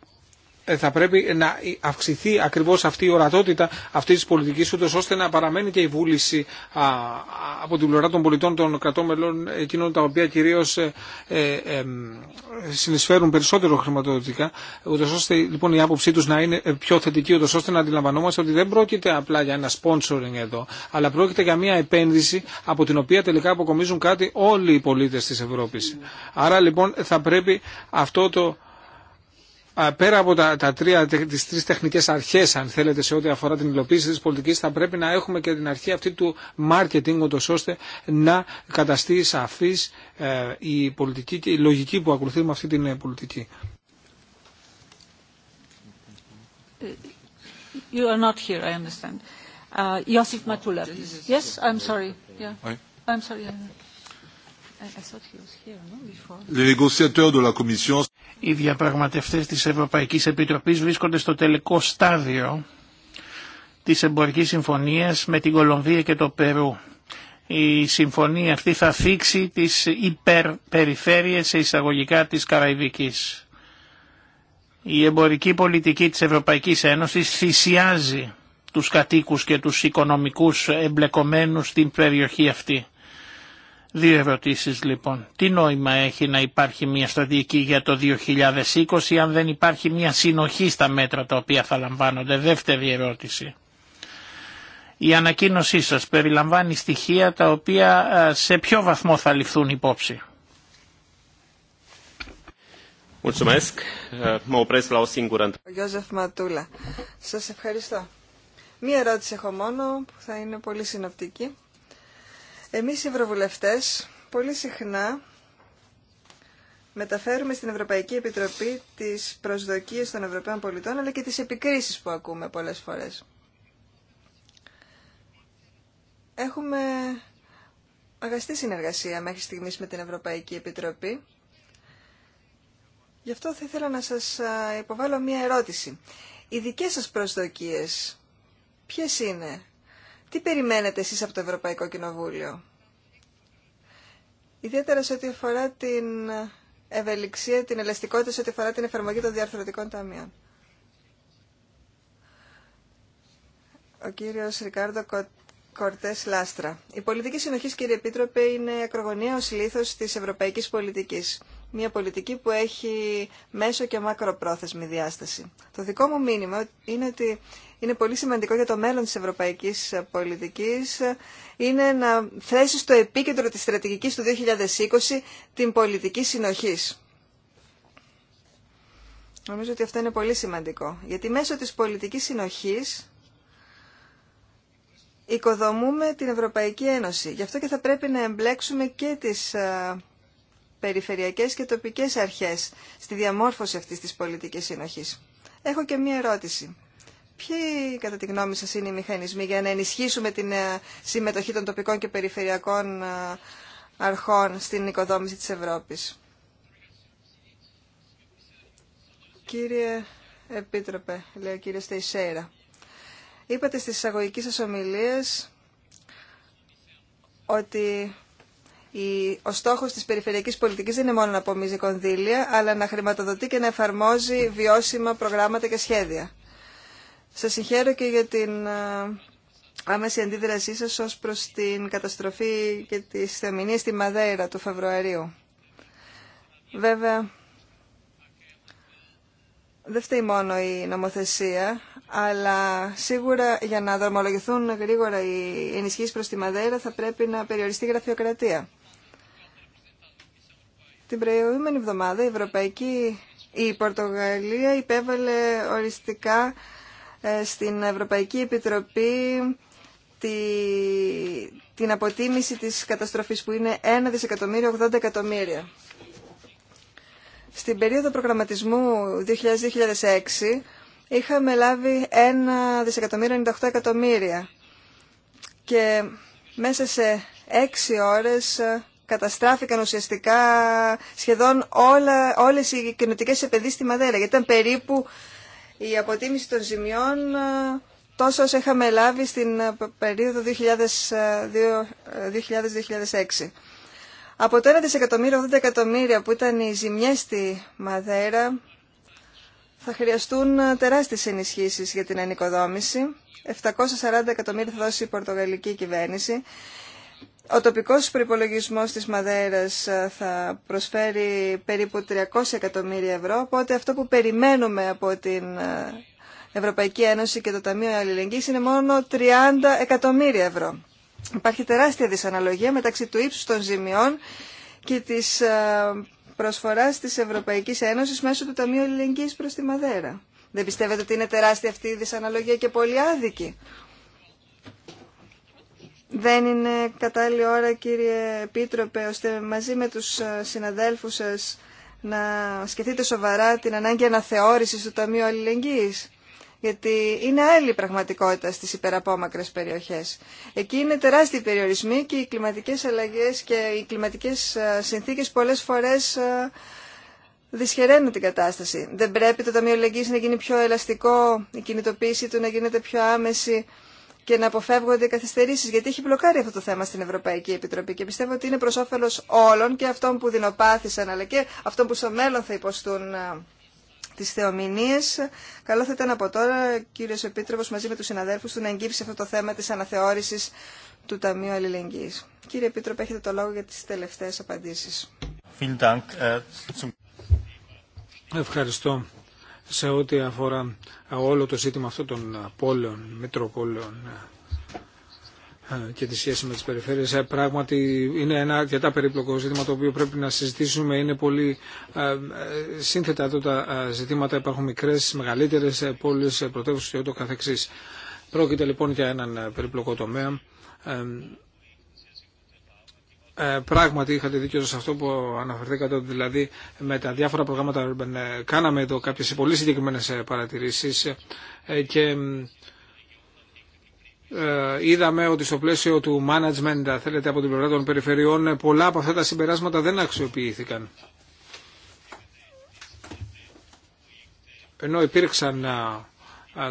ε, θα πρέπει να αυξηθεί ακριβώς αυτή η ορατότητα αυτής της πολιτικής ούτως ώστε να παραμένει και η βούληση από την πλευρά των πολιτών των κρατών μελών εκείνων τα οποία κυρίως ε, ε, συνεισφέρουν περισσότερο χρηματοδοτικά ούτως ώστε λοιπόν η άποψή τους να είναι πιο θετική ούτως ώστε να αντιλαμβανόμαστε ότι δεν πρόκειται απλά για ένα sponsoring εδώ αλλά πρόκειται για μια επένδυση από την οποία τελικά αποκομίζουν κάτι όλοι οι πολίτες της Ευρώπης. Άρα λοιπόν θα πρέπει αυτό το πέρα από τα, τα τρία, τις τρεις τεχνικές αρχές, αν θέλετε, σε ό,τι αφορά την υλοποίηση της πολιτικής, θα πρέπει να έχουμε και την αρχή αυτή του marketing, ούτως ώστε να καταστεί σαφής ε, η πολιτική και η λογική που ακολουθεί με αυτή την ε, πολιτική. Ε, you are not here, I understand. Uh, Josip Matula, please. Yes, I'm sorry. Yeah. I'm sorry. Yeah. Ε, ε, ναι, Οι διαπραγματευτές της Ευρωπαϊκής Επιτροπής βρίσκονται στο τελικό στάδιο της Εμπορική συμφωνίας με την Κολομβία και το Περού. Η συμφωνία αυτή θα θίξει τις υπερπεριφέρειες σε εισαγωγικά της Καραϊβικής. Η εμπορική πολιτική της Ευρωπαϊκής Ένωσης θυσιάζει τους κατοίκους και τους οικονομικούς εμπλεκομένους στην περιοχή αυτή. Δύο ερωτήσεις λοιπόν. Τι νόημα έχει να υπάρχει μια στρατηγική για το 2020 αν δεν υπάρχει μια συνοχή στα μέτρα τα οποία θα λαμβάνονται. Δεύτερη ερώτηση. Η ανακοίνωσή σας περιλαμβάνει στοιχεία τα οποία σε ποιο βαθμό θα ληφθούν υπόψη. Σας ευχαριστώ. Μία ερώτηση έχω μόνο που θα είναι πολύ συνοπτική. Εμείς οι Ευρωβουλευτές πολύ συχνά μεταφέρουμε στην Ευρωπαϊκή Επιτροπή τις προσδοκίες των Ευρωπαίων πολιτών αλλά και τις επικρίσεις που ακούμε πολλές φορές. Έχουμε αγαστή συνεργασία μέχρι στιγμής με την Ευρωπαϊκή Επιτροπή. Γι' αυτό θα ήθελα να σας υποβάλω μία ερώτηση. Οι δικές σας προσδοκίες ποιες είναι τι περιμένετε εσείς από το Ευρωπαϊκό Κοινοβούλιο. Ιδιαίτερα σε ό,τι αφορά την ευελιξία, την ελαστικότητα, σε ό,τι αφορά την εφαρμογή των διαρθρωτικών ταμείων. Ο κύριος Ρικάρδο Κορτές Λάστρα. Η πολιτική συνοχή, κύριε Επίτροπε, είναι ακρογωνία ως λήθος της ευρωπαϊκής πολιτικής. Μια πολιτική που έχει μέσο και μακροπρόθεσμη διάσταση. Το δικό μου μήνυμα είναι ότι είναι πολύ σημαντικό για το μέλλον της ευρωπαϊκής πολιτικής είναι να θέσει στο επίκεντρο της στρατηγικής του 2020 την πολιτική συνοχής. Νομίζω ότι αυτό είναι πολύ σημαντικό, γιατί μέσω της πολιτικής συνοχής οικοδομούμε την Ευρωπαϊκή Ένωση. Γι' αυτό και θα πρέπει να εμπλέξουμε και τις ε, περιφερειακές και τοπικές αρχές στη διαμόρφωση αυτής της πολιτικής συνοχής. Έχω και μία ερώτηση. Ποιοι, κατά τη γνώμη σας, είναι οι μηχανισμοί για να ενισχύσουμε την ε, συμμετοχή των τοπικών και περιφερειακών ε, αρχών στην οικοδόμηση της Ευρώπης. Κύριε Επίτροπε, λέει ο κύριος Τεϊσέρα, είπατε στις εισαγωγικές σας ομιλίες ότι ο στόχος της περιφερειακής πολιτικής δεν είναι μόνο να απομίζει κονδύλια, αλλά να χρηματοδοτεί και να εφαρμόζει βιώσιμα προγράμματα και σχέδια. Σας συγχαίρω και για την ε, άμεση αντίδρασή σας ως προς την καταστροφή και τη θεμηνίες στη Μαδέρα του Φεβρουαρίου. Βέβαια, δεν φταίει μόνο η νομοθεσία, αλλά σίγουρα για να δρομολογηθούν γρήγορα οι ενισχύσεις προς τη Μαδέρα θα πρέπει να περιοριστεί η γραφειοκρατία. Την προηγούμενη εβδομάδα η Ευρωπαϊκή η Πορτογαλία υπέβαλε οριστικά ε, στην Ευρωπαϊκή Επιτροπή τη, την αποτίμηση της καταστροφής που είναι 1 δισεκατομμύριο 80 εκατομμύρια. Στην περίοδο προγραμματισμού 2000-2006 είχαμε λάβει 1 δισεκατομμύριο 98 εκατομμύρια και μέσα σε 6 ώρες ε, καταστράφηκαν ουσιαστικά σχεδόν όλα, όλες οι κοινωτικές επενδύσεις στη Μαδέρα γιατί ήταν περίπου η αποτίμηση των ζημιών ε, τόσο όσο είχαμε λάβει στην ε, περίοδο 2000-2006. Ε, Από το 1 δισεκατομμύριο, 80 εκατομμύρια που ήταν οι ζημιές στη Μαδέρα θα χρειαστούν τεράστιες ενισχύσεις για την ανοικοδόμηση. 740 εκατομμύρια θα δώσει η πορτογαλική κυβέρνηση ο τοπικός προϋπολογισμός της Μαδέρας ε, θα προσφέρει περίπου 300 εκατομμύρια ευρώ, οπότε αυτό που περιμένουμε από την ε, Ευρωπαϊκή Ένωση και το Ταμείο Αλληλεγγύης είναι μόνο 30 εκατομμύρια ευρώ. Υπάρχει τεράστια δυσαναλογία μεταξύ του ύψους των ζημιών και της ε, προσφοράς της Ευρωπαϊκής Ένωσης μέσω του Ταμείου Αλληλεγγύης προς τη Μαδέρα. Δεν πιστεύετε ότι είναι τεράστια αυτή η δυσαναλογία και πολύ άδικη. Δεν είναι κατάλληλη ώρα, κύριε Επίτροπε, ώστε μαζί με τους ε, συναδέλφους σας να σκεφτείτε σοβαρά την ανάγκη αναθεώρησης του Ταμείου Αλληλεγγύης. Γιατί είναι άλλη πραγματικότητα στις υπεραπόμακρες περιοχές. Εκεί είναι τεράστιοι περιορισμοί και οι κλιματικές αλλαγές και οι κλιματικές ε, συνθήκες πολλές φορές ε, δυσχεραίνουν την κατάσταση. Δεν πρέπει το Ταμείο Αλληλεγγύης να γίνει πιο ελαστικό, η κινητοποίησή του να γίνεται πιο άμεση, και να αποφεύγονται οι καθυστερήσει, γιατί έχει μπλοκάρει αυτό το θέμα στην Ευρωπαϊκή Επιτροπή και πιστεύω ότι είναι προ όφελο όλων και αυτών που δεινοπάθησαν, αλλά και αυτών που στο μέλλον θα υποστούν ε, τι θεομηνίε. Καλό θα ήταν από τώρα, κύριο Επίτροπο, μαζί με του συναδέλφου του να εγγύψει αυτό το θέμα τη αναθεώρηση του Ταμείου Αλληλεγγύη. Κύριε Επίτροπο, έχετε το λόγο για τι τελευταίε απαντήσει. Ε, Ευχαριστώ σε ό,τι αφορά όλο το ζήτημα αυτών των πόλεων, μετροπόλεων ε, και τη σχέση με τις περιφέρειες. Ε, πράγματι είναι ένα αρκετά περίπλοκο ζήτημα το οποίο πρέπει να συζητήσουμε. Είναι πολύ ε, σύνθετα εδώ τα ζητήματα. Υπάρχουν μικρές, μεγαλύτερες πόλεις, πρωτεύουσες και ούτω καθεξής. Πρόκειται λοιπόν για έναν περίπλοκο τομέα ε, πράγματι είχατε δίκιο σε αυτό που αναφερθήκατε, δηλαδή με τα διάφορα προγράμματα ε, κάναμε εδώ κάποιες πολύ συγκεκριμένες ε, παρατηρήσεις και είδαμε ότι στο πλαίσιο του management, θέλετε, από την πλευρά των περιφερειών, πολλά από αυτά τα συμπεράσματα δεν αξιοποιήθηκαν. Ενώ υπήρξαν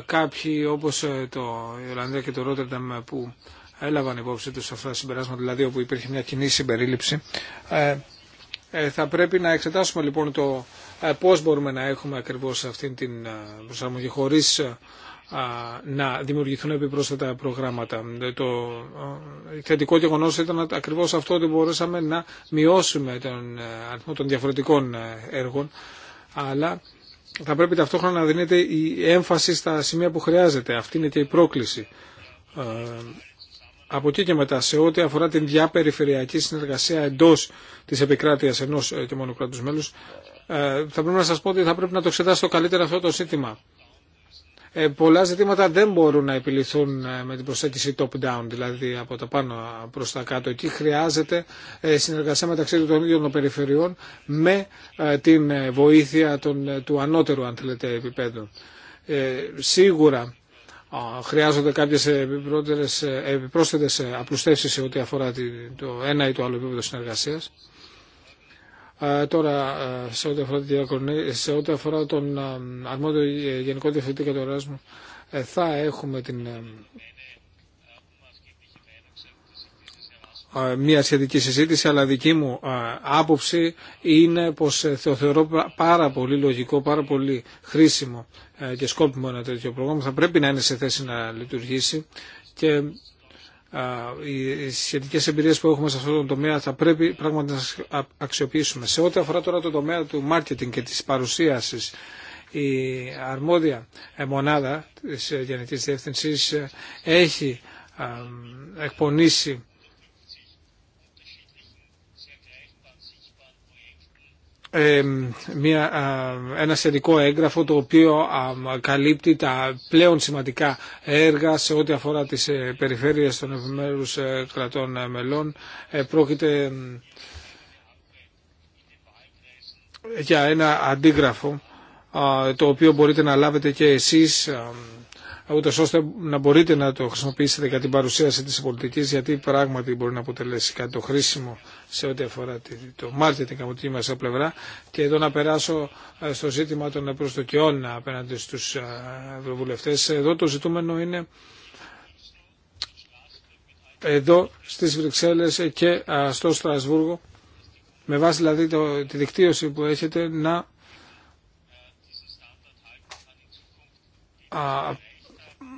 κάποιοι όπως το Ολλανδία και το Ρότερνταμ που έλαβαν υπόψη τους αυτά τα συμπεράσματα, δηλαδή όπου υπήρχε μια κοινή συμπερίληψη. Ε, ε, θα πρέπει να εξετάσουμε λοιπόν το ε, πώς μπορούμε να έχουμε ακριβώς αυτή την προσαρμογή χωρίς να δημιουργηθούν επιπρόσθετα προγράμματα. Το θετικό γεγονό ήταν ακριβώς αυτό ότι μπορούσαμε να μειώσουμε τον αριθμό των διαφορετικών έργων, αλλά θα πρέπει ταυτόχρονα να δίνεται η έμφαση στα σημεία που χρειάζεται. Αυτή είναι και η πρόκληση από εκεί και μετά σε ό,τι αφορά την διαπεριφερειακή συνεργασία εντό τη επικράτειας ενό ε, και μόνο κράτου μέλου, ε, θα πρέπει να σα πω ότι θα πρέπει να το το καλύτερο αυτό το ζήτημα. Ε, πολλά ζητήματα δεν μπορούν να επιληθούν με την προσέγγιση top-down, δηλαδή από τα πάνω προ τα κάτω. Εκεί χρειάζεται συνεργασία μεταξύ των ίδιων των περιφερειών με την βοήθεια των, του ανώτερου, αν θέλετε, επίπεδου. σίγουρα χρειάζονται κάποιες ε, επιπρόσθετες ε, απλουστεύσεις σε ό,τι αφορά το ένα ή το άλλο επίπεδο συνεργασίας. Τώρα, ε, σε ό,τι αφορά, τον αρμόδιο Γενικό Διευθυντή και τον θα έχουμε την, μια σχετική συζήτηση, αλλά δική μου άποψη είναι πως θεωρώ πάρα πολύ λογικό, πάρα πολύ χρήσιμο ε, και σκόπιμο ένα τέτοιο πρόγραμμα θα πρέπει να είναι σε θέση να λειτουργήσει και οι σχετικές εμπειρίες που έχουμε σε αυτό το τομέα θα πρέπει πράγματι να αξιοποιήσουμε. Σε ό,τι αφορά τώρα το τομέα του marketing και της παρουσίασης, η αρμόδια ε, μονάδα της Γενικής Διεύθυνσης ε, έχει εκπονήσει μια, ένα σχετικό έγγραφο το οποίο καλύπτει τα πλέον σημαντικά έργα σε ό,τι αφορά τις ε, περιφέρειες των ευημέρους ε, κρατών ε, μελών. Πρόκειται για ένα αντίγραφο το οποίο μπορείτε να λάβετε και εσείς ούτε ώστε να μπορείτε να το χρησιμοποιήσετε για την παρουσίαση της πολιτικής γιατί πράγματι μπορεί να αποτελέσει κάτι το χρήσιμο σε ό,τι αφορά το marketing από τη μέσα πλευρά και εδώ να περάσω ε, στο ζήτημα των προσδοκιών απέναντι στους ε, ευρωβουλευτές. Εδώ το ζητούμενο είναι εδώ στις Βρυξέλλες και ε, στο Στρασβούργο με βάση δηλαδή τη δικτύωση που έχετε να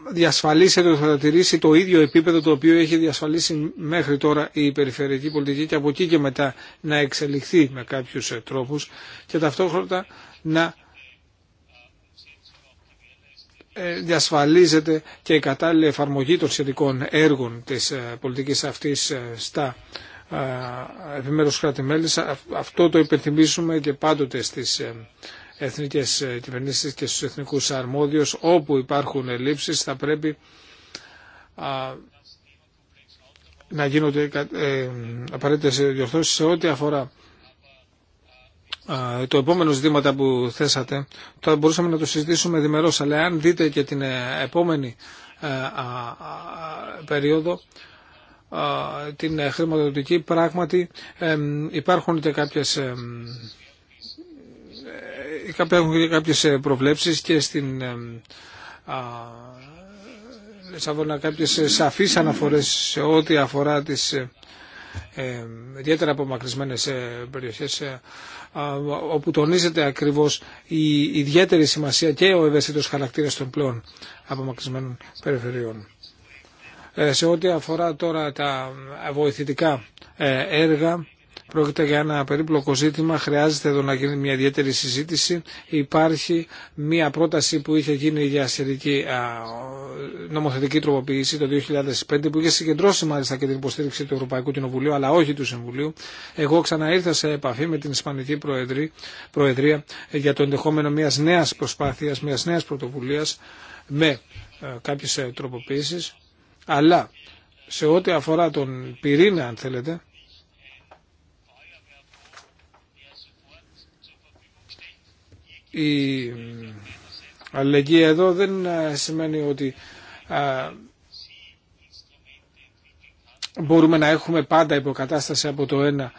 διασφαλίσετε ότι θα τηρήσει το ίδιο επίπεδο το οποίο έχει διασφαλίσει μέχρι τώρα η περιφερειακή πολιτική και από εκεί και μετά να εξελιχθεί με κάποιους ε, τρόπους και ταυτόχρονα να ε, διασφαλίζεται και η κατάλληλη εφαρμογή των σχετικών έργων της ε, πολιτικής αυτής στα επιμέρους κράτη-μέλη. Αυτό το υπενθυμίσουμε και πάντοτε στις εθνικές ε, κυβερνήσεις και στους εθνικούς αρμόδιους όπου υπάρχουν ελλείψεις θα πρέπει να γίνονται ε, απαραίτητες διορθώσεις σε ό,τι αφορά το επόμενο ζητήμα που θέσατε θα μπορούσαμε να το συζητήσουμε διμερώς αλλά αν δείτε και την ε, επόμενη περίοδο την χρηματοδοτική πράγματι υπάρχουν και κάποιες και κάποιες ε, προβλέψεις και στην ε, Λισαβόνα κάποιες ε, σαφείς αναφορές σε ό,τι αφορά τις ε, ιδιαίτερα απομακρυσμένες περιοχές όπου τονίζεται ακριβώς η ιδιαίτερη σημασία και ο ευαίσθητος χαρακτήρας των πλέον απομακρυσμένων περιφερειών. σε ό,τι αφορά τώρα τα βοηθητικά έργα Πρόκειται για ένα περίπλοκο ζήτημα, χρειάζεται εδώ να γίνει μια ιδιαίτερη συζήτηση. Υπάρχει μια πρόταση που είχε γίνει για σχετική νομοθετική τροποποίηση το 2005 που είχε συγκεντρώσει μάλιστα και την υποστήριξη του Ευρωπαϊκού Κοινοβουλίου αλλά όχι του Συμβουλίου. Εγώ ξαναήρθα σε επαφή με την Ισπανική Προεδρία για το ενδεχόμενο μια νέα προσπάθεια, μια νέα πρωτοβουλία με κάποιε τροποποίησει. Αλλά σε ό,τι αφορά τον πυρήνα, αν θέλετε, η αλληλεγγύη εδώ δεν ε, σημαίνει ότι ε, μπορούμε να έχουμε πάντα υποκατάσταση από το ένα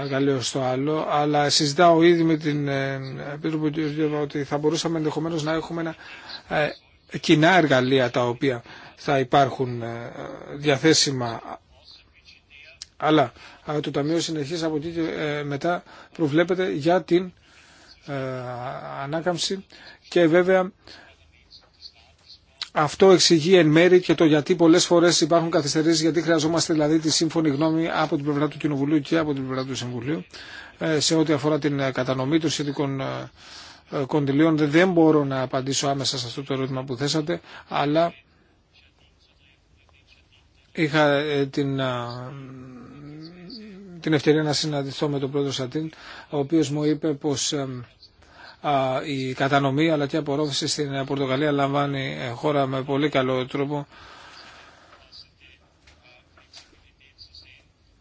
εργαλείο στο άλλο, αλλά συζητάω ήδη με την ε, που του ότι θα μπορούσαμε ενδεχομένω να έχουμε ένα κοινά εργαλεία τα οποία θα υπάρχουν διαθέσιμα αλλά το Ταμείο συνεχίζει από εκεί και μετά προβλέπεται για την ε, ανάκαμψη και βέβαια αυτό εξηγεί εν μέρη και το γιατί πολλέ φορέ υπάρχουν καθυστερήσει, γιατί χρειαζόμαστε δηλαδή τη σύμφωνη γνώμη από την πλευρά του Κοινοβουλίου και από την πλευρά του Συμβουλίου ε, σε ό,τι αφορά την ε, κατανομή των σχετικών κοντιλίων. Δεν μπορώ να απαντήσω άμεσα σε αυτό το ερώτημα που θέσατε, αλλά είχα την την ευκαιρία να συναντηθώ με τον πρόεδρο Σατίν, ο οποίος μου είπε πως η κατανομή αλλά και η απορρόφηση στην Πορτογαλία λαμβάνει ε, χώρα με πολύ καλό τρόπο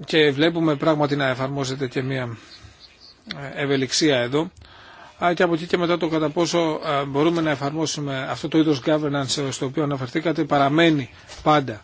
και βλέπουμε πράγματι να εφαρμόζεται και μια ε, ευελιξία εδώ και από εκεί και μετά το κατά πόσο ε, μπορούμε να εφαρμόσουμε αυτό το είδος governance στο οποίο αναφερθήκατε παραμένει πάντα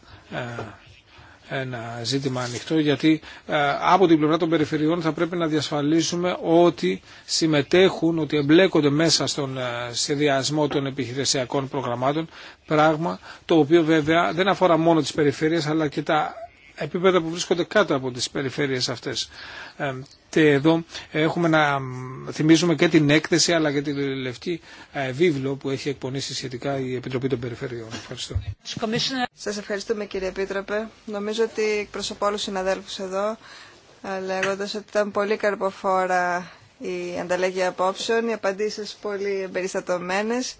ένα ζήτημα ανοιχτό γιατί ε, από την πλευρά των περιφερειών θα πρέπει να διασφαλίσουμε ότι συμμετέχουν, ότι εμπλέκονται μέσα στον ε, σχεδιασμό των επιχειρησιακών προγραμμάτων πράγμα το οποίο βέβαια δεν αφορά μόνο τις περιφέρειες αλλά και τα επίπεδα που βρίσκονται κάτω από τις περιφέρειες αυτές. Ε, και εδώ έχουμε να θυμίζουμε και την έκθεση αλλά και τη λευκή ε, βίβλο που έχει εκπονήσει σχετικά η Επιτροπή των Περιφερειών. Ευχαριστώ. Σας ευχαριστούμε κύριε Επίτροπε. Νομίζω ότι εκπροσωπώ όλους συναδέλφους εδώ ε, λέγοντα ότι ήταν πολύ καρποφόρα η ανταλλαγή απόψεων, οι απαντήσεις πολύ εμπεριστατωμένες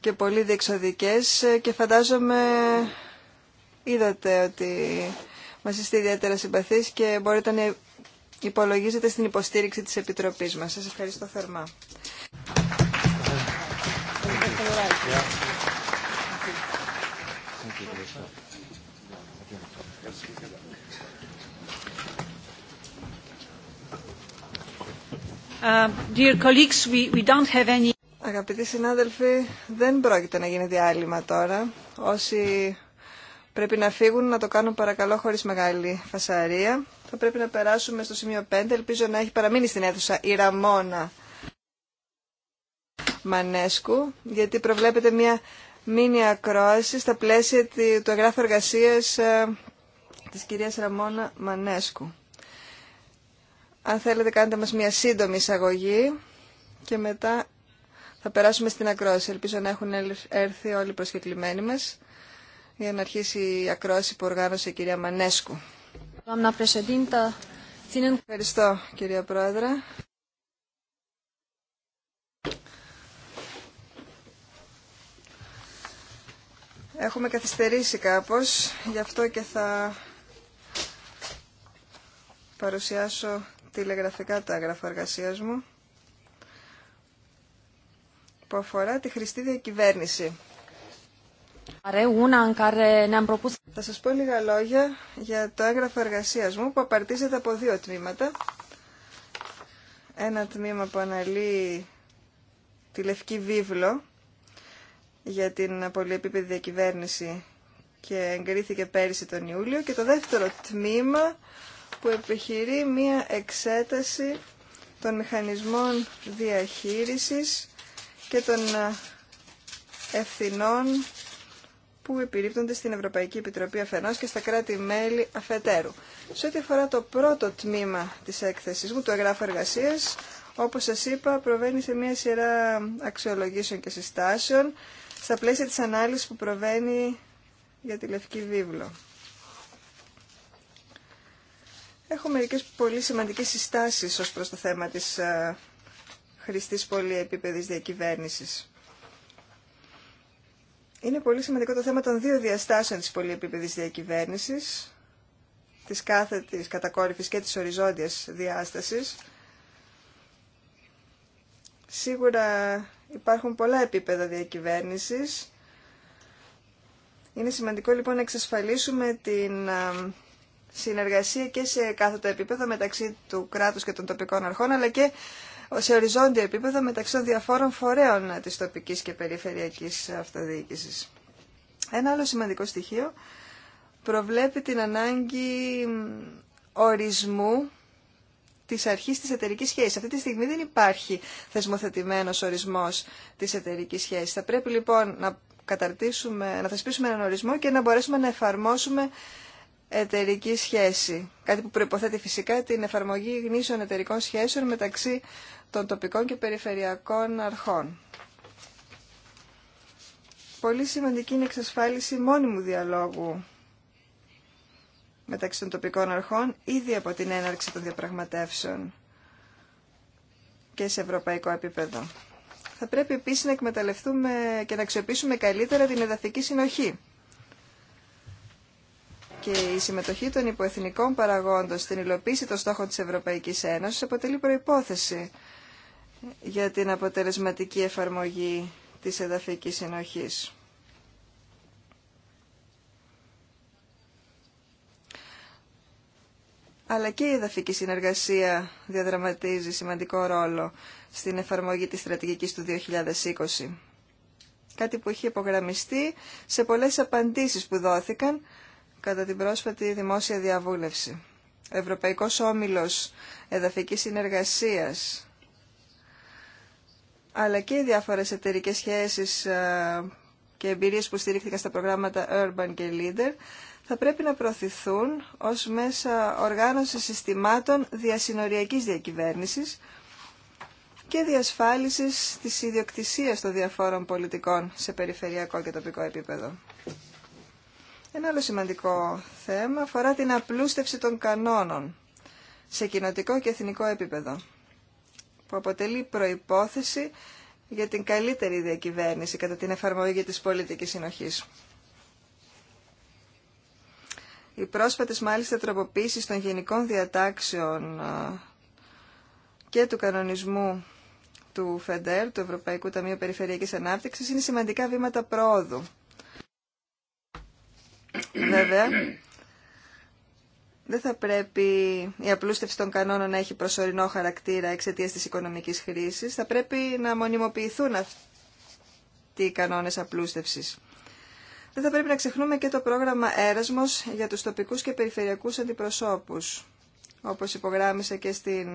και πολύ διεξοδικές ε, και φαντάζομαι είδατε ότι μας είστε ιδιαίτερα συμπαθείς και μπορείτε να υπολογίζετε στην υποστήριξη της Επιτροπής μας. Σας ευχαριστώ θερμά. Uh, Αγαπητοί συνάδελφοι, δεν πρόκειται να γίνει διάλειμμα τώρα. Όσοι πρέπει να φύγουν, να το κάνουν παρακαλώ χωρίς μεγάλη φασαρία. Θα πρέπει να περάσουμε στο σημείο 5. Ελπίζω να έχει παραμείνει στην αίθουσα η Ραμόνα Μανέσκου, γιατί προβλέπεται μια μήνυα ακρόαση στα πλαίσια του εγγράφου εργασία ε, της κυρίας Ραμόνα Μανέσκου. Αν θέλετε κάντε μας μια σύντομη εισαγωγή και μετά θα περάσουμε στην ακρόαση. Ελπίζω να έχουν έρθει όλοι οι προσκεκλημένοι μας για να αρχίσει η ακρόαση που οργάνωσε η κυρία Μανέσκου. Ευχαριστώ κυρία Πρόεδρε. Έχουμε καθυστερήσει κάπως, γι' αυτό και θα παρουσιάσω τηλεγραφικά τα έγγραφα εργασία μου που αφορά τη χρηστή διακυβέρνηση θα σας πω λίγα λόγια για το έγγραφο εργασίας μου που απαρτίζεται από δύο τμήματα. Ένα τμήμα που αναλύει τη Λευκή Βίβλο για την πολυεπίπεδη διακυβέρνηση και εγκρίθηκε πέρυσι τον Ιούλιο και το δεύτερο τμήμα που επιχειρεί μία εξέταση των μηχανισμών διαχείρισης και των ε, ευθυνών που επιρρύπτονται στην Ευρωπαϊκή Επιτροπή Αφενό και στα κράτη-μέλη αφετέρου. Σε ό,τι αφορά το πρώτο τμήμα της έκθεση μου, του εγγράφου εργασία, όπως σας είπα, προβαίνει σε μια σειρά αξιολογήσεων και συστάσεων στα πλαίσια της ανάλυση που προβαίνει για τη Λευκή Βίβλο. Έχω μερικές πολύ σημαντικές συστάσεις ως προς το θέμα της ε, χρηστής πολυεπίπεδης διακυβέρνησης. Είναι πολύ σημαντικό το θέμα των δύο διαστάσεων της πολυεπίπεδης διακυβέρνησης, της κάθετης κατακόρυφης και της οριζόντιας διάστασης. Σίγουρα υπάρχουν πολλά επίπεδα διακυβέρνησης. Είναι σημαντικό λοιπόν να εξασφαλίσουμε την συνεργασία και σε κάθετο επίπεδο μεταξύ του κράτους και των τοπικών αρχών, αλλά και σε οριζόντιο επίπεδο μεταξύ των διαφόρων φορέων της τοπικής και περιφερειακής αυτοδιοίκησης. Ένα άλλο σημαντικό στοιχείο προβλέπει την ανάγκη ορισμού της αρχής της εταιρικής σχέσης. Αυτή τη στιγμή δεν υπάρχει θεσμοθετημένος ορισμός της εταιρική σχέση. Θα πρέπει λοιπόν να καταρτήσουμε, να θεσπίσουμε έναν ορισμό και να μπορέσουμε να εφαρμόσουμε εταιρική σχέση. Κάτι που προϋποθέτει φυσικά την εφαρμογή γνήσεων εταιρικών σχέσεων μεταξύ των τοπικών και περιφερειακών αρχών. Πολύ σημαντική είναι η εξασφάλιση μόνιμου διαλόγου μεταξύ των τοπικών αρχών ήδη από την έναρξη των διαπραγματεύσεων και σε ευρωπαϊκό επίπεδο. Θα πρέπει επίσης να εκμεταλλευτούμε και να αξιοποιήσουμε καλύτερα την εδαφική συνοχή και η συμμετοχή των υποεθνικών παραγόντων στην υλοποίηση των στόχων της Ευρωπαϊκής Ένωσης αποτελεί προϋπόθεση για την αποτελεσματική εφαρμογή της εδαφικής συνοχής. αλλά και η εδαφική συνεργασία διαδραματίζει σημαντικό ρόλο στην εφαρμογή της στρατηγικής του 2020. Κάτι που έχει υπογραμμιστεί σε πολλές απαντήσεις που δόθηκαν κατά την πρόσφατη δημόσια διαβούλευση. Ευρωπαϊκός Όμιλος Εδαφικής Συνεργασίας, αλλά και οι διάφορες εταιρικέ σχέσεις ε, και εμπειρίες που στηρίχθηκαν στα προγράμματα Urban και Leader, θα πρέπει να προωθηθούν ως μέσα οργάνωσης συστημάτων διασυνοριακής διακυβέρνησης και διασφάλισης της ιδιοκτησίας των διαφόρων πολιτικών σε περιφερειακό και τοπικό επίπεδο. Ένα άλλο σημαντικό θέμα αφορά την απλούστευση των κανόνων σε κοινοτικό και εθνικό επίπεδο, που αποτελεί προϋπόθεση για την καλύτερη διακυβέρνηση κατά την εφαρμογή της πολιτικής συνοχής. Οι πρόσφατες μάλιστα τροποποίησεις των γενικών διατάξεων ε, και του κανονισμού του ΦΕΝΤΕΡ, του Ευρωπαϊκού Ταμείου Περιφερειακής Ανάπτυξης, είναι σημαντικά βήματα πρόοδου Βέβαια, δεν θα πρέπει η απλούστευση των κανόνων να έχει προσωρινό χαρακτήρα εξαιτία της οικονομικής χρήσης. Θα πρέπει να μονιμοποιηθούν αυτοί οι κανόνες απλούστευσης. Δεν θα πρέπει να ξεχνούμε και το πρόγραμμα Έρασμος για τους τοπικούς και περιφερειακούς αντιπροσώπους, όπως υπογράμμισε και στην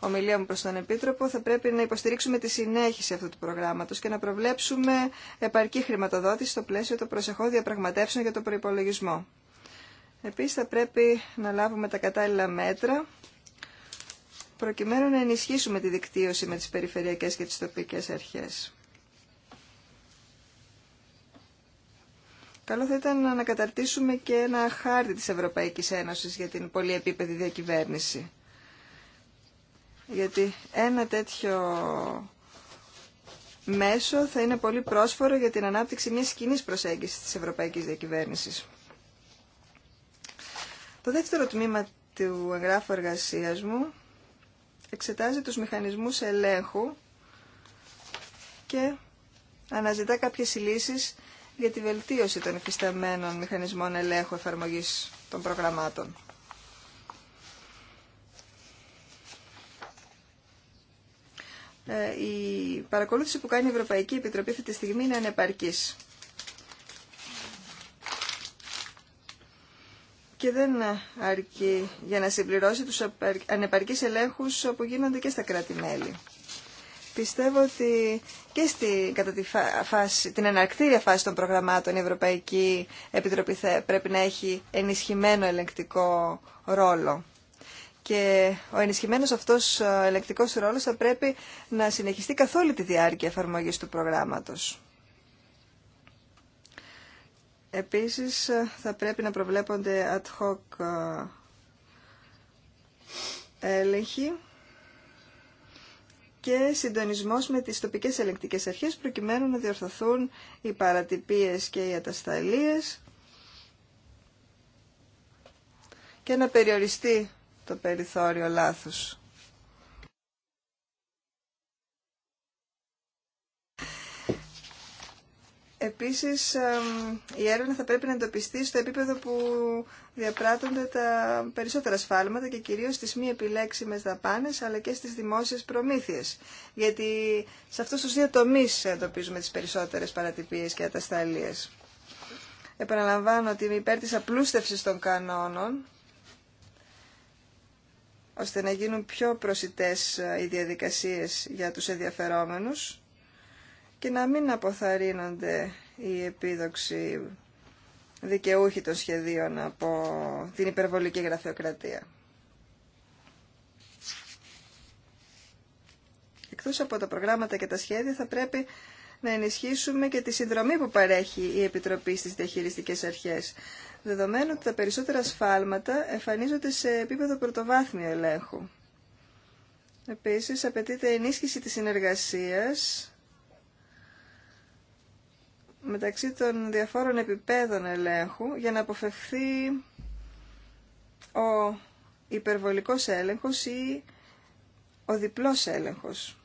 ομιλία μου προς τον Επίτροπο, θα πρέπει να υποστηρίξουμε τη συνέχιση αυτού του προγράμματος και να προβλέψουμε επαρκή χρηματοδότηση στο πλαίσιο των προσεχών διαπραγματεύσεων για τον προϋπολογισμό. Επίσης θα πρέπει να λάβουμε τα κατάλληλα μέτρα προκειμένου να ενισχύσουμε τη δικτύωση με τις περιφερειακές και τις τοπικές αρχές. Καλό θα ήταν να ανακαταρτήσουμε και ένα χάρτη της Ευρωπαϊκής Ένωσης για την πολυεπίπεδη διακυβέρνηση γιατί ένα τέτοιο μέσο θα είναι πολύ πρόσφορο για την ανάπτυξη μιας κοινή προσέγγισης της Ευρωπαϊκής Διακυβέρνησης. Το δεύτερο τμήμα του εγγράφου εργασίας μου εξετάζει τους μηχανισμούς ελέγχου και αναζητά κάποιες λύσεις για τη βελτίωση των υφισταμένων μηχανισμών ελέγχου εφαρμογής των προγραμμάτων. Ε, η παρακολούθηση που κάνει η Ευρωπαϊκή Επιτροπή αυτή τη στιγμή είναι ανεπαρκής. και δεν αρκεί για να συμπληρώσει τους ανεπαρκείς ελέγχους που γίνονται και στα κράτη-μέλη. Πιστεύω ότι και στη, κατά τη φάση, την αναρκτήρια φάση των προγραμμάτων η Ευρωπαϊκή Επιτροπή πρέπει να έχει ενισχυμένο ελεγκτικό ρόλο. Και ο ενισχυμένος αυτός ε, ελεκτικός ρόλος θα πρέπει να συνεχιστεί καθ' όλη τη διάρκεια εφαρμογής του προγράμματος. Επίσης ε, θα πρέπει να προβλέπονται ad hoc ε, έλεγχοι και συντονισμός με τις τοπικές ελεκτικέ αρχές προκειμένου να διορθωθούν οι παρατυπίες και οι ατασταλίες και να περιοριστεί το περιθώριο λάθος. Επίσης, η έρευνα θα πρέπει να εντοπιστεί στο επίπεδο που διαπράττονται τα περισσότερα σφάλματα και κυρίως στις μη επιλέξιμες δαπάνες αλλά και στις δημόσιες προμήθειες. Γιατί σε αυτούς τους δύο τομείς εντοπίζουμε τις περισσότερες παρατυπίες και ατασταλίες. Επαναλαμβάνω ότι υπέρ της απλούστευσης των κανόνων ώστε να γίνουν πιο προσιτές ε, οι διαδικασίες για τους ενδιαφερόμενους και να μην αποθαρρύνονται οι επίδοξοι δικαιούχοι των σχεδίων από την υπερβολική γραφειοκρατία. Εκτός από τα προγράμματα και τα σχέδια θα πρέπει να ενισχύσουμε και τη συνδρομή που παρέχει η Επιτροπή στις διαχειριστικές αρχές δεδομένου ότι τα περισσότερα σφάλματα εμφανίζονται σε επίπεδο πρωτοβάθμιου ελέγχου. Επίσης, απαιτείται ενίσχυση της συνεργασίας μεταξύ των διαφόρων επιπέδων ελέγχου για να αποφευχθεί ο υπερβολικός έλεγχος ή ο διπλός έλεγχος.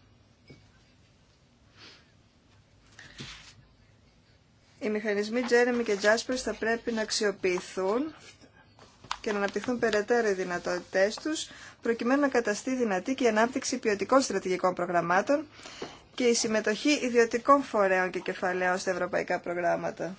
οι μηχανισμοί Jeremy και Jaspers θα πρέπει να αξιοποιηθούν και να αναπτυχθούν περαιτέρω οι δυνατότητέ του, προκειμένου να καταστεί δυνατή και η ανάπτυξη ποιοτικών στρατηγικών προγραμμάτων και η συμμετοχή ιδιωτικών φορέων και κεφαλαίων στα ευρωπαϊκά προγράμματα.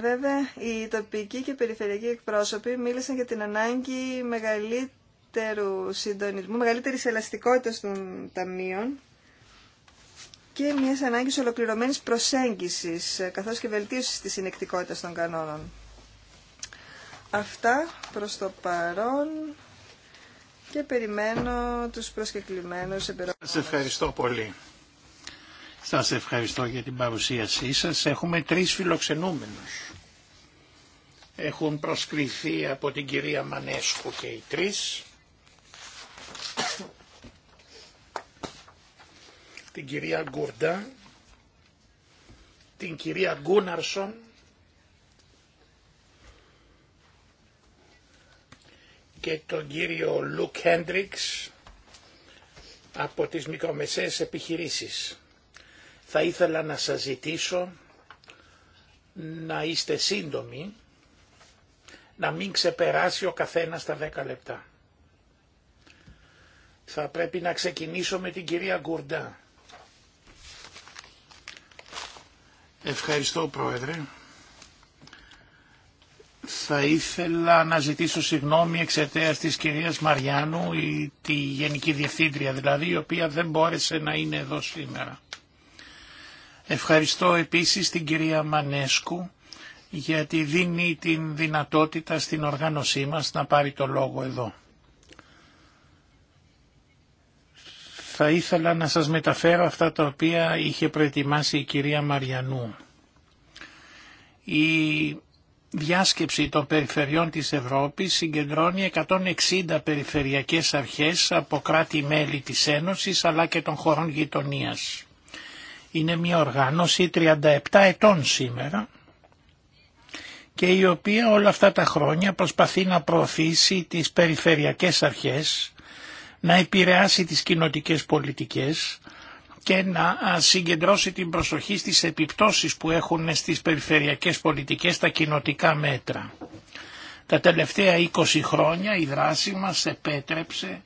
Βέβαια, οι τοπικοί και περιφερειακοί εκπρόσωποι μίλησαν για την ανάγκη μεγαλύτερου συντονισμού, μεγαλύτερης ελαστικότητας των ταμείων και μιας ανάγκης ολοκληρωμένης προσέγγισης, καθώς και βελτίωσης της συνεκτικότητας των κανόνων. Αυτά προς το παρόν και περιμένω τους προσκεκλημένους εμπειρογνώμενους. Σας ευχαριστώ πολύ. Σας ευχαριστώ για την παρουσίασή σας. Έχουμε τρεις φιλοξενούμενους. Έχουν προσκληθεί από την κυρία Μανέσκου και οι τρεις. την κυρία Γκουρντά, την κυρία Γκούναρσον και τον κύριο Λουκ Χέντριξ από τις μικρομεσαίες επιχειρήσεις. Θα ήθελα να σας ζητήσω να είστε σύντομοι να μην ξεπεράσει ο καθένα τα 10 λεπτά. Θα πρέπει να ξεκινήσω με την κυρία Γκουρντά. Ευχαριστώ Πρόεδρε. Θα ήθελα να ζητήσω συγγνώμη εξαιτίας της κυρίας Μαριάνου, η, τη Γενική Διευθύντρια δηλαδή, η οποία δεν μπόρεσε να είναι εδώ σήμερα. Ευχαριστώ επίσης την κυρία Μανέσκου γιατί δίνει την δυνατότητα στην οργάνωσή μας να πάρει το λόγο εδώ. Θα ήθελα να σας μεταφέρω αυτά τα οποία είχε προετοιμάσει η κυρία Μαριανού. Η διάσκεψη των περιφερειών της Ευρώπης συγκεντρώνει 160 περιφερειακές αρχές από κράτη-μέλη της Ένωσης αλλά και των χωρών γειτονίας. Είναι μια οργάνωση 37 ετών σήμερα και η οποία όλα αυτά τα χρόνια προσπαθεί να προωθήσει τις περιφερειακές αρχές, να επηρεάσει τις κοινοτικές πολιτικές και να συγκεντρώσει την προσοχή στις επιπτώσεις που έχουν στις περιφερειακές πολιτικές τα κοινοτικά μέτρα. Τα τελευταία 20 χρόνια η δράση μας επέτρεψε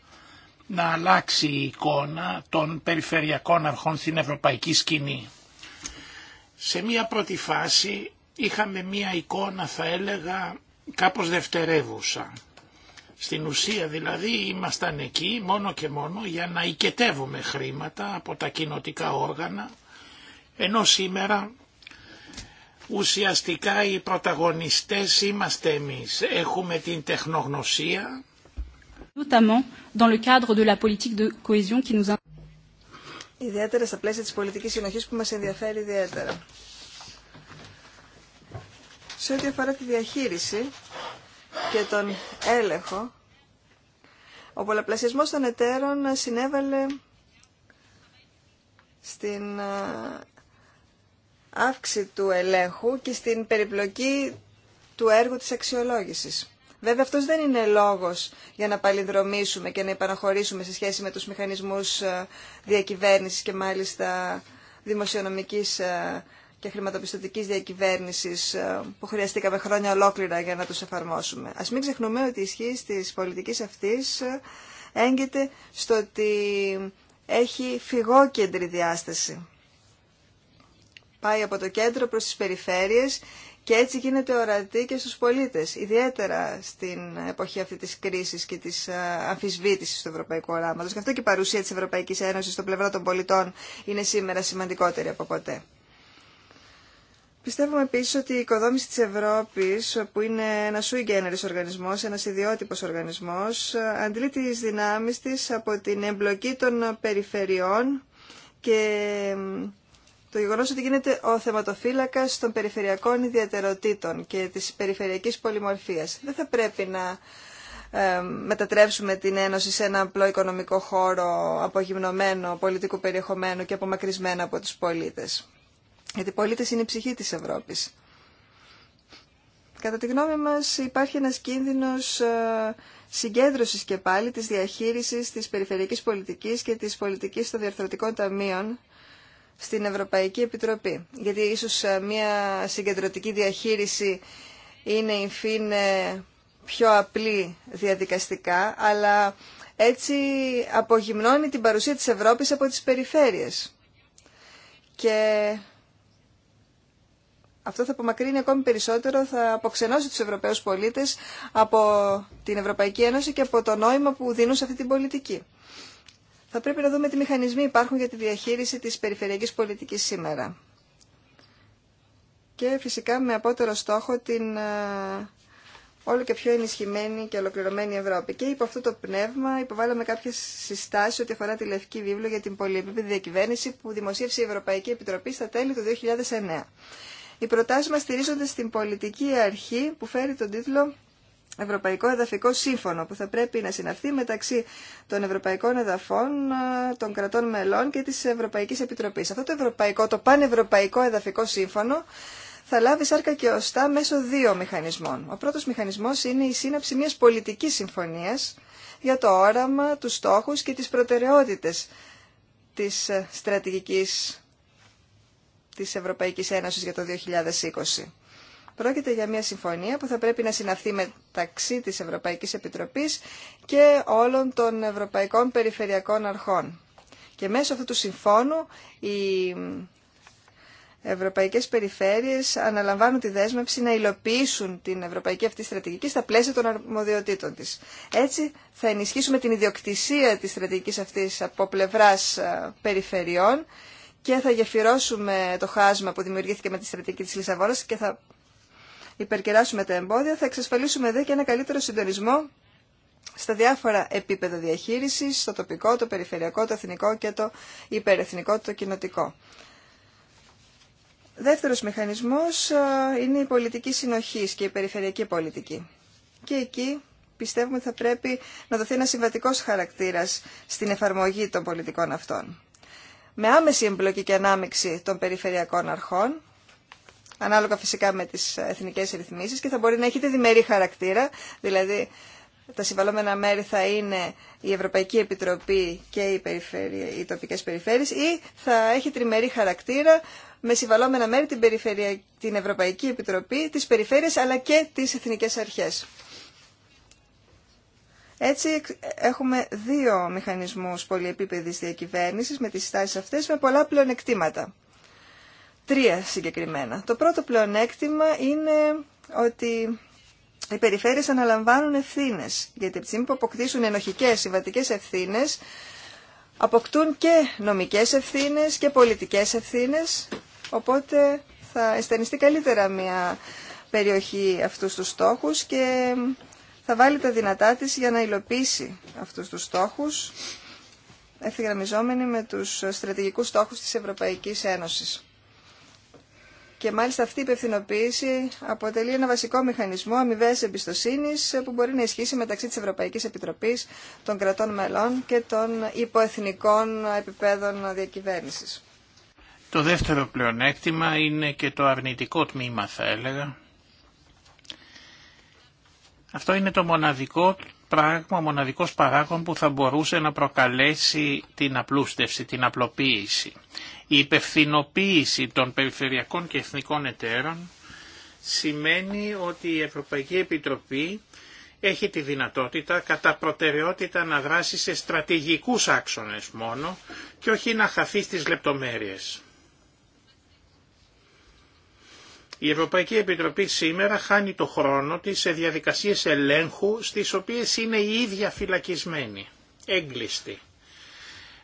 να αλλάξει η εικόνα των περιφερειακών αρχών στην ευρωπαϊκή σκηνή. Σε μία πρώτη φάση είχαμε μία εικόνα θα έλεγα κάπως δευτερεύουσα. Στην ουσία δηλαδή ήμασταν εκεί μόνο και μόνο για να οικετεύουμε χρήματα από τα κοινοτικά όργανα, ενώ σήμερα ουσιαστικά οι πρωταγωνιστές είμαστε εμείς. Έχουμε την τεχνογνωσία, Ιδιαίτερα στα πλαίσια της πολιτικής συνοχής που μας ενδιαφέρει ιδιαίτερα. Σε ό,τι αφορά τη διαχείριση και τον έλεγχο, ο πολλαπλασιασμός των εταίρων συνέβαλε στην ε, αύξηση του ελέγχου και στην περιπλοκή του έργου της αξιολόγησης. Βέβαια αυτός δεν είναι λόγος για να παλιδρομήσουμε και να υπαναχωρήσουμε σε σχέση με τους μηχανισμούς ε, διακυβέρνησης και μάλιστα δημοσιονομικής ε, και χρηματοπιστωτική διακυβέρνηση ε, που χρειαστήκαμε χρόνια ολόκληρα για να του εφαρμόσουμε. Α μην ξεχνούμε ότι η ισχύ τη πολιτική αυτή ε, έγκυται στο ότι έχει φυγόκεντρη διάσταση. Πάει από το κέντρο προς τις περιφέρειες και έτσι γίνεται ορατή και στους πολίτες, ιδιαίτερα στην εποχή αυτή της κρίσης και της ε, αμφισβήτησης του ευρωπαϊκού οράματος. Γι' αυτό και η παρουσία της Ευρωπαϊκής Ένωσης στο πλευρά των πολιτών είναι σήμερα σημαντικότερη από ποτέ. Πιστεύουμε επίση ότι η οικοδόμηση τη Ευρώπη, που είναι ένα sui generis οργανισμός, ένας ιδιότυπος οργανισμός, αντλεί τι δυνάμει τη από την εμπλοκή των περιφερειών και το γεγονό ότι γίνεται ο θεματοφύλακα των περιφερειακών ιδιαιτεροτήτων και τη περιφερειακή πολυμορφία. Δεν θα πρέπει να ε, μετατρέψουμε την Ένωση σε ένα απλό οικονομικό χώρο απογυμνωμένο, πολιτικού περιεχομένου και απομακρυσμένο από τους πολίτες. Γιατί οι πολίτες είναι η ψυχή της Ευρώπης. Κατά τη γνώμη μας υπάρχει ένας κίνδυνος ε, συγκέντρωσης και πάλι της διαχείρισης της περιφερειακής πολιτικής και της πολιτικής των διαρθρωτικών ταμείων στην Ευρωπαϊκή Επιτροπή. Γιατί ίσως ε, μια συγκεντρωτική διαχείριση είναι είναι πιο απλή διαδικαστικά, αλλά έτσι απογυμνώνει την παρουσία της Ευρώπης από τις περιφέρειες. Και αυτό θα απομακρύνει ακόμη περισσότερο, θα αποξενώσει τους Ευρωπαίους πολίτες από την Ευρωπαϊκή Ένωση και από το νόημα που δίνουν σε αυτή την πολιτική. Θα πρέπει να δούμε τι μηχανισμοί υπάρχουν για τη διαχείριση της περιφερειακής πολιτικής σήμερα. Και φυσικά με απότερο στόχο την ε, όλο και πιο ενισχυμένη και ολοκληρωμένη Ευρώπη. Και υπό αυτό το πνεύμα υποβάλαμε κάποιε συστάσει ό,τι αφορά τη Λευκή Βίβλο για την πολυεπίπεδη διακυβέρνηση που δημοσίευσε η Ευρωπαϊκή Επιτροπή στα τέλη του 2009. Οι προτάσει μα στηρίζονται στην πολιτική αρχή που φέρει τον τίτλο Ευρωπαϊκό Εδαφικό Σύμφωνο που θα πρέπει να συναυθεί μεταξύ των Ευρωπαϊκών Εδαφών, των κρατών μελών και της Ευρωπαϊκής Επιτροπής. Αυτό το Ευρωπαϊκό, το Πανευρωπαϊκό Εδαφικό Σύμφωνο θα λάβει σάρκα και οστά μέσω δύο μηχανισμών. Ο πρώτος μηχανισμό είναι η σύναψη μια πολιτική συμφωνία για το όραμα, τους στόχους και τις προτεραιότητες της στρατηγικής της Ευρωπαϊκής Ένωσης για το 2020. Πρόκειται για μια συμφωνία που θα πρέπει να συναυθεί μεταξύ της Ευρωπαϊκής Επιτροπής και όλων των Ευρωπαϊκών Περιφερειακών Αρχών. Και μέσω αυτού του συμφώνου οι ευρωπαϊκές περιφέρειες αναλαμβάνουν τη δέσμευση να υλοποιήσουν την ευρωπαϊκή αυτή στρατηγική στα πλαίσια των αρμοδιοτήτων της. Έτσι θα ενισχύσουμε την ιδιοκτησία της στρατηγικής αυτής από πλευράς ε, περιφερειών και θα γεφυρώσουμε το χάσμα που δημιουργήθηκε με τη στρατηγική της Λισαβόνας και θα υπερκεράσουμε τα εμπόδια, θα εξασφαλίσουμε εδώ και ένα καλύτερο συντονισμό στα διάφορα επίπεδα διαχείρισης, στο τοπικό, το περιφερειακό, το εθνικό και το υπερεθνικό, το κοινοτικό. Δεύτερος μηχανισμός ε, είναι η πολιτική συνοχής και η περιφερειακή πολιτική. Και εκεί πιστεύουμε ότι θα πρέπει να δοθεί ένα συμβατικός χαρακτήρας στην εφαρμογή των πολιτικών αυτών με άμεση εμπλοκή και ανάμειξη των περιφερειακών αρχών, ανάλογα φυσικά με τις εθνικές ρυθμίσεις και θα μπορεί να έχει τη χαρακτήρα, δηλαδή τα συμβαλόμενα μέρη θα είναι η Ευρωπαϊκή Επιτροπή και οι, οι τοπικές περιφέρειες ή θα έχει τριμερή χαρακτήρα με συμβαλόμενα μέρη την, την Ευρωπαϊκή Επιτροπή, τις περιφέρειες αλλά και τις εθνικές αρχές. Έτσι έχουμε δύο μηχανισμούς πολυεπίπεδης διακυβέρνησης με τις στάσεις αυτές με πολλά πλεονεκτήματα. Τρία συγκεκριμένα. Το πρώτο πλεονέκτημα είναι ότι οι περιφέρειες αναλαμβάνουν ευθύνες, γιατί από τη στιγμή που αποκτήσουν ενοχικές συμβατικές ευθύνες, αποκτούν και νομικές ευθύνες και πολιτικές ευθύνες, οπότε θα αισθανιστεί καλύτερα μια περιοχή αυτούς τους στόχους και θα βάλει τα δυνατά της για να υλοποιήσει αυτούς τους στόχους, ευθυγραμμιζόμενοι με τους στρατηγικούς στόχους της Ευρωπαϊκής Ένωσης. Και μάλιστα αυτή η υπευθυνοποίηση αποτελεί ένα βασικό μηχανισμό αμοιβέ εμπιστοσύνη που μπορεί να ισχύσει μεταξύ τη Ευρωπαϊκή Επιτροπή, των κρατών μελών και των υποεθνικών επιπέδων διακυβέρνηση. Το δεύτερο πλεονέκτημα είναι και το αρνητικό τμήμα, θα έλεγα, αυτό είναι το μοναδικό πράγμα, ο μοναδικός παράγον που θα μπορούσε να προκαλέσει την απλούστευση, την απλοποίηση. Η υπευθυνοποίηση των περιφερειακών και εθνικών εταίρων σημαίνει ότι η Ευρωπαϊκή Επιτροπή έχει τη δυνατότητα κατά προτεραιότητα να δράσει σε στρατηγικούς άξονες μόνο και όχι να χαθεί στις λεπτομέρειες. Η Ευρωπαϊκή Επιτροπή σήμερα χάνει το χρόνο της σε διαδικασίες ελέγχου στις οποίες είναι η ίδια φυλακισμένη, έγκλειστη.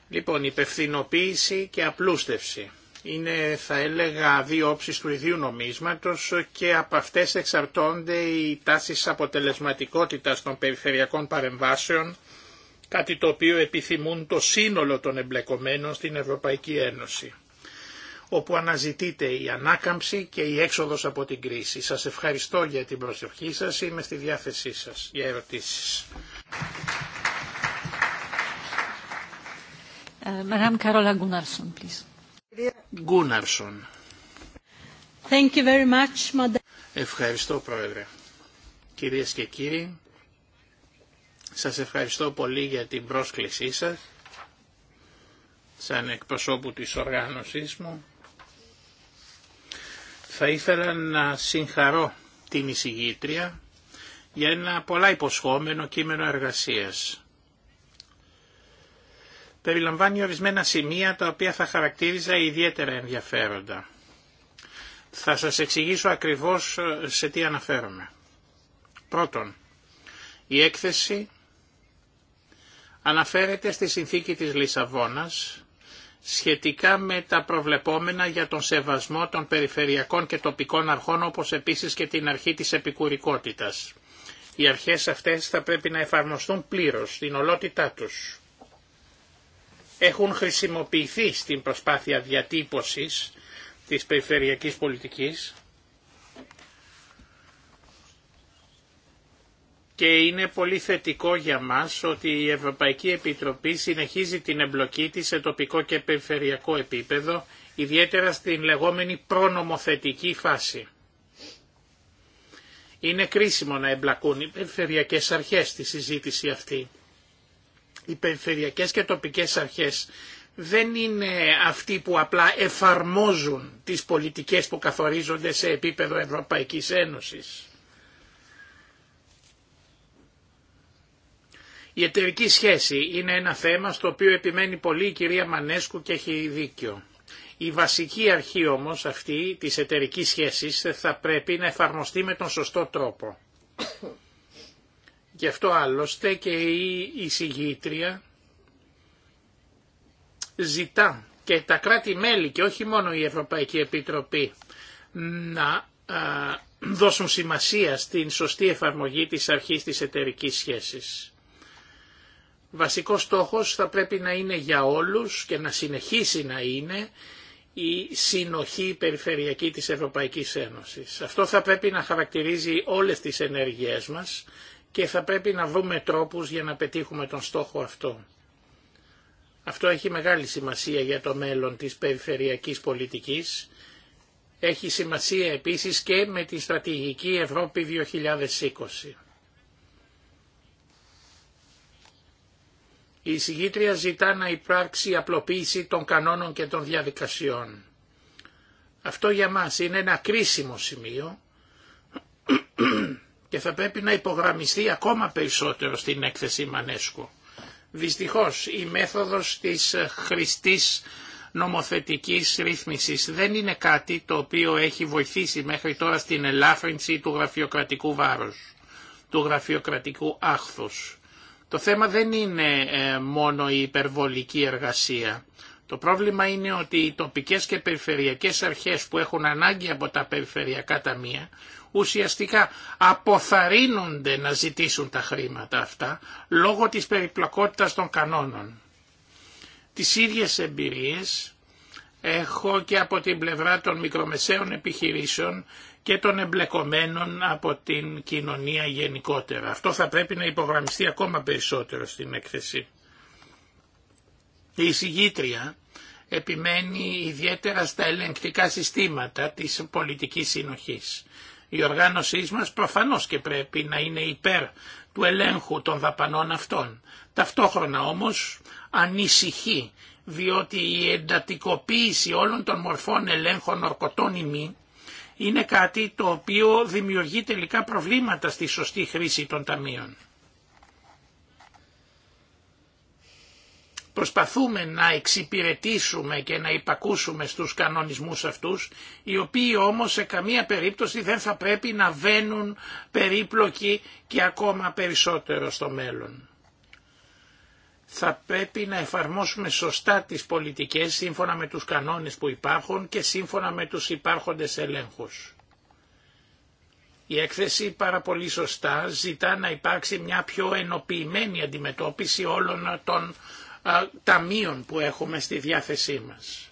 Λοιπόν, υπευθυνοποίηση και απλούστευση είναι θα έλεγα δύο όψεις του ιδίου νομίσματος και από αυτές εξαρτώνται οι τάσεις αποτελεσματικότητας των περιφερειακών παρεμβάσεων, κάτι το οποίο επιθυμούν το σύνολο των εμπλεκομένων στην Ευρωπαϊκή Ένωση όπου αναζητείται η ανάκαμψη και η έξοδος από την κρίση. Σας ευχαριστώ για την προσοχή σας, είμαι στη διάθεσή σας για ερωτήσεις. Ε, Thank you very much, Ευχαριστώ, Πρόεδρε. Κυρίες και κύριοι, σας ευχαριστώ πολύ για την πρόσκλησή σας σαν εκπροσώπου της οργάνωσής μου. Θα ήθελα να συγχαρώ την εισηγήτρια για ένα πολλά υποσχόμενο κείμενο εργασίας. Περιλαμβάνει ορισμένα σημεία τα οποία θα χαρακτήριζα ιδιαίτερα ενδιαφέροντα. Θα σας εξηγήσω ακριβώς ε, σε τι αναφέρομαι. Πρώτον, η έκθεση αναφέρεται στη συνθήκη της Λισαβόνας σχετικά με τα προβλεπόμενα για τον σεβασμό των περιφερειακών και τοπικών αρχών όπως επίσης και την αρχή της επικουρικότητας. Οι αρχές αυτές θα πρέπει να εφαρμοστούν πλήρως στην ολότητά τους. Έχουν χρησιμοποιηθεί στην προσπάθεια διατύπωσης της περιφερειακής πολιτικής και είναι πολύ θετικό για μας ότι η Ευρωπαϊκή Επιτροπή συνεχίζει την εμπλοκή της σε τοπικό και περιφερειακό επίπεδο, ιδιαίτερα στην λεγόμενη προνομοθετική φάση. Είναι κρίσιμο να εμπλακούν οι περιφερειακές αρχές στη συζήτηση αυτή. Οι περιφερειακές και τοπικές αρχές δεν είναι αυτοί που απλά εφαρμόζουν τις πολιτικές που καθορίζονται σε επίπεδο Ευρωπαϊκής Ένωσης. Η εταιρική σχέση είναι ένα θέμα στο οποίο επιμένει πολύ η κυρία Μανέσκου και έχει δίκιο. Η βασική αρχή όμως αυτή της εταιρικής σχέσης θα πρέπει να εφαρμοστεί με τον σωστό τρόπο. Γι' αυτό άλλωστε και η εισηγήτρια ζητά και τα κράτη-μέλη και όχι μόνο η Ευρωπαϊκή Επιτροπή να δώσουν σημασία στην σωστή εφαρμογή της αρχής της εταιρικής σχέσης. Βασικός στόχος θα πρέπει να είναι για όλους και να συνεχίσει να είναι η συνοχή περιφερειακή της Ευρωπαϊκής Ένωσης. Αυτό θα πρέπει να χαρακτηρίζει όλες τις ενέργειές μας και θα πρέπει να βρούμε τρόπους για να πετύχουμε τον στόχο αυτό. Αυτό έχει μεγάλη σημασία για το μέλλον της περιφερειακής πολιτικής. Έχει σημασία επίσης και με τη στρατηγική Ευρώπη 2020. Η εισηγήτρια ζητά να υπάρξει απλοποίηση των κανόνων και των διαδικασιών. Αυτό για μας είναι ένα κρίσιμο σημείο και θα πρέπει να υπογραμμιστεί ακόμα περισσότερο στην έκθεση Μανέσκου. Δυστυχώς η μέθοδος της χρηστής νομοθετικής ρύθμισης δεν είναι κάτι το οποίο έχει βοηθήσει μέχρι τώρα στην ελάφρυνση του γραφειοκρατικού βάρους, του γραφειοκρατικού άχθους. Το θέμα δεν είναι ε, μόνο η υπερβολική εργασία. Το πρόβλημα είναι ότι οι τοπικές και περιφερειακές αρχές που έχουν ανάγκη από τα περιφερειακά ταμεία ουσιαστικά αποθαρρύνονται να ζητήσουν τα χρήματα αυτά λόγω της περιπλοκότητας των κανόνων. Τις ίδιες εμπειρίες έχω και από την πλευρά των μικρομεσαίων επιχειρήσεων και των εμπλεκομένων από την κοινωνία γενικότερα. Αυτό θα πρέπει να υπογραμμιστεί ακόμα περισσότερο στην έκθεση. Η συγγήτρια επιμένει ιδιαίτερα στα ελεγκτικά συστήματα της πολιτικής συνοχής. Η οργάνωσή μας προφανώς και πρέπει να είναι υπέρ του ελέγχου των δαπανών αυτών. Ταυτόχρονα όμως ανησυχεί διότι η εντατικοποίηση όλων των μορφών ελέγχων ορκωτών ημί είναι κάτι το οποίο δημιουργεί τελικά προβλήματα στη σωστή χρήση των ταμείων. Προσπαθούμε να εξυπηρετήσουμε και να υπακούσουμε στους κανονισμούς αυτούς, οι οποίοι όμως σε καμία περίπτωση δεν θα πρέπει να βαίνουν περίπλοκοι και ακόμα περισσότερο στο μέλλον θα πρέπει να εφαρμόσουμε σωστά τις πολιτικές σύμφωνα με τους κανόνες που υπάρχουν και σύμφωνα με τους υπάρχοντες ελέγχους. Η έκθεση πάρα πολύ σωστά ζητά να υπάρξει μια πιο ενοποιημένη αντιμετώπιση όλων των ταμείων που έχουμε στη διάθεσή μας.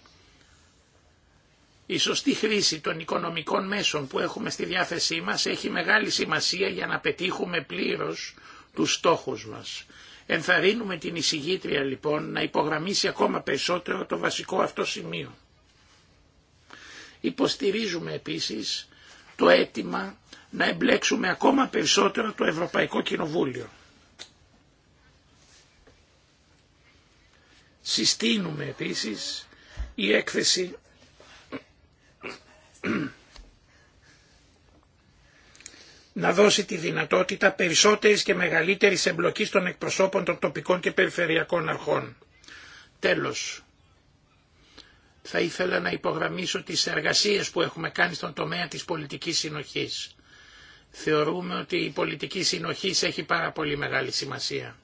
Η σωστή χρήση των οικονομικών μέσων που έχουμε στη διάθεσή μας έχει μεγάλη σημασία για να πετύχουμε πλήρως τους στόχους μας. Ενθαρρύνουμε την εισηγήτρια λοιπόν να υπογραμμίσει ακόμα περισσότερο το βασικό αυτό σημείο. Υποστηρίζουμε επίσης το αίτημα να εμπλέξουμε ακόμα περισσότερο το Ευρωπαϊκό Κοινοβούλιο. Συστήνουμε επίσης η έκθεση να δώσει τη δυνατότητα περισσότερης και μεγαλύτερης εμπλοκής των εκπροσώπων των τοπικών και περιφερειακών αρχών. Τέλος, θα ήθελα να υπογραμμίσω τις εργασίες που έχουμε κάνει στον τομέα της πολιτικής συνοχής. Θεωρούμε ότι η πολιτική συνοχής έχει πάρα πολύ μεγάλη σημασία.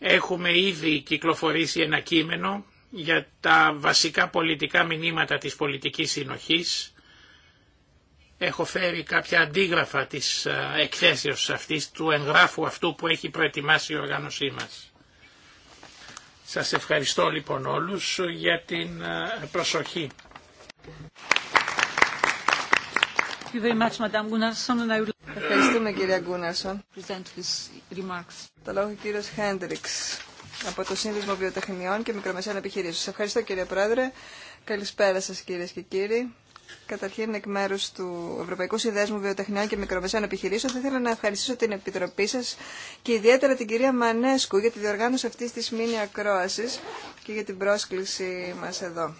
Έχουμε ήδη κυκλοφορήσει ένα κείμενο για τα βασικά πολιτικά μηνύματα της πολιτικής συνοχής. Έχω φέρει κάποια αντίγραφα της ε, εκθέσεως αυτής, του εγγράφου αυτού που έχει προετοιμάσει η οργάνωσή μας. Σας ευχαριστώ λοιπόν όλους για την ε, προσοχή. Ευχαριστούμε κύριε Γκούναρσον. Το λόγο κύριος Χέντριξ από το Σύνδεσμο Βιοτεχνιών και Μικρομεσαίων Επιχειρήσεων. Σας ευχαριστώ κύριε Πρόεδρε. Καλησπέρα σας κυρίες και κύριοι. Καταρχήν, εκ μέρου του Ευρωπαϊκού Συνδέσμου Βιοτεχνιών και Μικρομεσαίων Επιχειρήσεων, θα ήθελα να ευχαριστήσω την Επιτροπή σας και ιδιαίτερα την κυρία Μανέσκου για τη διοργάνωση αυτής της μήνυα ακρόαση και για την πρόσκληση μας εδώ.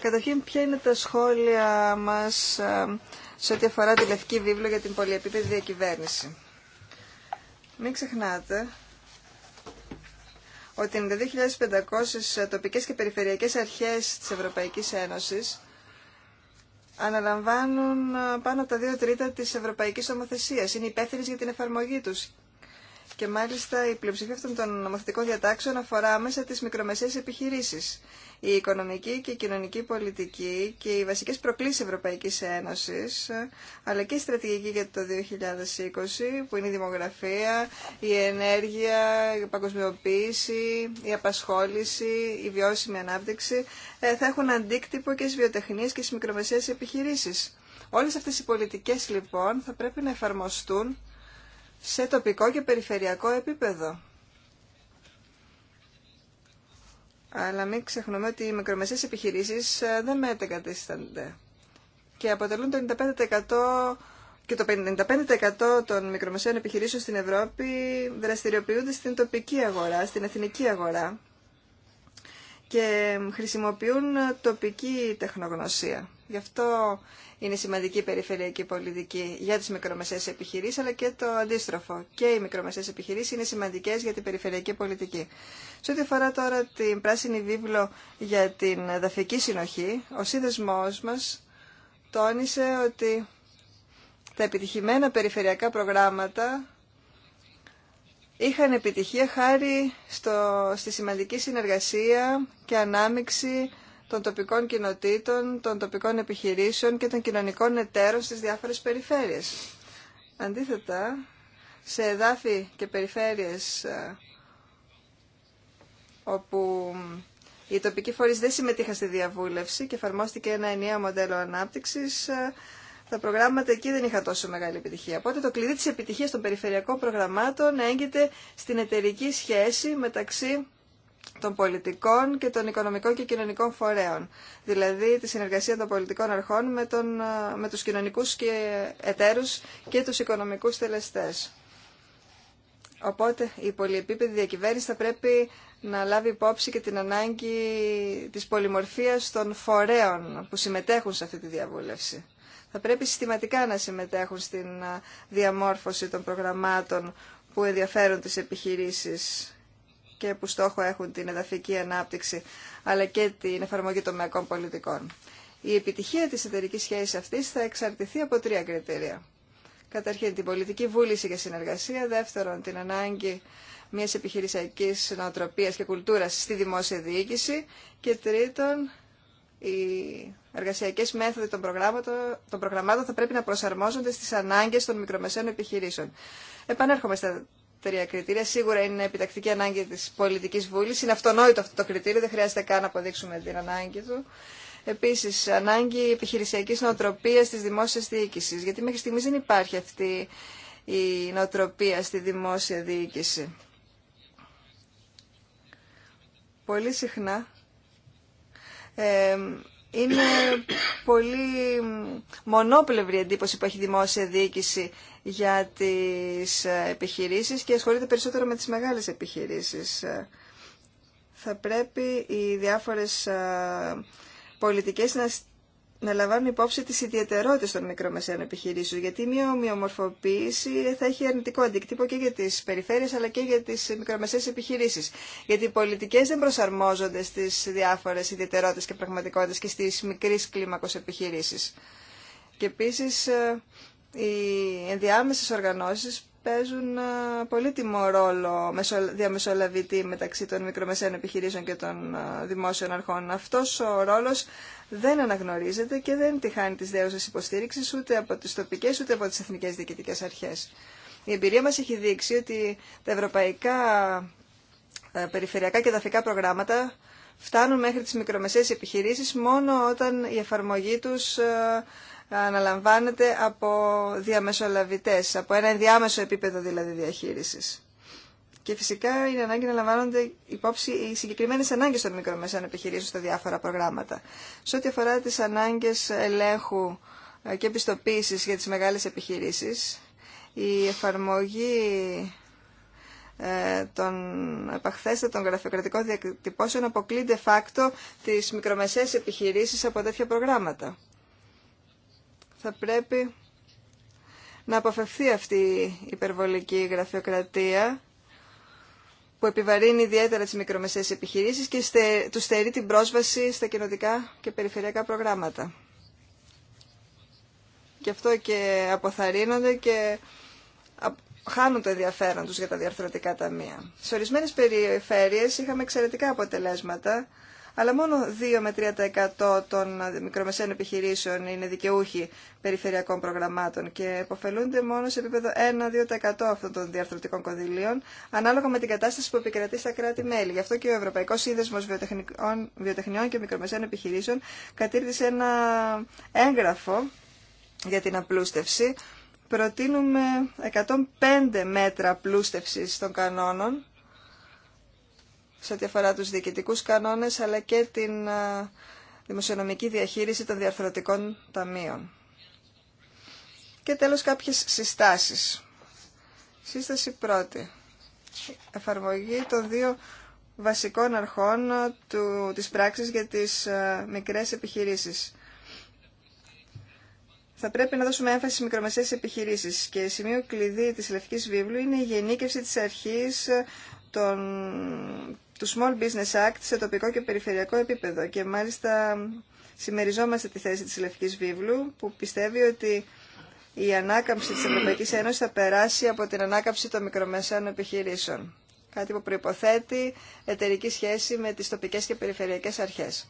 Καταρχήν, ποια είναι τα σχόλια μα ε, σε ό,τι αφορά τη Λευκή Βίβλο για την πολυεπίπεδη διακυβέρνηση. Μην ξεχνάτε ότι 92.500 τοπικές και περιφερειακές αρχές της Ευρωπαϊκής Ένωσης αναλαμβάνουν πάνω από τα δύο τρίτα της Ευρωπαϊκής Ομοθεσίας. Είναι υπεύθυνες για την εφαρμογή τους. Και μάλιστα η πλειοψηφία αυτών των νομοθετικών διατάξεων αφορά μέσα τις μικρομεσαίες επιχειρήσεις. Η οικονομική και η κοινωνική πολιτική και οι βασικές προκλήσεις Ευρωπαϊκής Ένωσης, αλλά και η στρατηγική για το 2020, που είναι η δημογραφία, η ενέργεια, η παγκοσμιοποίηση, η απασχόληση, η βιώσιμη ανάπτυξη, ε, θα έχουν αντίκτυπο και στις βιοτεχνίες και στις μικρομεσαίες επιχειρήσεις. Όλες αυτές οι πολιτικές λοιπόν θα πρέπει να εφαρμοστούν σε τοπικό και περιφερειακό επίπεδο Αλλά μην ξεχνούμε ότι οι μικρομεσαίες επιχειρήσεις ε, δεν μετεγκατίστανται και αποτελούν το 95% και το 55% των μικρομεσαίων επιχειρήσεων στην Ευρώπη δραστηριοποιούνται στην τοπική αγορά, στην εθνική αγορά και χρησιμοποιούν τοπική τεχνογνωσία. Γι' αυτό είναι σημαντική η περιφερειακή πολιτική για τις μικρομεσαίες επιχειρήσεις, αλλά και το αντίστροφο. Και οι μικρομεσαίες επιχειρήσει είναι σημαντικές για την περιφερειακή πολιτική. Σε ό,τι αφορά τώρα την πράσινη βίβλο για την δαφική συνοχή, ο σύνδεσμός μας τόνισε ότι τα επιτυχημένα περιφερειακά προγράμματα είχαν επιτυχία χάρη στο, στη σημαντική συνεργασία και ανάμειξη των τοπικών κοινοτήτων, των τοπικών επιχειρήσεων και των κοινωνικών εταίρων στις διάφορες περιφέρειες. Αντίθετα, σε εδάφη και περιφέρειες ε, όπου οι τοπικοί φορείς δεν συμμετείχαν στη διαβούλευση και εφαρμόστηκε ένα ενιαίο μοντέλο ανάπτυξης, ε, τα προγράμματα εκεί δεν είχαν τόσο μεγάλη επιτυχία. Οπότε το κλειδί της επιτυχίας των περιφερειακών προγραμμάτων έγκυται στην εταιρική σχέση μεταξύ των πολιτικών και των οικονομικών και κοινωνικών φορέων. Δηλαδή τη συνεργασία των πολιτικών αρχών με, τον, με τους κοινωνικούς και εταίρους και τους οικονομικούς τελεστές. Οπότε η πολυεπίπεδη διακυβέρνηση θα πρέπει να λάβει υπόψη και την ανάγκη της πολυμορφίας των φορέων που συμμετέχουν σε αυτή τη διαβούλευση. Θα πρέπει συστηματικά να συμμετέχουν στην διαμόρφωση των προγραμμάτων που ενδιαφέρουν τις επιχειρήσεις και που στόχο έχουν την εδαφική ανάπτυξη αλλά και την εφαρμογή των μεκών πολιτικών. Η επιτυχία της εταιρική σχέσης αυτής θα εξαρτηθεί από τρία κριτήρια. Καταρχήν την πολιτική βούληση για συνεργασία, δεύτερον την ανάγκη μια επιχειρησιακή νοοτροπία και κουλτούρα στη δημόσια διοίκηση και τρίτον οι εργασιακές μέθοδοι των προγραμμάτων, των προγραμμάτων θα πρέπει να προσαρμόζονται στις ανάγκες των μικρομεσαίων επιχειρήσεων. Επανέρχομαι στα τρία κριτήρια. Σίγουρα είναι επιτακτική ανάγκη τη πολιτική βούληση. Είναι αυτονόητο αυτό το κριτήριο, δεν χρειάζεται καν να αποδείξουμε την ανάγκη του. Επίση, ανάγκη επιχειρησιακή νοοτροπία τη δημόσια διοίκηση. γιατί μέχρι στιγμής δεν υπάρχει αυτή η νοοτροπία στη δημόσια διοίκηση. Πολύ συχνά ε, είναι πολύ μονόπλευρη εντύπωση που έχει δημόσια διοίκηση για τις ε, επιχειρήσεις και ασχολείται περισσότερο με τις μεγάλες επιχειρήσεις. Ε, θα πρέπει οι διάφορες ε, πολιτικές να να λαμβάνουν υπόψη τις ιδιαιτερότητες των μικρομεσαίων επιχειρήσεων, γιατί μια ομοιομορφοποίηση θα έχει αρνητικό αντικτύπο και για τις περιφέρειες αλλά και για τις μικρομεσαίες επιχειρήσεις. Γιατί οι πολιτικές δεν προσαρμόζονται στις διάφορες ιδιαιτερότητες και πραγματικότητες και στις μικρής κλίμακος επιχειρήσεις. Και επίσης ε, οι ενδιάμεσες οργανώσεις παίζουν ε, πολύτιμο ρόλο διαμεσολαβητή μεταξύ των μικρομεσαίων επιχειρήσεων και των ε, δημόσιων αρχών. Αυτός ο ρόλος δεν αναγνωρίζεται και δεν τη χάνει της δέουσας υποστήριξης ούτε από τις τοπικές ούτε από τις εθνικές διοικητικές αρχές. Η εμπειρία μας έχει δείξει ότι τα ευρωπαϊκά ε, περιφερειακά και δαφικά προγράμματα φτάνουν μέχρι τις μικρομεσαίες επιχειρήσεις μόνο όταν η εφαρμογή τους αναλαμβάνεται από διαμεσολαβητές, από ένα ενδιάμεσο επίπεδο δηλαδή διαχείρισης. Και φυσικά είναι ανάγκη να λαμβάνονται υπόψη οι συγκεκριμένες ανάγκες των μικρομεσαίων επιχειρήσεων στα διάφορα προγράμματα. Σε ό,τι αφορά τις ανάγκες ελέγχου ε, και επιστοποίηση για τις μεγάλες επιχειρήσεις, η εφαρμογή ε, των επαχθέστατων γραφειοκρατικών διατυπώσεων αποκλείται de facto τι μικρομεσαίε επιχειρήσει από τέτοια προγράμματα θα πρέπει να αποφευθεί αυτή η υπερβολική γραφειοκρατία που επιβαρύνει ιδιαίτερα τις μικρομεσαίες επιχειρήσεις και στε, του στερεί την πρόσβαση στα κοινοτικά και περιφερειακά προγράμματα. Γι' αυτό και αποθαρρύνονται και χάνουν το ενδιαφέρον τους για τα διαρθρωτικά ταμεία. Σε ορισμένες περιφέρειες είχαμε εξαιρετικά αποτελέσματα αλλά μόνο 2 με 3% των μικρομεσαίων επιχειρήσεων είναι δικαιούχοι περιφερειακών προγραμμάτων και υποφελούνται μόνο σε επίπεδο 1-2% αυτών των διαρθρωτικών κονδυλίων, ανάλογα με την κατάσταση που επικρατεί στα κράτη-μέλη. Γι' αυτό και ο Ευρωπαϊκό Σύνδεσμο Βιοτεχνιών και Μικρομεσαίων Επιχειρήσεων κατήρτισε ένα έγγραφο για την απλούστευση. Προτείνουμε 105 μέτρα απλούστευση των κανόνων σε ό,τι αφορά τους διοικητικούς κανόνες αλλά και την ε, δημοσιονομική διαχείριση των διαρθρωτικών ταμείων. Και τέλος κάποιες συστάσεις. Σύσταση πρώτη. Εφαρμογή των δύο βασικών αρχών ε, του, της πράξης για τις ε, μικρές επιχειρήσεις. Θα πρέπει να δώσουμε έμφαση στις μικρομεσαίες επιχειρήσεις και σημείο κλειδί της Λευκής Βίβλου είναι η γενίκευση της αρχής των, του Small Business Act σε τοπικό και περιφερειακό επίπεδο. Και μάλιστα συμμεριζόμαστε τη θέση της Λευκής Βίβλου που πιστεύει ότι η ανάκαμψη της Ευρωπαϊκής Ένωσης θα περάσει από την ανάκαμψη των μικρομεσαίων επιχειρήσεων. Κάτι που προϋποθέτει εταιρική σχέση με τις τοπικές και περιφερειακές αρχές.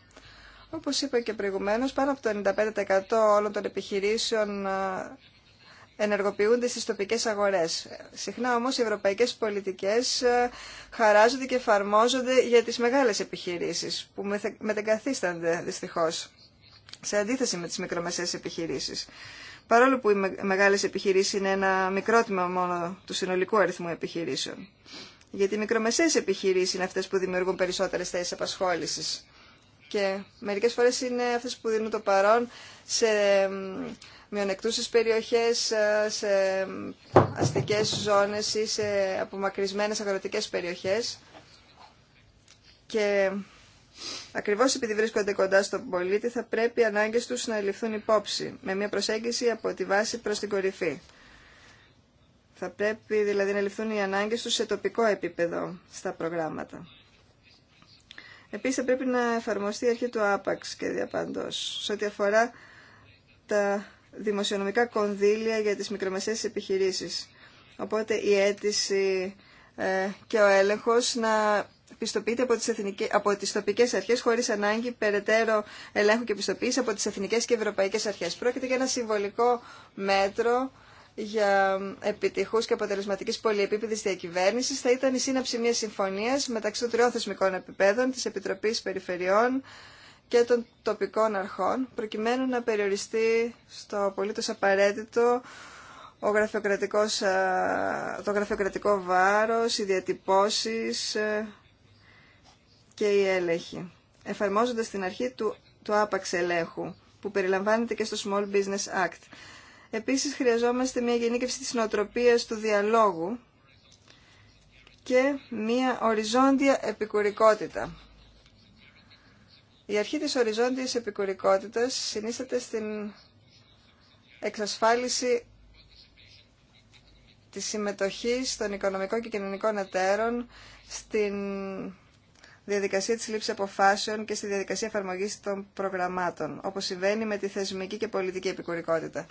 Όπως είπα και προηγουμένως, πάνω από το 95% όλων των επιχειρήσεων ενεργοποιούνται στις τοπικές αγορές. Συχνά όμως οι ευρωπαϊκές πολιτικές ε, χαράζονται και εφαρμόζονται για τις μεγάλες επιχειρήσεις που μετεγκαθίστανται δυστυχώς σε αντίθεση με τις μικρομεσαίες επιχειρήσεις. Παρόλο που οι μεγάλες επιχειρήσεις είναι ένα τμήμα μόνο του συνολικού αριθμού επιχειρήσεων. Γιατί οι μικρομεσαίες επιχειρήσεις είναι αυτές που δημιουργούν περισσότερες θέσεις απασχόλησης. Και μερικές φορές είναι αυτές που δίνουν το παρόν σε μειονεκτούσες περιοχές, ε, σε αστικές ζώνες ή σε απομακρυσμένες αγροτικές περιοχές. Και ακριβώς επειδή βρίσκονται κοντά στον πολίτη θα πρέπει οι ανάγκες τους να ληφθούν υπόψη, με μια προσέγγιση από τη βάση προς την κορυφή. Θα πρέπει δηλαδή να ληφθούν οι ανάγκες τους σε τοπικό επίπεδο στα προγράμματα. Επίσης θα πρέπει να εφαρμοστεί η αρχή του άπαξ και διαπαντός, σε ό,τι αφορά τα δημοσιονομικά κονδύλια για τις μικρομεσαίες επιχειρήσεις. Οπότε η αίτηση ε, και ο έλεγχος να πιστοποιείται από τις, εθνικές, από τις τοπικές αρχές χωρίς ανάγκη περαιτέρω ελέγχου και πιστοποίηση από τις εθνικές και ευρωπαϊκές αρχές. Πρόκειται για ένα συμβολικό μέτρο για επιτυχούς και αποτελεσματικής πολυεπίπεδης διακυβέρνησης θα ήταν η σύναψη μιας συμφωνίας μεταξύ των τριών θεσμικών επιπέδων της Επιτροπής Περιφερειών, και των τοπικών αρχών προκειμένου να περιοριστεί στο απολύτως απαραίτητο ο γραφειοκρατικός, το γραφειοκρατικό βάρος, οι διατυπώσεις ε, και η έλεγχη, εφαρμόζοντας την αρχή του, του άπαξ ελέγχου, που περιλαμβάνεται και στο Small Business Act. Επίσης, χρειαζόμαστε μια γενίκευση της νοοτροπίας του διαλόγου και μια οριζόντια επικουρικότητα η αρχή της οριζόντιας επικουρικότητας συνίσταται στην εξασφάλιση της συμμετοχής των οικονομικών και κοινωνικών εταίρων στην διαδικασία της λήψης αποφάσεων και στη διαδικασία εφαρμογής των προγραμμάτων, όπως συμβαίνει με τη θεσμική και πολιτική επικουρικότητα.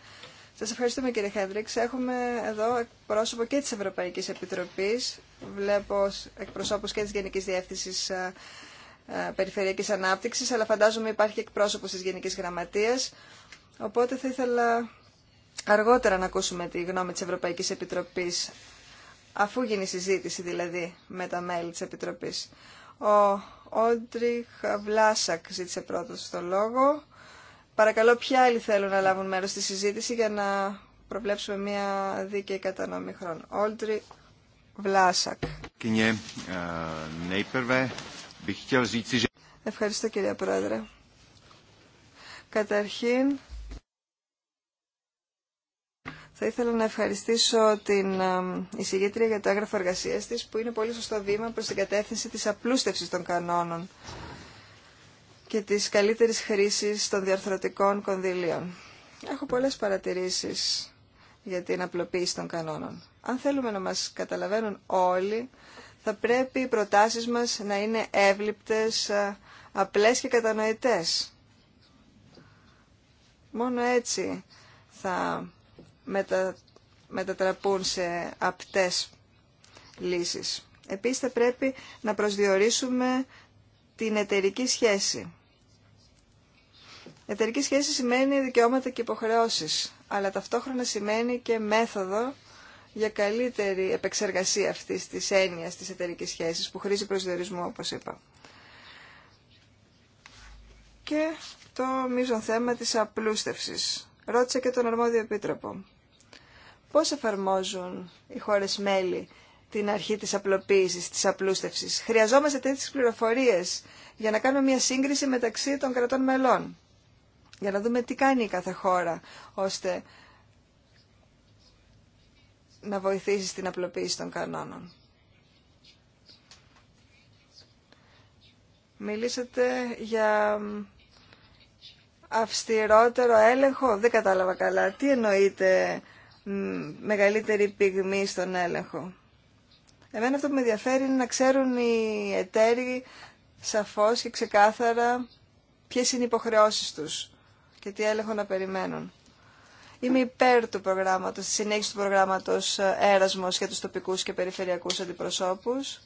Σας ευχαριστούμε κύριε Χέντριξ. Έχουμε εδώ πρόσωπο και της Ευρωπαϊκής Επιτροπής. Βλέπω εκπροσώπους και της Γενικής Διεύθυνσης ε, ε, περιφερειακής Ανάπτυξης, αλλά φαντάζομαι υπάρχει και εκπρόσωπος της Γενικής Γραμματείας. Οπότε θα ήθελα αργότερα να ακούσουμε τη γνώμη της Ευρωπαϊκής Επιτροπής, αφού γίνει συζήτηση δηλαδή με τα μέλη της Επιτροπής. Ο Όντριχ Βλάσακ ζήτησε πρώτος το λόγο. Παρακαλώ, ποιοι άλλοι θέλουν να λάβουν μέρο στη συζήτηση για να προβλέψουμε μια δίκαιη κατανομή χρόνου. Όλτρι Βλάσακ. Ε, Ευχαριστώ κύριε Πρόεδρε. Καταρχήν, θα ήθελα να ευχαριστήσω την εισηγήτρια για το έγγραφο εργασία τη, που είναι πολύ σωστό βήμα προ την κατεύθυνση τη απλούστευση των κανόνων και τη καλύτερη χρήση των διαρθρωτικών κονδυλίων. Έχω πολλέ παρατηρήσει για την απλοποίηση των κανόνων. Αν θέλουμε να μα καταλαβαίνουν όλοι, θα πρέπει οι προτάσεις μας να είναι εύληπτες, απλές και κατανοητές. Μόνο έτσι θα μετα... μετατραπούν σε απτές λύσεις. Επίσης θα πρέπει να προσδιορίσουμε την εταιρική σχέση. Εταιρική σχέση σημαίνει δικαιώματα και υποχρεώσεις, αλλά ταυτόχρονα σημαίνει και μέθοδο για καλύτερη επεξεργασία αυτής της έννοια τη εταιρική σχέσης που χρήζει προσδιορισμό, όπω είπα. Και το μείζον θέμα της απλούστευσης. ρώτησε και τον αρμόδιο επίτροπο. Πώ εφαρμόζουν οι χώρες μέλη την αρχή της απλοποίησης, της απλούστευσης. Χρειαζόμαστε τέτοιες πληροφορίες για να κάνουμε μια σύγκριση μεταξύ των κρατών μελών. Για να δούμε τι κάνει η κάθε χώρα, ώστε να βοηθήσει στην απλοποίηση των κανόνων. Μιλήσατε για αυστηρότερο έλεγχο. Δεν κατάλαβα καλά. Τι εννοείται μεγαλύτερη πυγμή στον έλεγχο. Εμένα αυτό που με ενδιαφέρει είναι να ξέρουν οι εταίροι σαφώς και ξεκάθαρα ποιες είναι οι υποχρεώσεις τους και τι έλεγχο να περιμένουν. Είμαι υπέρ του προγράμματος, της συνέχισης του προγράμματος ε, Έρασμος για τους τοπικούς και περιφερειακούς αντιπροσώπους.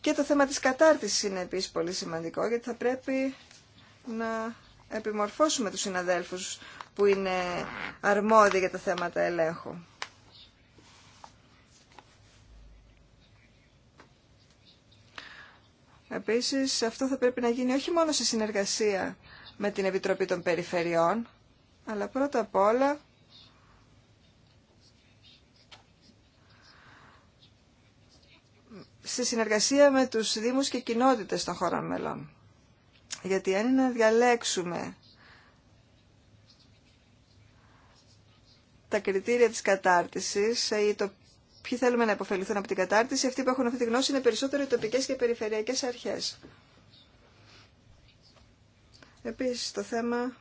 Και το θέμα της κατάρτισης είναι επίσης πολύ σημαντικό, γιατί θα πρέπει να επιμορφώσουμε τους συναδέλφους που είναι αρμόδιοι για τα θέματα ελέγχου. Επίσης, αυτό θα πρέπει να γίνει όχι μόνο σε συνεργασία με την Επιτροπή των Περιφερειών, αλλά πρώτα απ' όλα στη συνεργασία με τους Δήμους και κοινότητες των χωρών μελών. Γιατί αν είναι να διαλέξουμε τα κριτήρια της κατάρτισης ε, ή το ποιοι θέλουμε να υποφεληθούν από την κατάρτιση, αυτοί που έχουν αυτή τη γνώση είναι περισσότερο οι τοπικές και περιφερειακές αρχές. Επίσης, το θέμα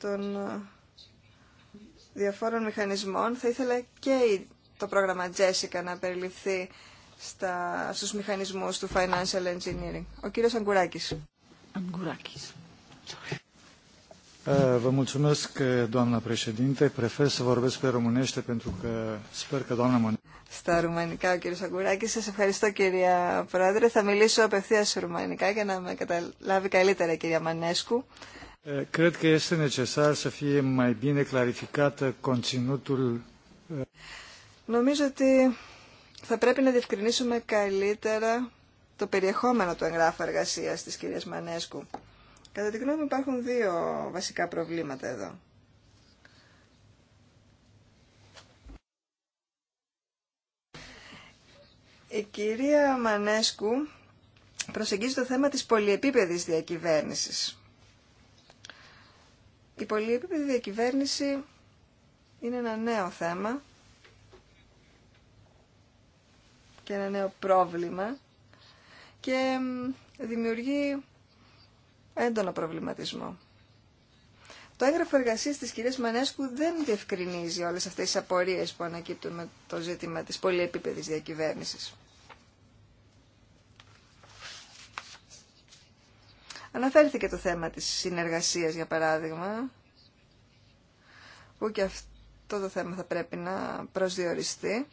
των ε, διαφόρων μηχανισμών, θα ήθελα και το πρόγραμμα Jessica να περιληφθεί στα, στους μηχανισμούς του Financial Engineering. Ο κύριος Αγκουράκης. Αγκουράκης. Ε, vă mulțumesc, doamna președinte. Prefer să vorbesc pe românește pentru că sper că doamna Στα ρουμανικά, ο κύριος Αγκουράκη. σα ευχαριστώ, κυρία Πρόεδρε. Θα μιλήσω απευθείας ρουμανικά για να με καταλάβει καλύτερα, κυρία Μανέσκου. Νομίζω ότι θα πρέπει να διευκρινίσουμε καλύτερα το περιεχόμενο του εγγράφου εργασία της κυρίας Μανέσκου. Κατά τη γνώμη μου υπάρχουν δύο βασικά προβλήματα εδώ. Η κυρία Μανέσκου προσεγγίζει το θέμα της πολυεπίπεδης διακυβέρνησης. Η πολυεπίπεδη διακυβέρνηση είναι ένα νέο θέμα και ένα νέο πρόβλημα και δημιουργεί έντονο προβληματισμό. Το έγγραφο εργασίας της κυρίας Μανέσκου δεν διευκρινίζει όλες αυτές τις απορίες που ανακύπτουν με το ζήτημα της πολυεπίπεδης διακυβέρνησης. Αναφέρθηκε το θέμα της συνεργασίας, για παράδειγμα, που και αυτό το θέμα θα πρέπει να προσδιοριστεί.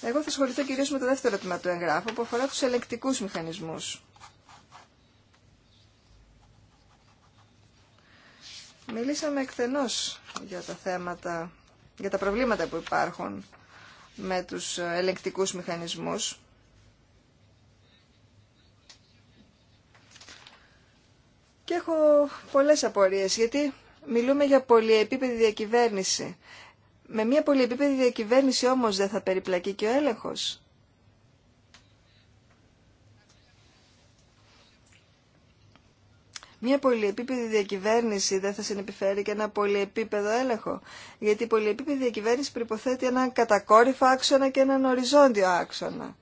Εγώ θα ασχοληθώ κυρίως με το δεύτερο τμήμα του εγγράφου, που αφορά τους ελεγκτικούς μηχανισμούς. Μιλήσαμε εκτενώς για τα θέματα, για τα προβλήματα που υπάρχουν με τους ελεγκτικούς μηχανισμούς. Και έχω πολλές απορίες, γιατί μιλούμε για πολυεπίπεδη διακυβέρνηση. Με μια πολυεπίπεδη διακυβέρνηση όμως δεν θα περιπλακεί και ο έλεγχος. Μια πολυεπίπεδη διακυβέρνηση δεν θα συνεπιφέρει και ένα πολυεπίπεδο έλεγχο. Γιατί η πολυεπίπεδη διακυβέρνηση προποθέτει έναν κατακόρυφο άξονα και έναν οριζόντιο άξονα.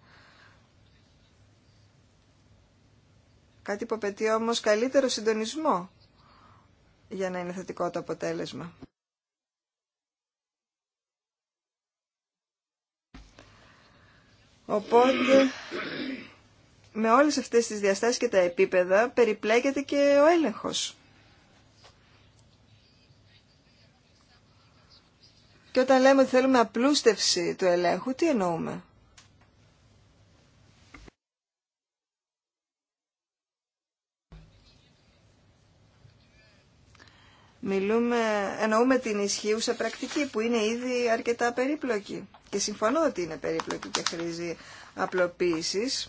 Κάτι που απαιτεί όμως καλύτερο συντονισμό για να είναι θετικό το αποτέλεσμα. Οπότε, με όλες αυτές τις διαστάσεις και τα επίπεδα, περιπλέκεται και ο έλεγχος. Και όταν λέμε ότι θέλουμε απλούστευση του ελέγχου, τι εννοούμε. Μιλούμε, εννοούμε την ισχύουσα πρακτική που είναι ήδη αρκετά περίπλοκη και συμφωνώ ότι είναι περίπλοκη και χρήζει απλοποίησης.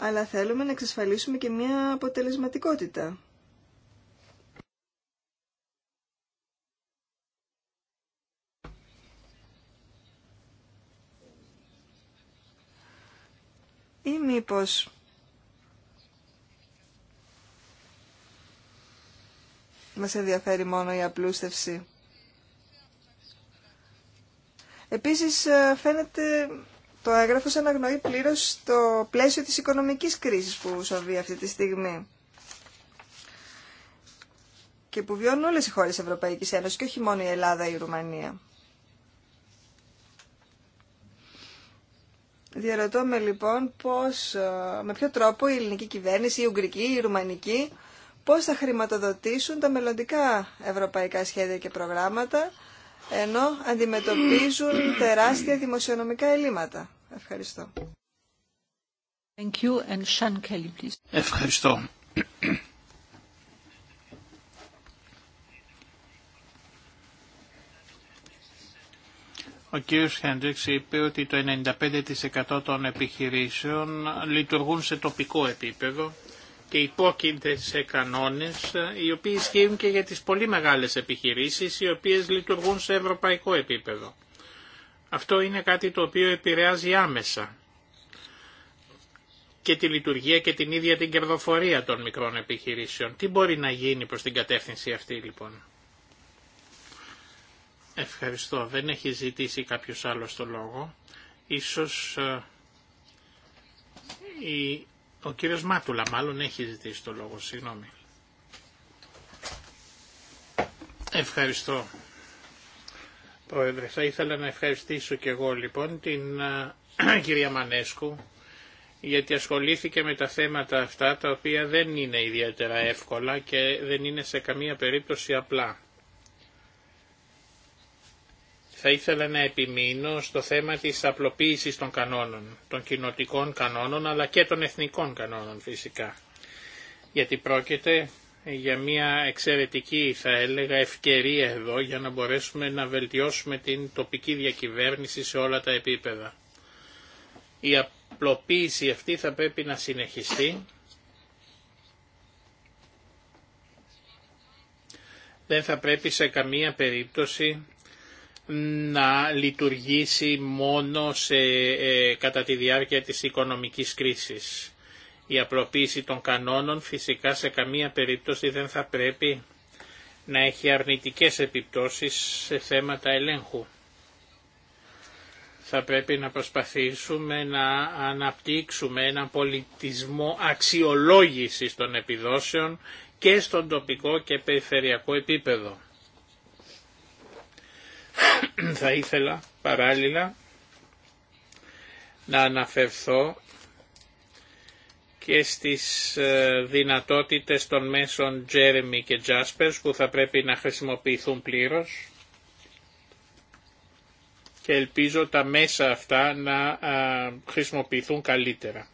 αλλά θέλουμε να εξασφαλίσουμε και μια αποτελεσματικότητα. Ή μήπως μας ενδιαφέρει μόνο η απλούστευση. Επίσης ε, φαίνεται το έγγραφο σαν πλήρως το πλαίσιο της οικονομικής κρίσης που σοβεί αυτή τη στιγμή και που βιώνουν όλες οι χώρες Ευρωπαϊκής Ένωσης και όχι μόνο η Ελλάδα ή η Ρουμανία. Διαρωτώ με λοιπόν πώς, ε, με ποιο τρόπο η ελληνική κυβέρνηση, η ουγγρική, η ρουμανική πώς θα χρηματοδοτήσουν τα μελλοντικά ευρωπαϊκά σχέδια και προγράμματα, ενώ αντιμετωπίζουν τεράστια δημοσιονομικά ελλείμματα. Ευχαριστώ. Thank you and Sean Kelly, please. Ευχαριστώ. Ο κύριος Χέντριξ είπε ότι το 95% των επιχειρήσεων λειτουργούν σε τοπικό επίπεδο και υπόκεινται σε κανόνες ε, οι οποίοι ισχύουν και για τις πολύ μεγάλες επιχειρήσεις οι οποίες λειτουργούν σε ευρωπαϊκό επίπεδο. Αυτό είναι κάτι το οποίο επηρεάζει άμεσα και τη λειτουργία και την ίδια την κερδοφορία των μικρών επιχειρήσεων. Τι μπορεί να γίνει προς την κατεύθυνση αυτή λοιπόν. Ευχαριστώ. Δεν έχει ζητήσει κάποιος άλλος το λόγο. Ίσως ε, η ο κύριος Μάτουλα μάλλον έχει ζητήσει το λόγο, συγγνώμη. Ευχαριστώ. Πρόεδρε, θα ήθελα να ευχαριστήσω και εγώ λοιπόν την κυρία Μανέσκου γιατί ασχολήθηκε με τα θέματα αυτά τα οποία δεν είναι ιδιαίτερα εύκολα και δεν είναι σε καμία περίπτωση απλά θα ήθελα να επιμείνω στο θέμα της απλοποίησης των κανόνων, των κοινοτικών κανόνων αλλά και των εθνικών κανόνων φυσικά. Γιατί πρόκειται για μια εξαιρετική θα έλεγα ευκαιρία εδώ για να μπορέσουμε να βελτιώσουμε την τοπική διακυβέρνηση σε όλα τα επίπεδα. Η απλοποίηση αυτή θα πρέπει να συνεχιστεί δεν θα πρέπει σε καμία περίπτωση να λειτουργήσει μόνο σε, ε, κατά τη διάρκεια της οικονομικής κρίσης. Η απλοποίηση των κανόνων φυσικά σε καμία περίπτωση δεν θα πρέπει να έχει αρνητικές επιπτώσεις σε θέματα ελέγχου. Θα πρέπει να προσπαθήσουμε να αναπτύξουμε έναν πολιτισμό αξιολόγησης των επιδόσεων και στον τοπικό και περιφερειακό επίπεδο θα ήθελα παράλληλα να αναφερθώ και στις ε, δυνατότητες των μέσων Jeremy και Jaspers που θα πρέπει να χρησιμοποιηθούν πλήρως και ελπίζω τα μέσα αυτά να χρησιμοποιηθούν καλύτερα.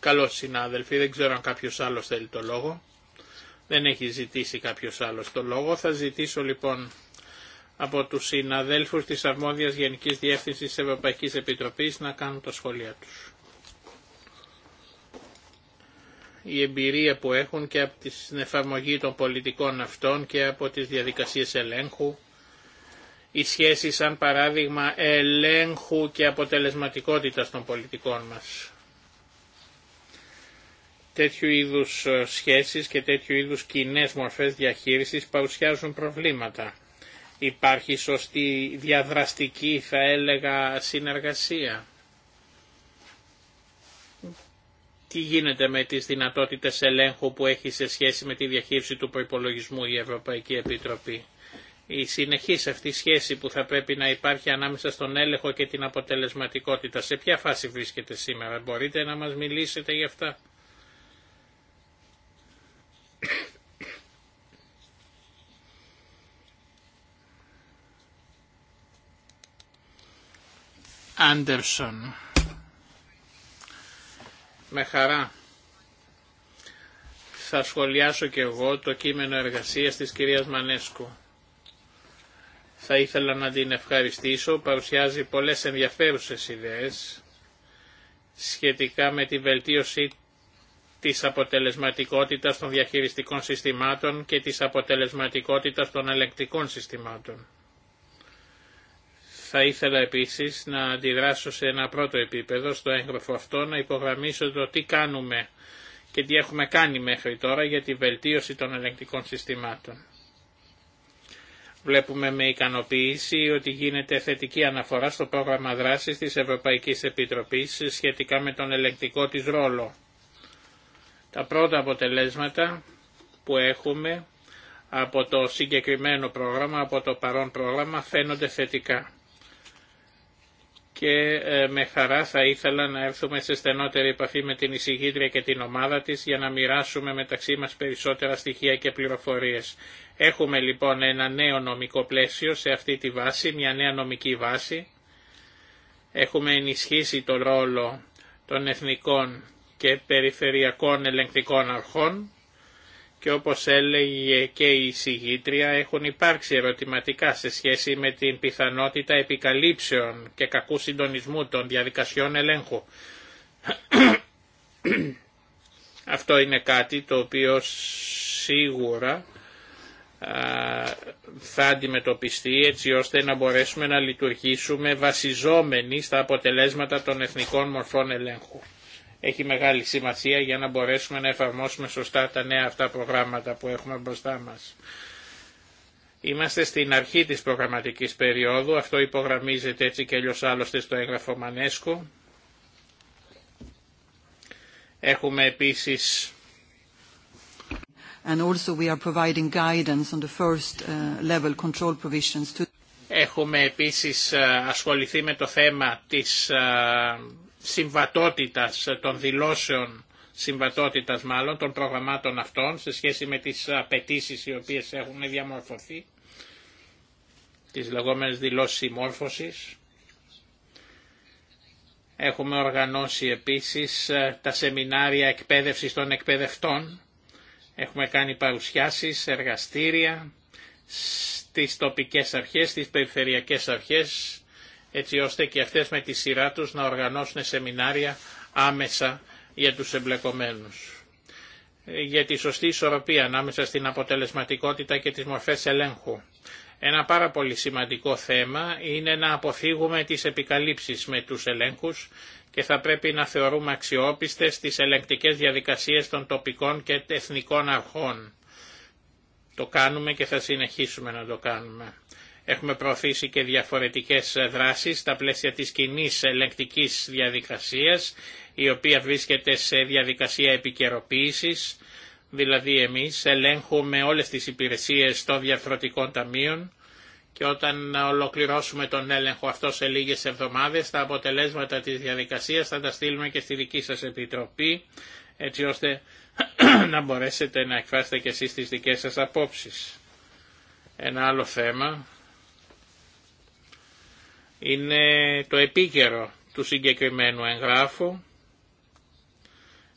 Καλώς συνάδελφοι, δεν ξέρω αν κάποιος άλλος θέλει το λόγο. Δεν έχει ζητήσει κάποιος άλλος το λόγο. Θα ζητήσω λοιπόν από τους συναδέλφους της Αρμόδιας Γενικής Διεύθυνσης της Ευρωπαϊκής Επιτροπής να κάνουν τα σχόλια τους. Η εμπειρία που έχουν και από την εφαρμογή των πολιτικών αυτών και από τις διαδικασίες ελέγχου, οι σχέσεις σαν παράδειγμα ελέγχου και αποτελεσματικότητας των πολιτικών μας. Τέτοιου είδους ε, σχέσεις και τέτοιου είδους κοινές μορφές διαχείρισης παρουσιάζουν προβλήματα Υπάρχει σωστή διαδραστική θα έλεγα συνεργασία. Τι γίνεται με τις δυνατότητες ελέγχου που έχει σε σχέση με τη διαχείριση του προϋπολογισμού η Ευρωπαϊκή Επιτροπή. Η συνεχής αυτή σχέση που θα πρέπει να υπάρχει ανάμεσα στον έλεγχο και την αποτελεσματικότητα. Σε ποια φάση βρίσκεται σήμερα, μπορείτε να μας μιλήσετε γι' αυτά. Άντερσον. Με χαρά. Θα σχολιάσω και εγώ το κείμενο εργασίας της κυρίας Μανέσκου. Θα ήθελα να την ευχαριστήσω, παρουσιάζει πολλές ενδιαφέρουσες ιδέες σχετικά με τη βελτίωση της αποτελεσματικότητας των διαχειριστικών συστημάτων και της αποτελεσματικότητας των ελεγκτικών συστημάτων. Θα ήθελα επίσης να αντιδράσω σε ένα πρώτο επίπεδο στο έγγραφο αυτό, να υπογραμμίσω το τι κάνουμε και τι έχουμε κάνει μέχρι τώρα για τη βελτίωση των ελεγκτικών συστημάτων. Βλέπουμε με ικανοποίηση ότι γίνεται θετική αναφορά στο πρόγραμμα δράσης της Ευρωπαϊκής Επιτροπής σχετικά με τον ελεγκτικό της ρόλο. Τα πρώτα αποτελέσματα που έχουμε από το συγκεκριμένο πρόγραμμα, από το παρόν πρόγραμμα φαίνονται θετικά και ε, με χαρά θα ήθελα να έρθουμε σε στενότερη επαφή με την εισηγήτρια και την ομάδα της για να μοιράσουμε μεταξύ μας περισσότερα στοιχεία και πληροφορίες. Έχουμε λοιπόν ένα νέο νομικό πλαίσιο σε αυτή τη βάση, μια νέα νομική βάση. Έχουμε ενισχύσει το ρόλο των εθνικών και περιφερειακών ελεγκτικών αρχών και όπως έλεγε και η συγγήτρια έχουν υπάρξει ερωτηματικά σε σχέση με την πιθανότητα επικαλύψεων και κακού συντονισμού των διαδικασιών ελέγχου. Αυτό είναι κάτι το οποίο σίγουρα θα αντιμετωπιστεί έτσι ώστε να μπορέσουμε να λειτουργήσουμε βασιζόμενοι στα αποτελέσματα των εθνικών μορφών ελέγχου έχει μεγάλη σημασία για να μπορέσουμε να εφαρμόσουμε σωστά τα νέα αυτά προγράμματα που έχουμε μπροστά μας. Είμαστε στην αρχή της προγραμματικής περίοδου, αυτό υπογραμμίζεται έτσι και αλλιώς άλλωστε στο έγγραφο Μανέσκου. Έχουμε επίσης And also we are providing guidance on the first uh, level control provisions to... Έχουμε επίσης ε, ασχοληθεί με το θέμα της ε, συμβατότητας ε, των δηλώσεων συμβατότητας μάλλον των προγραμμάτων αυτών σε σχέση με τις απαιτήσει οι οποίες έχουν διαμορφωθεί τις λεγόμενες δηλώσεις συμμόρφωσης. Έχουμε οργανώσει επίσης ε, τα σεμινάρια εκπαίδευσης των εκπαιδευτών. Έχουμε κάνει παρουσιάσεις, εργαστήρια στις τοπικές αρχές, στις περιφερειακές αρχές, έτσι ώστε και αυτές με τη σειρά τους να οργανώσουν σεμινάρια άμεσα για τους εμπλεκομένους. Για τη σωστή ισορροπία ανάμεσα στην αποτελεσματικότητα και τις μορφές ελέγχου. Ένα πάρα πολύ σημαντικό θέμα είναι να αποφύγουμε τις επικαλύψεις με τους ελέγχους και θα πρέπει να θεωρούμε αξιόπιστες τις ελεγκτικές διαδικασίες των τοπικών και εθνικών αρχών. Το κάνουμε και θα συνεχίσουμε να το κάνουμε. Έχουμε προωθήσει και διαφορετικές δράσεις στα πλαίσια της κοινή ελεγκτικής διαδικασίας, η οποία βρίσκεται σε διαδικασία επικαιροποίηση. Δηλαδή εμείς ελέγχουμε όλες τις υπηρεσίες των διαφορετικών ταμείων και όταν ολοκληρώσουμε τον έλεγχο αυτό σε λίγες εβδομάδες, τα αποτελέσματα της διαδικασίας θα τα στείλουμε και στη δική σας επιτροπή, έτσι ώστε να μπορέσετε να εκφράσετε και εσείς τις δικές σας απόψεις. Ένα άλλο θέμα είναι το επίκαιρο του συγκεκριμένου εγγράφου,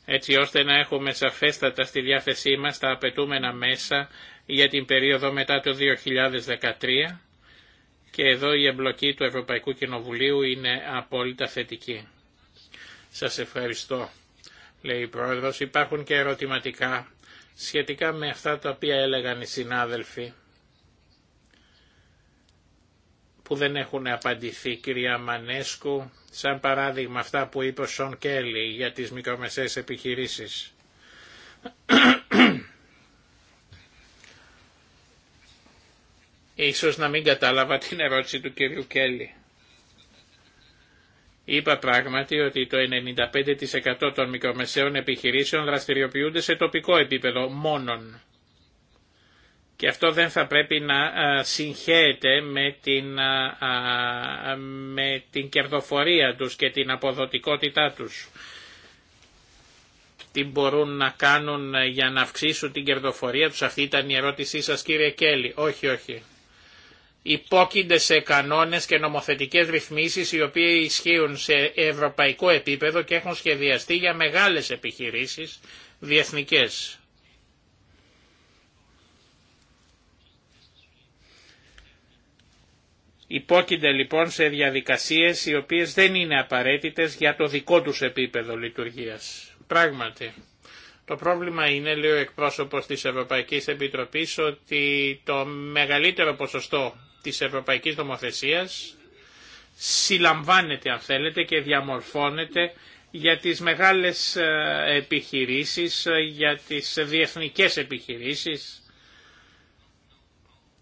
έτσι ώστε να έχουμε σαφέστατα στη διάθεσή μας τα απαιτούμενα μέσα για την περίοδο μετά το 2013 και εδώ η εμπλοκή του Ευρωπαϊκού Κοινοβουλίου είναι απόλυτα θετική. Σας ευχαριστώ, λέει η Πρόεδρος. Υπάρχουν και ερωτηματικά σχετικά με αυτά τα οποία έλεγαν οι συνάδελφοι που δεν έχουν απαντηθεί κυρία Μανέσκου, σαν παράδειγμα αυτά που είπε ο Σον Κέλλη για τις μικρομεσαίες επιχειρήσεις. Ίσως να μην κατάλαβα την ερώτηση του κυρίου Κέλλη. Είπα πράγματι ότι το 95% των μικρομεσαίων επιχειρήσεων δραστηριοποιούνται σε τοπικό επίπεδο μόνον και αυτό δεν θα πρέπει να συγχαίεται με την, με την κερδοφορία τους και την αποδοτικότητά τους. Τι μπορούν να κάνουν ε, για να αυξήσουν την κερδοφορία τους. Αυτή ήταν η ερώτησή σας κύριε Κέλλη. Όχι, όχι. Υπόκεινται σε κανόνες και νομοθετικές ρυθμίσεις οι οποίες ισχύουν σε ευρωπαϊκό επίπεδο και έχουν σχεδιαστεί για μεγάλες επιχειρήσεις διεθνικές. Υπόκεινται λοιπόν σε διαδικασίες οι οποίες δεν είναι απαραίτητες για το δικό τους επίπεδο λειτουργίας. Πράγματι. Το πρόβλημα είναι, λέει ο εκπρόσωπος της Ευρωπαϊκής Επιτροπής, ότι το μεγαλύτερο ποσοστό της Ευρωπαϊκής Νομοθεσίας συλλαμβάνεται, αν θέλετε, και διαμορφώνεται για τις μεγάλες ε, επιχειρήσεις, ε, για τις διεθνικές επιχειρήσεις,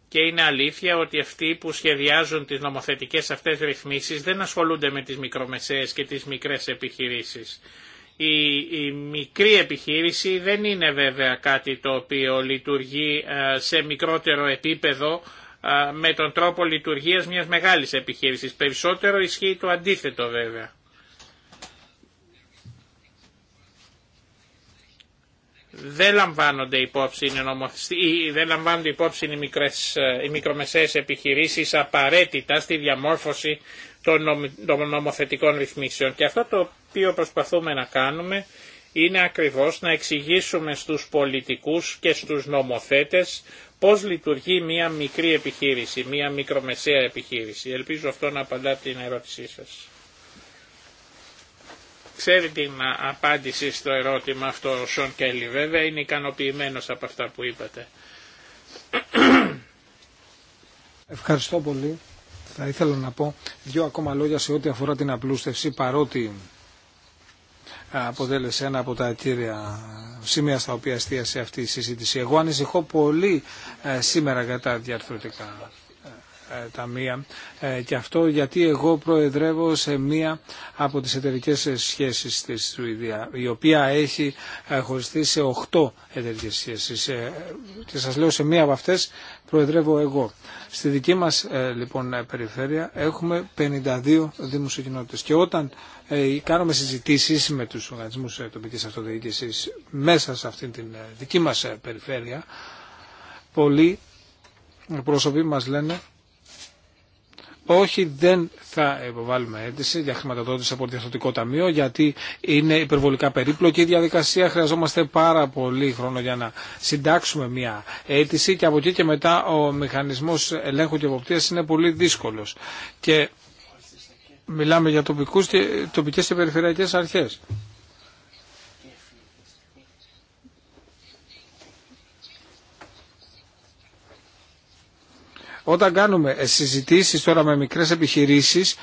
και είναι αλήθεια ότι αυτοί που σχεδιάζουν τις νομοθετικές αυτές ρυθμίσεις δεν ασχολούνται με τις μικρομεσαίες και τις μικρές επιχειρήσεις. Η, η μικρή επιχείρηση δεν είναι βέβαια κάτι το οποίο λειτουργεί ε, σε μικρότερο επίπεδο ε, με τον τρόπο λειτουργίας μιας μεγάλης επιχείρησης. Περισσότερο ισχύει το αντίθετο βέβαια. δεν λαμβάνονται υπόψη, δεν λαμβάνονται υπόψη οι, μικρές, ε, οι μικρομεσαίες επιχειρήσεις απαραίτητα στη διαμόρφωση των νομοθετικών ρυθμίσεων. Και αυτό το οποίο προσπαθούμε να κάνουμε είναι ακριβώς να εξηγήσουμε στους πολιτικούς και στους νομοθέτες πώς λειτουργεί μια μικρή επιχείρηση, μια μικρομεσαία επιχείρηση. Ελπίζω αυτό να απαντά την ερώτησή σας. Ξέρει την απάντηση στο ερώτημα αυτό ο Σον Κέλλη βέβαια, είναι ικανοποιημένος από αυτά που είπατε. Ευχαριστώ πολύ. Θα ήθελα να πω δύο ακόμα λόγια σε ό,τι αφορά την απλούστευση, παρότι ε, αποτέλεσε ένα από τα κύρια σημεία στα οποία εστίασε αυτή η συζήτηση. Εγώ ανησυχώ πολύ ε, σήμερα για τα διαρθρωτικά ε, ταμεία ε, και αυτό γιατί εγώ προεδρεύω σε μία από τις εταιρικέ σχέσεις της Σουηδία η οποία έχει ε, χωριστεί σε 8 εταιρικέ σχέσεις και σας λέω σε μία από αυτές προεδρεύω εγώ. Στη δική μας λοιπόν περιφέρεια έχουμε 52 δήμους και κοινότητες και όταν κάνουμε συζητήσεις με τους οργανισμούς τοπικής αυτοδιοίκησης μέσα σε αυτήν την δική μας περιφέρεια πολλοί προσωποί μας λένε όχι δεν θα υποβάλουμε αίτηση για χρηματοδότηση από το Διευθυντικό Ταμείο γιατί είναι υπερβολικά περίπλοκη η διαδικασία. Χρειαζόμαστε πάρα πολύ χρόνο για να συντάξουμε μια αίτηση και από εκεί και μετά ο μηχανισμός ελέγχου και εποπτείας είναι πολύ δύσκολος. Και μιλάμε για τοπικούς και, τοπικές και περιφερειακές αρχές. Όταν κάνουμε ε, συζητήσεις τώρα με μικρές επιχειρήσεις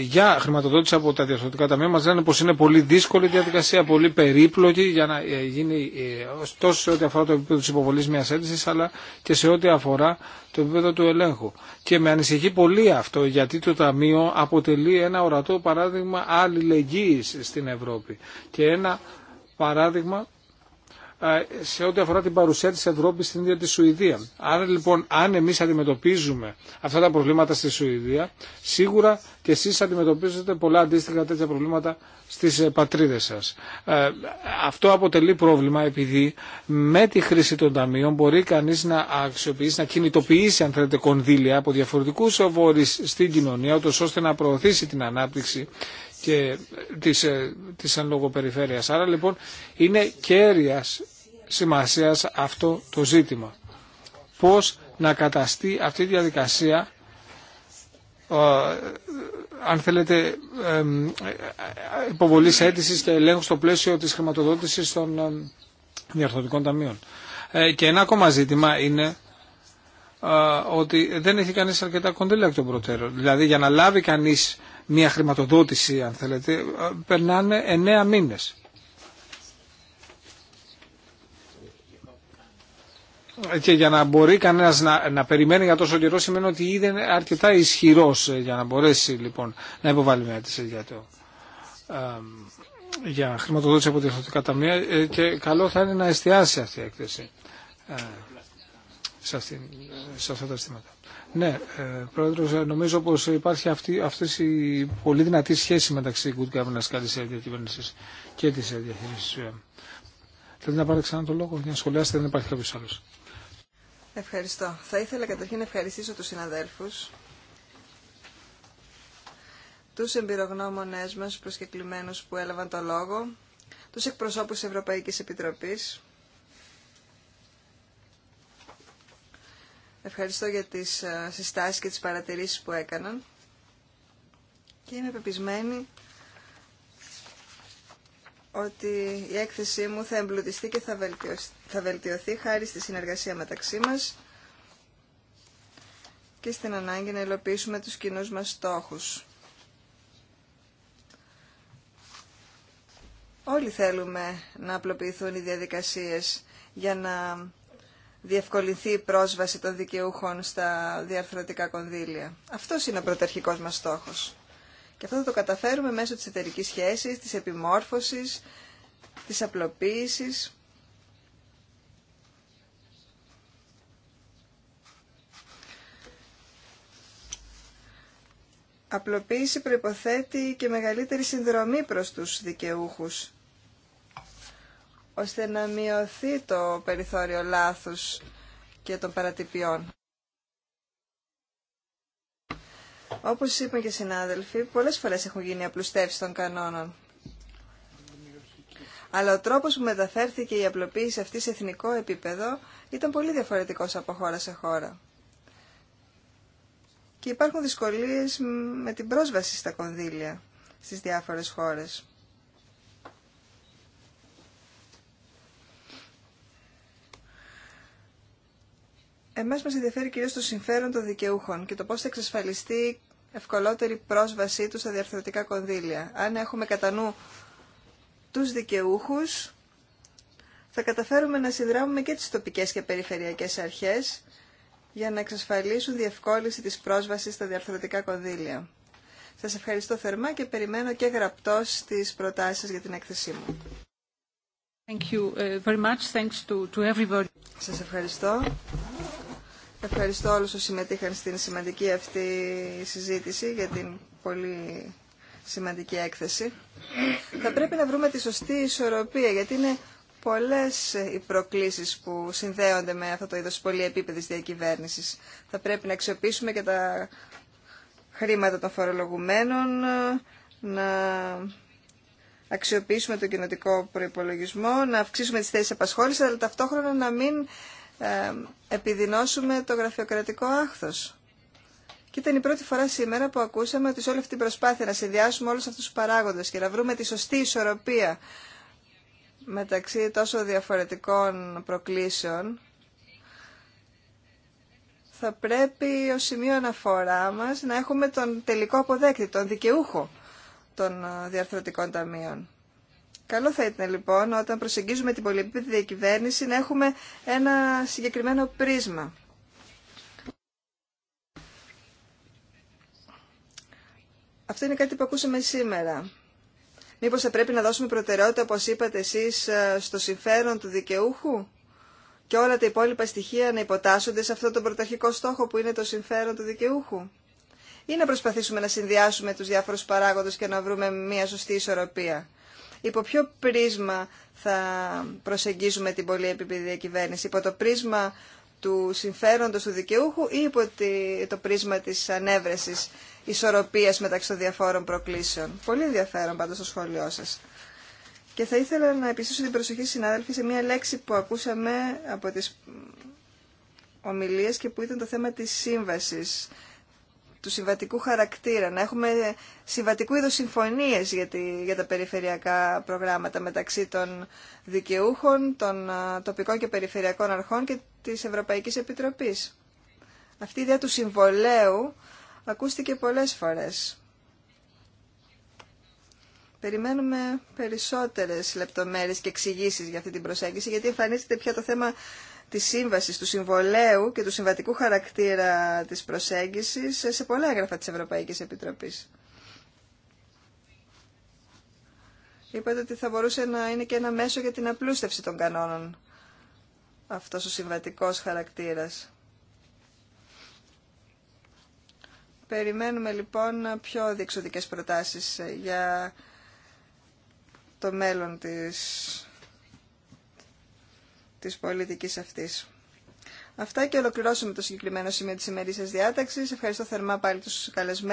για χρηματοδότηση από τα διαρθρωτικά ταμεία μας λένε πως είναι πολύ δύσκολη διαδικασία, πολύ περίπλοκη για να ε, γίνει ε, τόσο σε ό,τι αφορά το επίπεδο της υποβολής μιας αίτησης αλλά και σε ό,τι αφορά το επίπεδο του ελέγχου. Και με ανησυχεί πολύ αυτό γιατί το Ταμείο αποτελεί ένα ορατό παράδειγμα αλληλεγγύης στην Ευρώπη και ένα παράδειγμα ε, σε ό,τι αφορά την παρουσία της Ευρώπης στην ίδια τη Σουηδία. Άρα λοιπόν, αν εμείς αντιμετωπίζουμε αυτά τα προβλήματα στη Σουηδία, σίγουρα και εσείς αντιμετωπίζετε πολλά αντίστοιχα τέτοια προβλήματα στις ε, πατρίδες σας. Ε, αυτό αποτελεί πρόβλημα επειδή με τη χρήση των ταμείων μπορεί κανείς να αξιοποιήσει, να κινητοποιήσει αν θέλετε κονδύλια από διαφορετικούς φορείς στην κοινωνία, ώστε να προωθήσει την ανάπτυξη και της, της εν λόγω Άρα λοιπόν είναι κέρια σημασίας αυτό το ζήτημα. Πώς να καταστεί αυτή η διαδικασία ε, αν θέλετε υποβολής αίτησης και ελέγχου στο πλαίσιο της χρηματοδότησης των ε, διαρθρωτικών ταμείων. Ε, και ένα ακόμα ζήτημα είναι ότι δεν έχει κανείς αρκετά κονδύλια εκ των προτέρων. Δηλαδή για να λάβει κανείς μια χρηματοδότηση, αν θέλετε, περνάνε εννέα μήνες. και για να μπορεί κανένα να, να περιμένει για τόσο καιρό σημαίνει ότι ήδη είναι αρκετά ισχυρό ε, για να μπορέσει λοιπόν να υποβάλει μια αίτηση για το ε, για χρηματοδότηση από διευθυντικά ταμεία ε, και καλό θα είναι να εστιάσει αυτή η έκθεση ε, σε, σε αυτά τα αισθήματα. Ναι, ε, Πρόεδρος, ε, νομίζω πως υπάρχει αυτή, η πολύ δυνατή σχέση μεταξύ good governance και της διακυβέρνησης και της διαχείρισης. Θέλετε να πάρετε ξανά τον λόγο για να σχολιάσετε, δεν υπάρχει κάποιος άλλος. Ευχαριστώ. Θα ήθελα καταρχήν να ευχαριστήσω τους συναδέλφους, τους εμπειρογνώμονές μας προσκεκλημένους που έλαβαν το λόγο, τους εκπροσώπους της Ευρωπαϊκής Επιτροπής. Ευχαριστώ για τις ε, συστάσεις και τις παρατηρήσεις που έκαναν και είμαι πεπισμένη ότι η έκθεσή μου θα εμπλουτιστεί και θα βελτιωθεί, θα βελτιωθεί χάρη στη συνεργασία μεταξύ μας και στην ανάγκη να υλοποιήσουμε τους κοινούς μας στόχους. Όλοι θέλουμε να απλοποιηθούν οι διαδικασίες για να διευκολυνθεί η πρόσβαση των δικαιούχων στα διαρθρωτικά κονδύλια. Αυτό είναι ο πρωτερχικός μας στόχος. Και αυτό θα το καταφέρουμε μέσω της εταιρική σχέσης, της επιμόρφωσης, της απλοποίησης. Απλοποίηση προϋποθέτει και μεγαλύτερη συνδρομή προς τους δικαιούχους, ώστε να μειωθεί το περιθώριο λάθους και των παρατυπιών. Όπως είπαν και οι συνάδελφοι, πολλές φορές έχουν γίνει απλουστεύσεις των κανόνων. Αλλά ο τρόπος που μεταφέρθηκε η απλοποίηση αυτή σε εθνικό επίπεδο ήταν πολύ διαφορετικός από χώρα σε χώρα. Και υπάρχουν δυσκολίες με την πρόσβαση στα κονδύλια στις διάφορες χώρες. Εμάς μας ενδιαφέρει κυρίως το συμφέρον των δικαιούχων και το πώς θα εξασφαλιστεί ευκολότερη πρόσβασή τους στα διαρθρωτικά κονδύλια. Αν έχουμε κατά νου τους δικαιούχους, θα καταφέρουμε να συνδράμουμε και τις τοπικές και περιφερειακές αρχές για να εξασφαλίσουν διευκόλυνση της πρόσβασης στα διαρθρωτικά κονδύλια. Σας ευχαριστώ θερμά και περιμένω και γραπτός τις προτάσεις για την έκθεσή μου. Thank you ε, very much. Thanks to, to everybody. Σας ευχαριστώ. Ευχαριστώ όλους που συμμετείχαν στην σημαντική αυτή συζήτηση για την πολύ σημαντική έκθεση. Θα πρέπει να βρούμε τη σωστή ισορροπία, γιατί είναι πολλές οι προκλήσεις που συνδέονται με αυτό το είδος επίπεδης διακυβέρνησης. Θα πρέπει να αξιοποιήσουμε και τα χρήματα των φορολογουμένων, να αξιοποιήσουμε τον κοινοτικό προϋπολογισμό, να αυξήσουμε τις θέσεις απασχόλησης, αλλά ταυτόχρονα να μην επιδεινώσουμε το γραφειοκρατικό άχθος. Και ήταν η πρώτη φορά σήμερα που ακούσαμε ότι σε όλη αυτή την προσπάθεια να συνδυάσουμε όλους αυτούς τους παράγοντες και να βρούμε τη σωστή ισορροπία μεταξύ τόσο διαφορετικών προκλήσεων, θα πρέπει ως σημείο αναφορά μας να έχουμε τον τελικό αποδέκτη, τον δικαιούχο των ε, διαρθρωτικών ταμείων. Καλό θα ήταν λοιπόν όταν προσεγγίζουμε την πολυεπίπεδη διακυβέρνηση να έχουμε ένα συγκεκριμένο πρίσμα. Αυτό είναι κάτι που ακούσαμε σήμερα. Μήπως θα πρέπει να δώσουμε προτεραιότητα, όπως είπατε εσείς, ε, στο συμφέρον του δικαιούχου και όλα τα υπόλοιπα στοιχεία να υποτάσσονται σε αυτό τον πρωταρχικό στόχο που είναι το συμφέρον του δικαιούχου. Ή να προσπαθήσουμε να συνδυάσουμε τους διάφορους παράγοντες και να βρούμε μια σωστή ισορροπία υπό ποιο πρίσμα θα προσεγγίζουμε την πολυεπίπεδη διακυβέρνηση, υπό το πρίσμα του συμφέροντος του δικαιούχου ή υπό το πρίσμα της ανέβρεσης ισορροπίας μεταξύ των διαφόρων προκλήσεων. Πολύ ενδιαφέρον πάντως το σχόλιο σας. Και θα ήθελα να επιστήσω την προσοχή συνάδελφοι σε μια λέξη που ακούσαμε από τις ομιλίες και που ήταν το θέμα της σύμβασης του συμβατικού χαρακτήρα, να έχουμε συμβατικού είδους συμφωνίες για, τη, για τα περιφερειακά προγράμματα μεταξύ των δικαιούχων, των τοπικών και περιφερειακών αρχών και της Ευρωπαϊκής Επιτροπής. Αυτή η ιδέα του συμβολέου ακούστηκε πολλές φορές. Περιμένουμε περισσότερες λεπτομέρειες και εξηγήσει για αυτή την προσέγγιση, γιατί εμφανίζεται πια το θέμα Τη σύμβαση, του συμβολέου και του συμβατικού χαρακτήρα της προσέγγισης σε πολλά έγγραφα της Ευρωπαϊκής Επιτροπής. Είπατε ότι θα μπορούσε να είναι και ένα μέσο για την απλούστευση των κανόνων αυτός ο συμβατικός χαρακτήρας. Περιμένουμε λοιπόν πιο διεξοδικές προτάσεις για το μέλλον της της πολιτικής αυτής. Αυτά και ολοκληρώσουμε το συγκεκριμένο σημείο της σημερινής διάταξης. Ευχαριστώ θερμά πάλι τους καλεσμένους.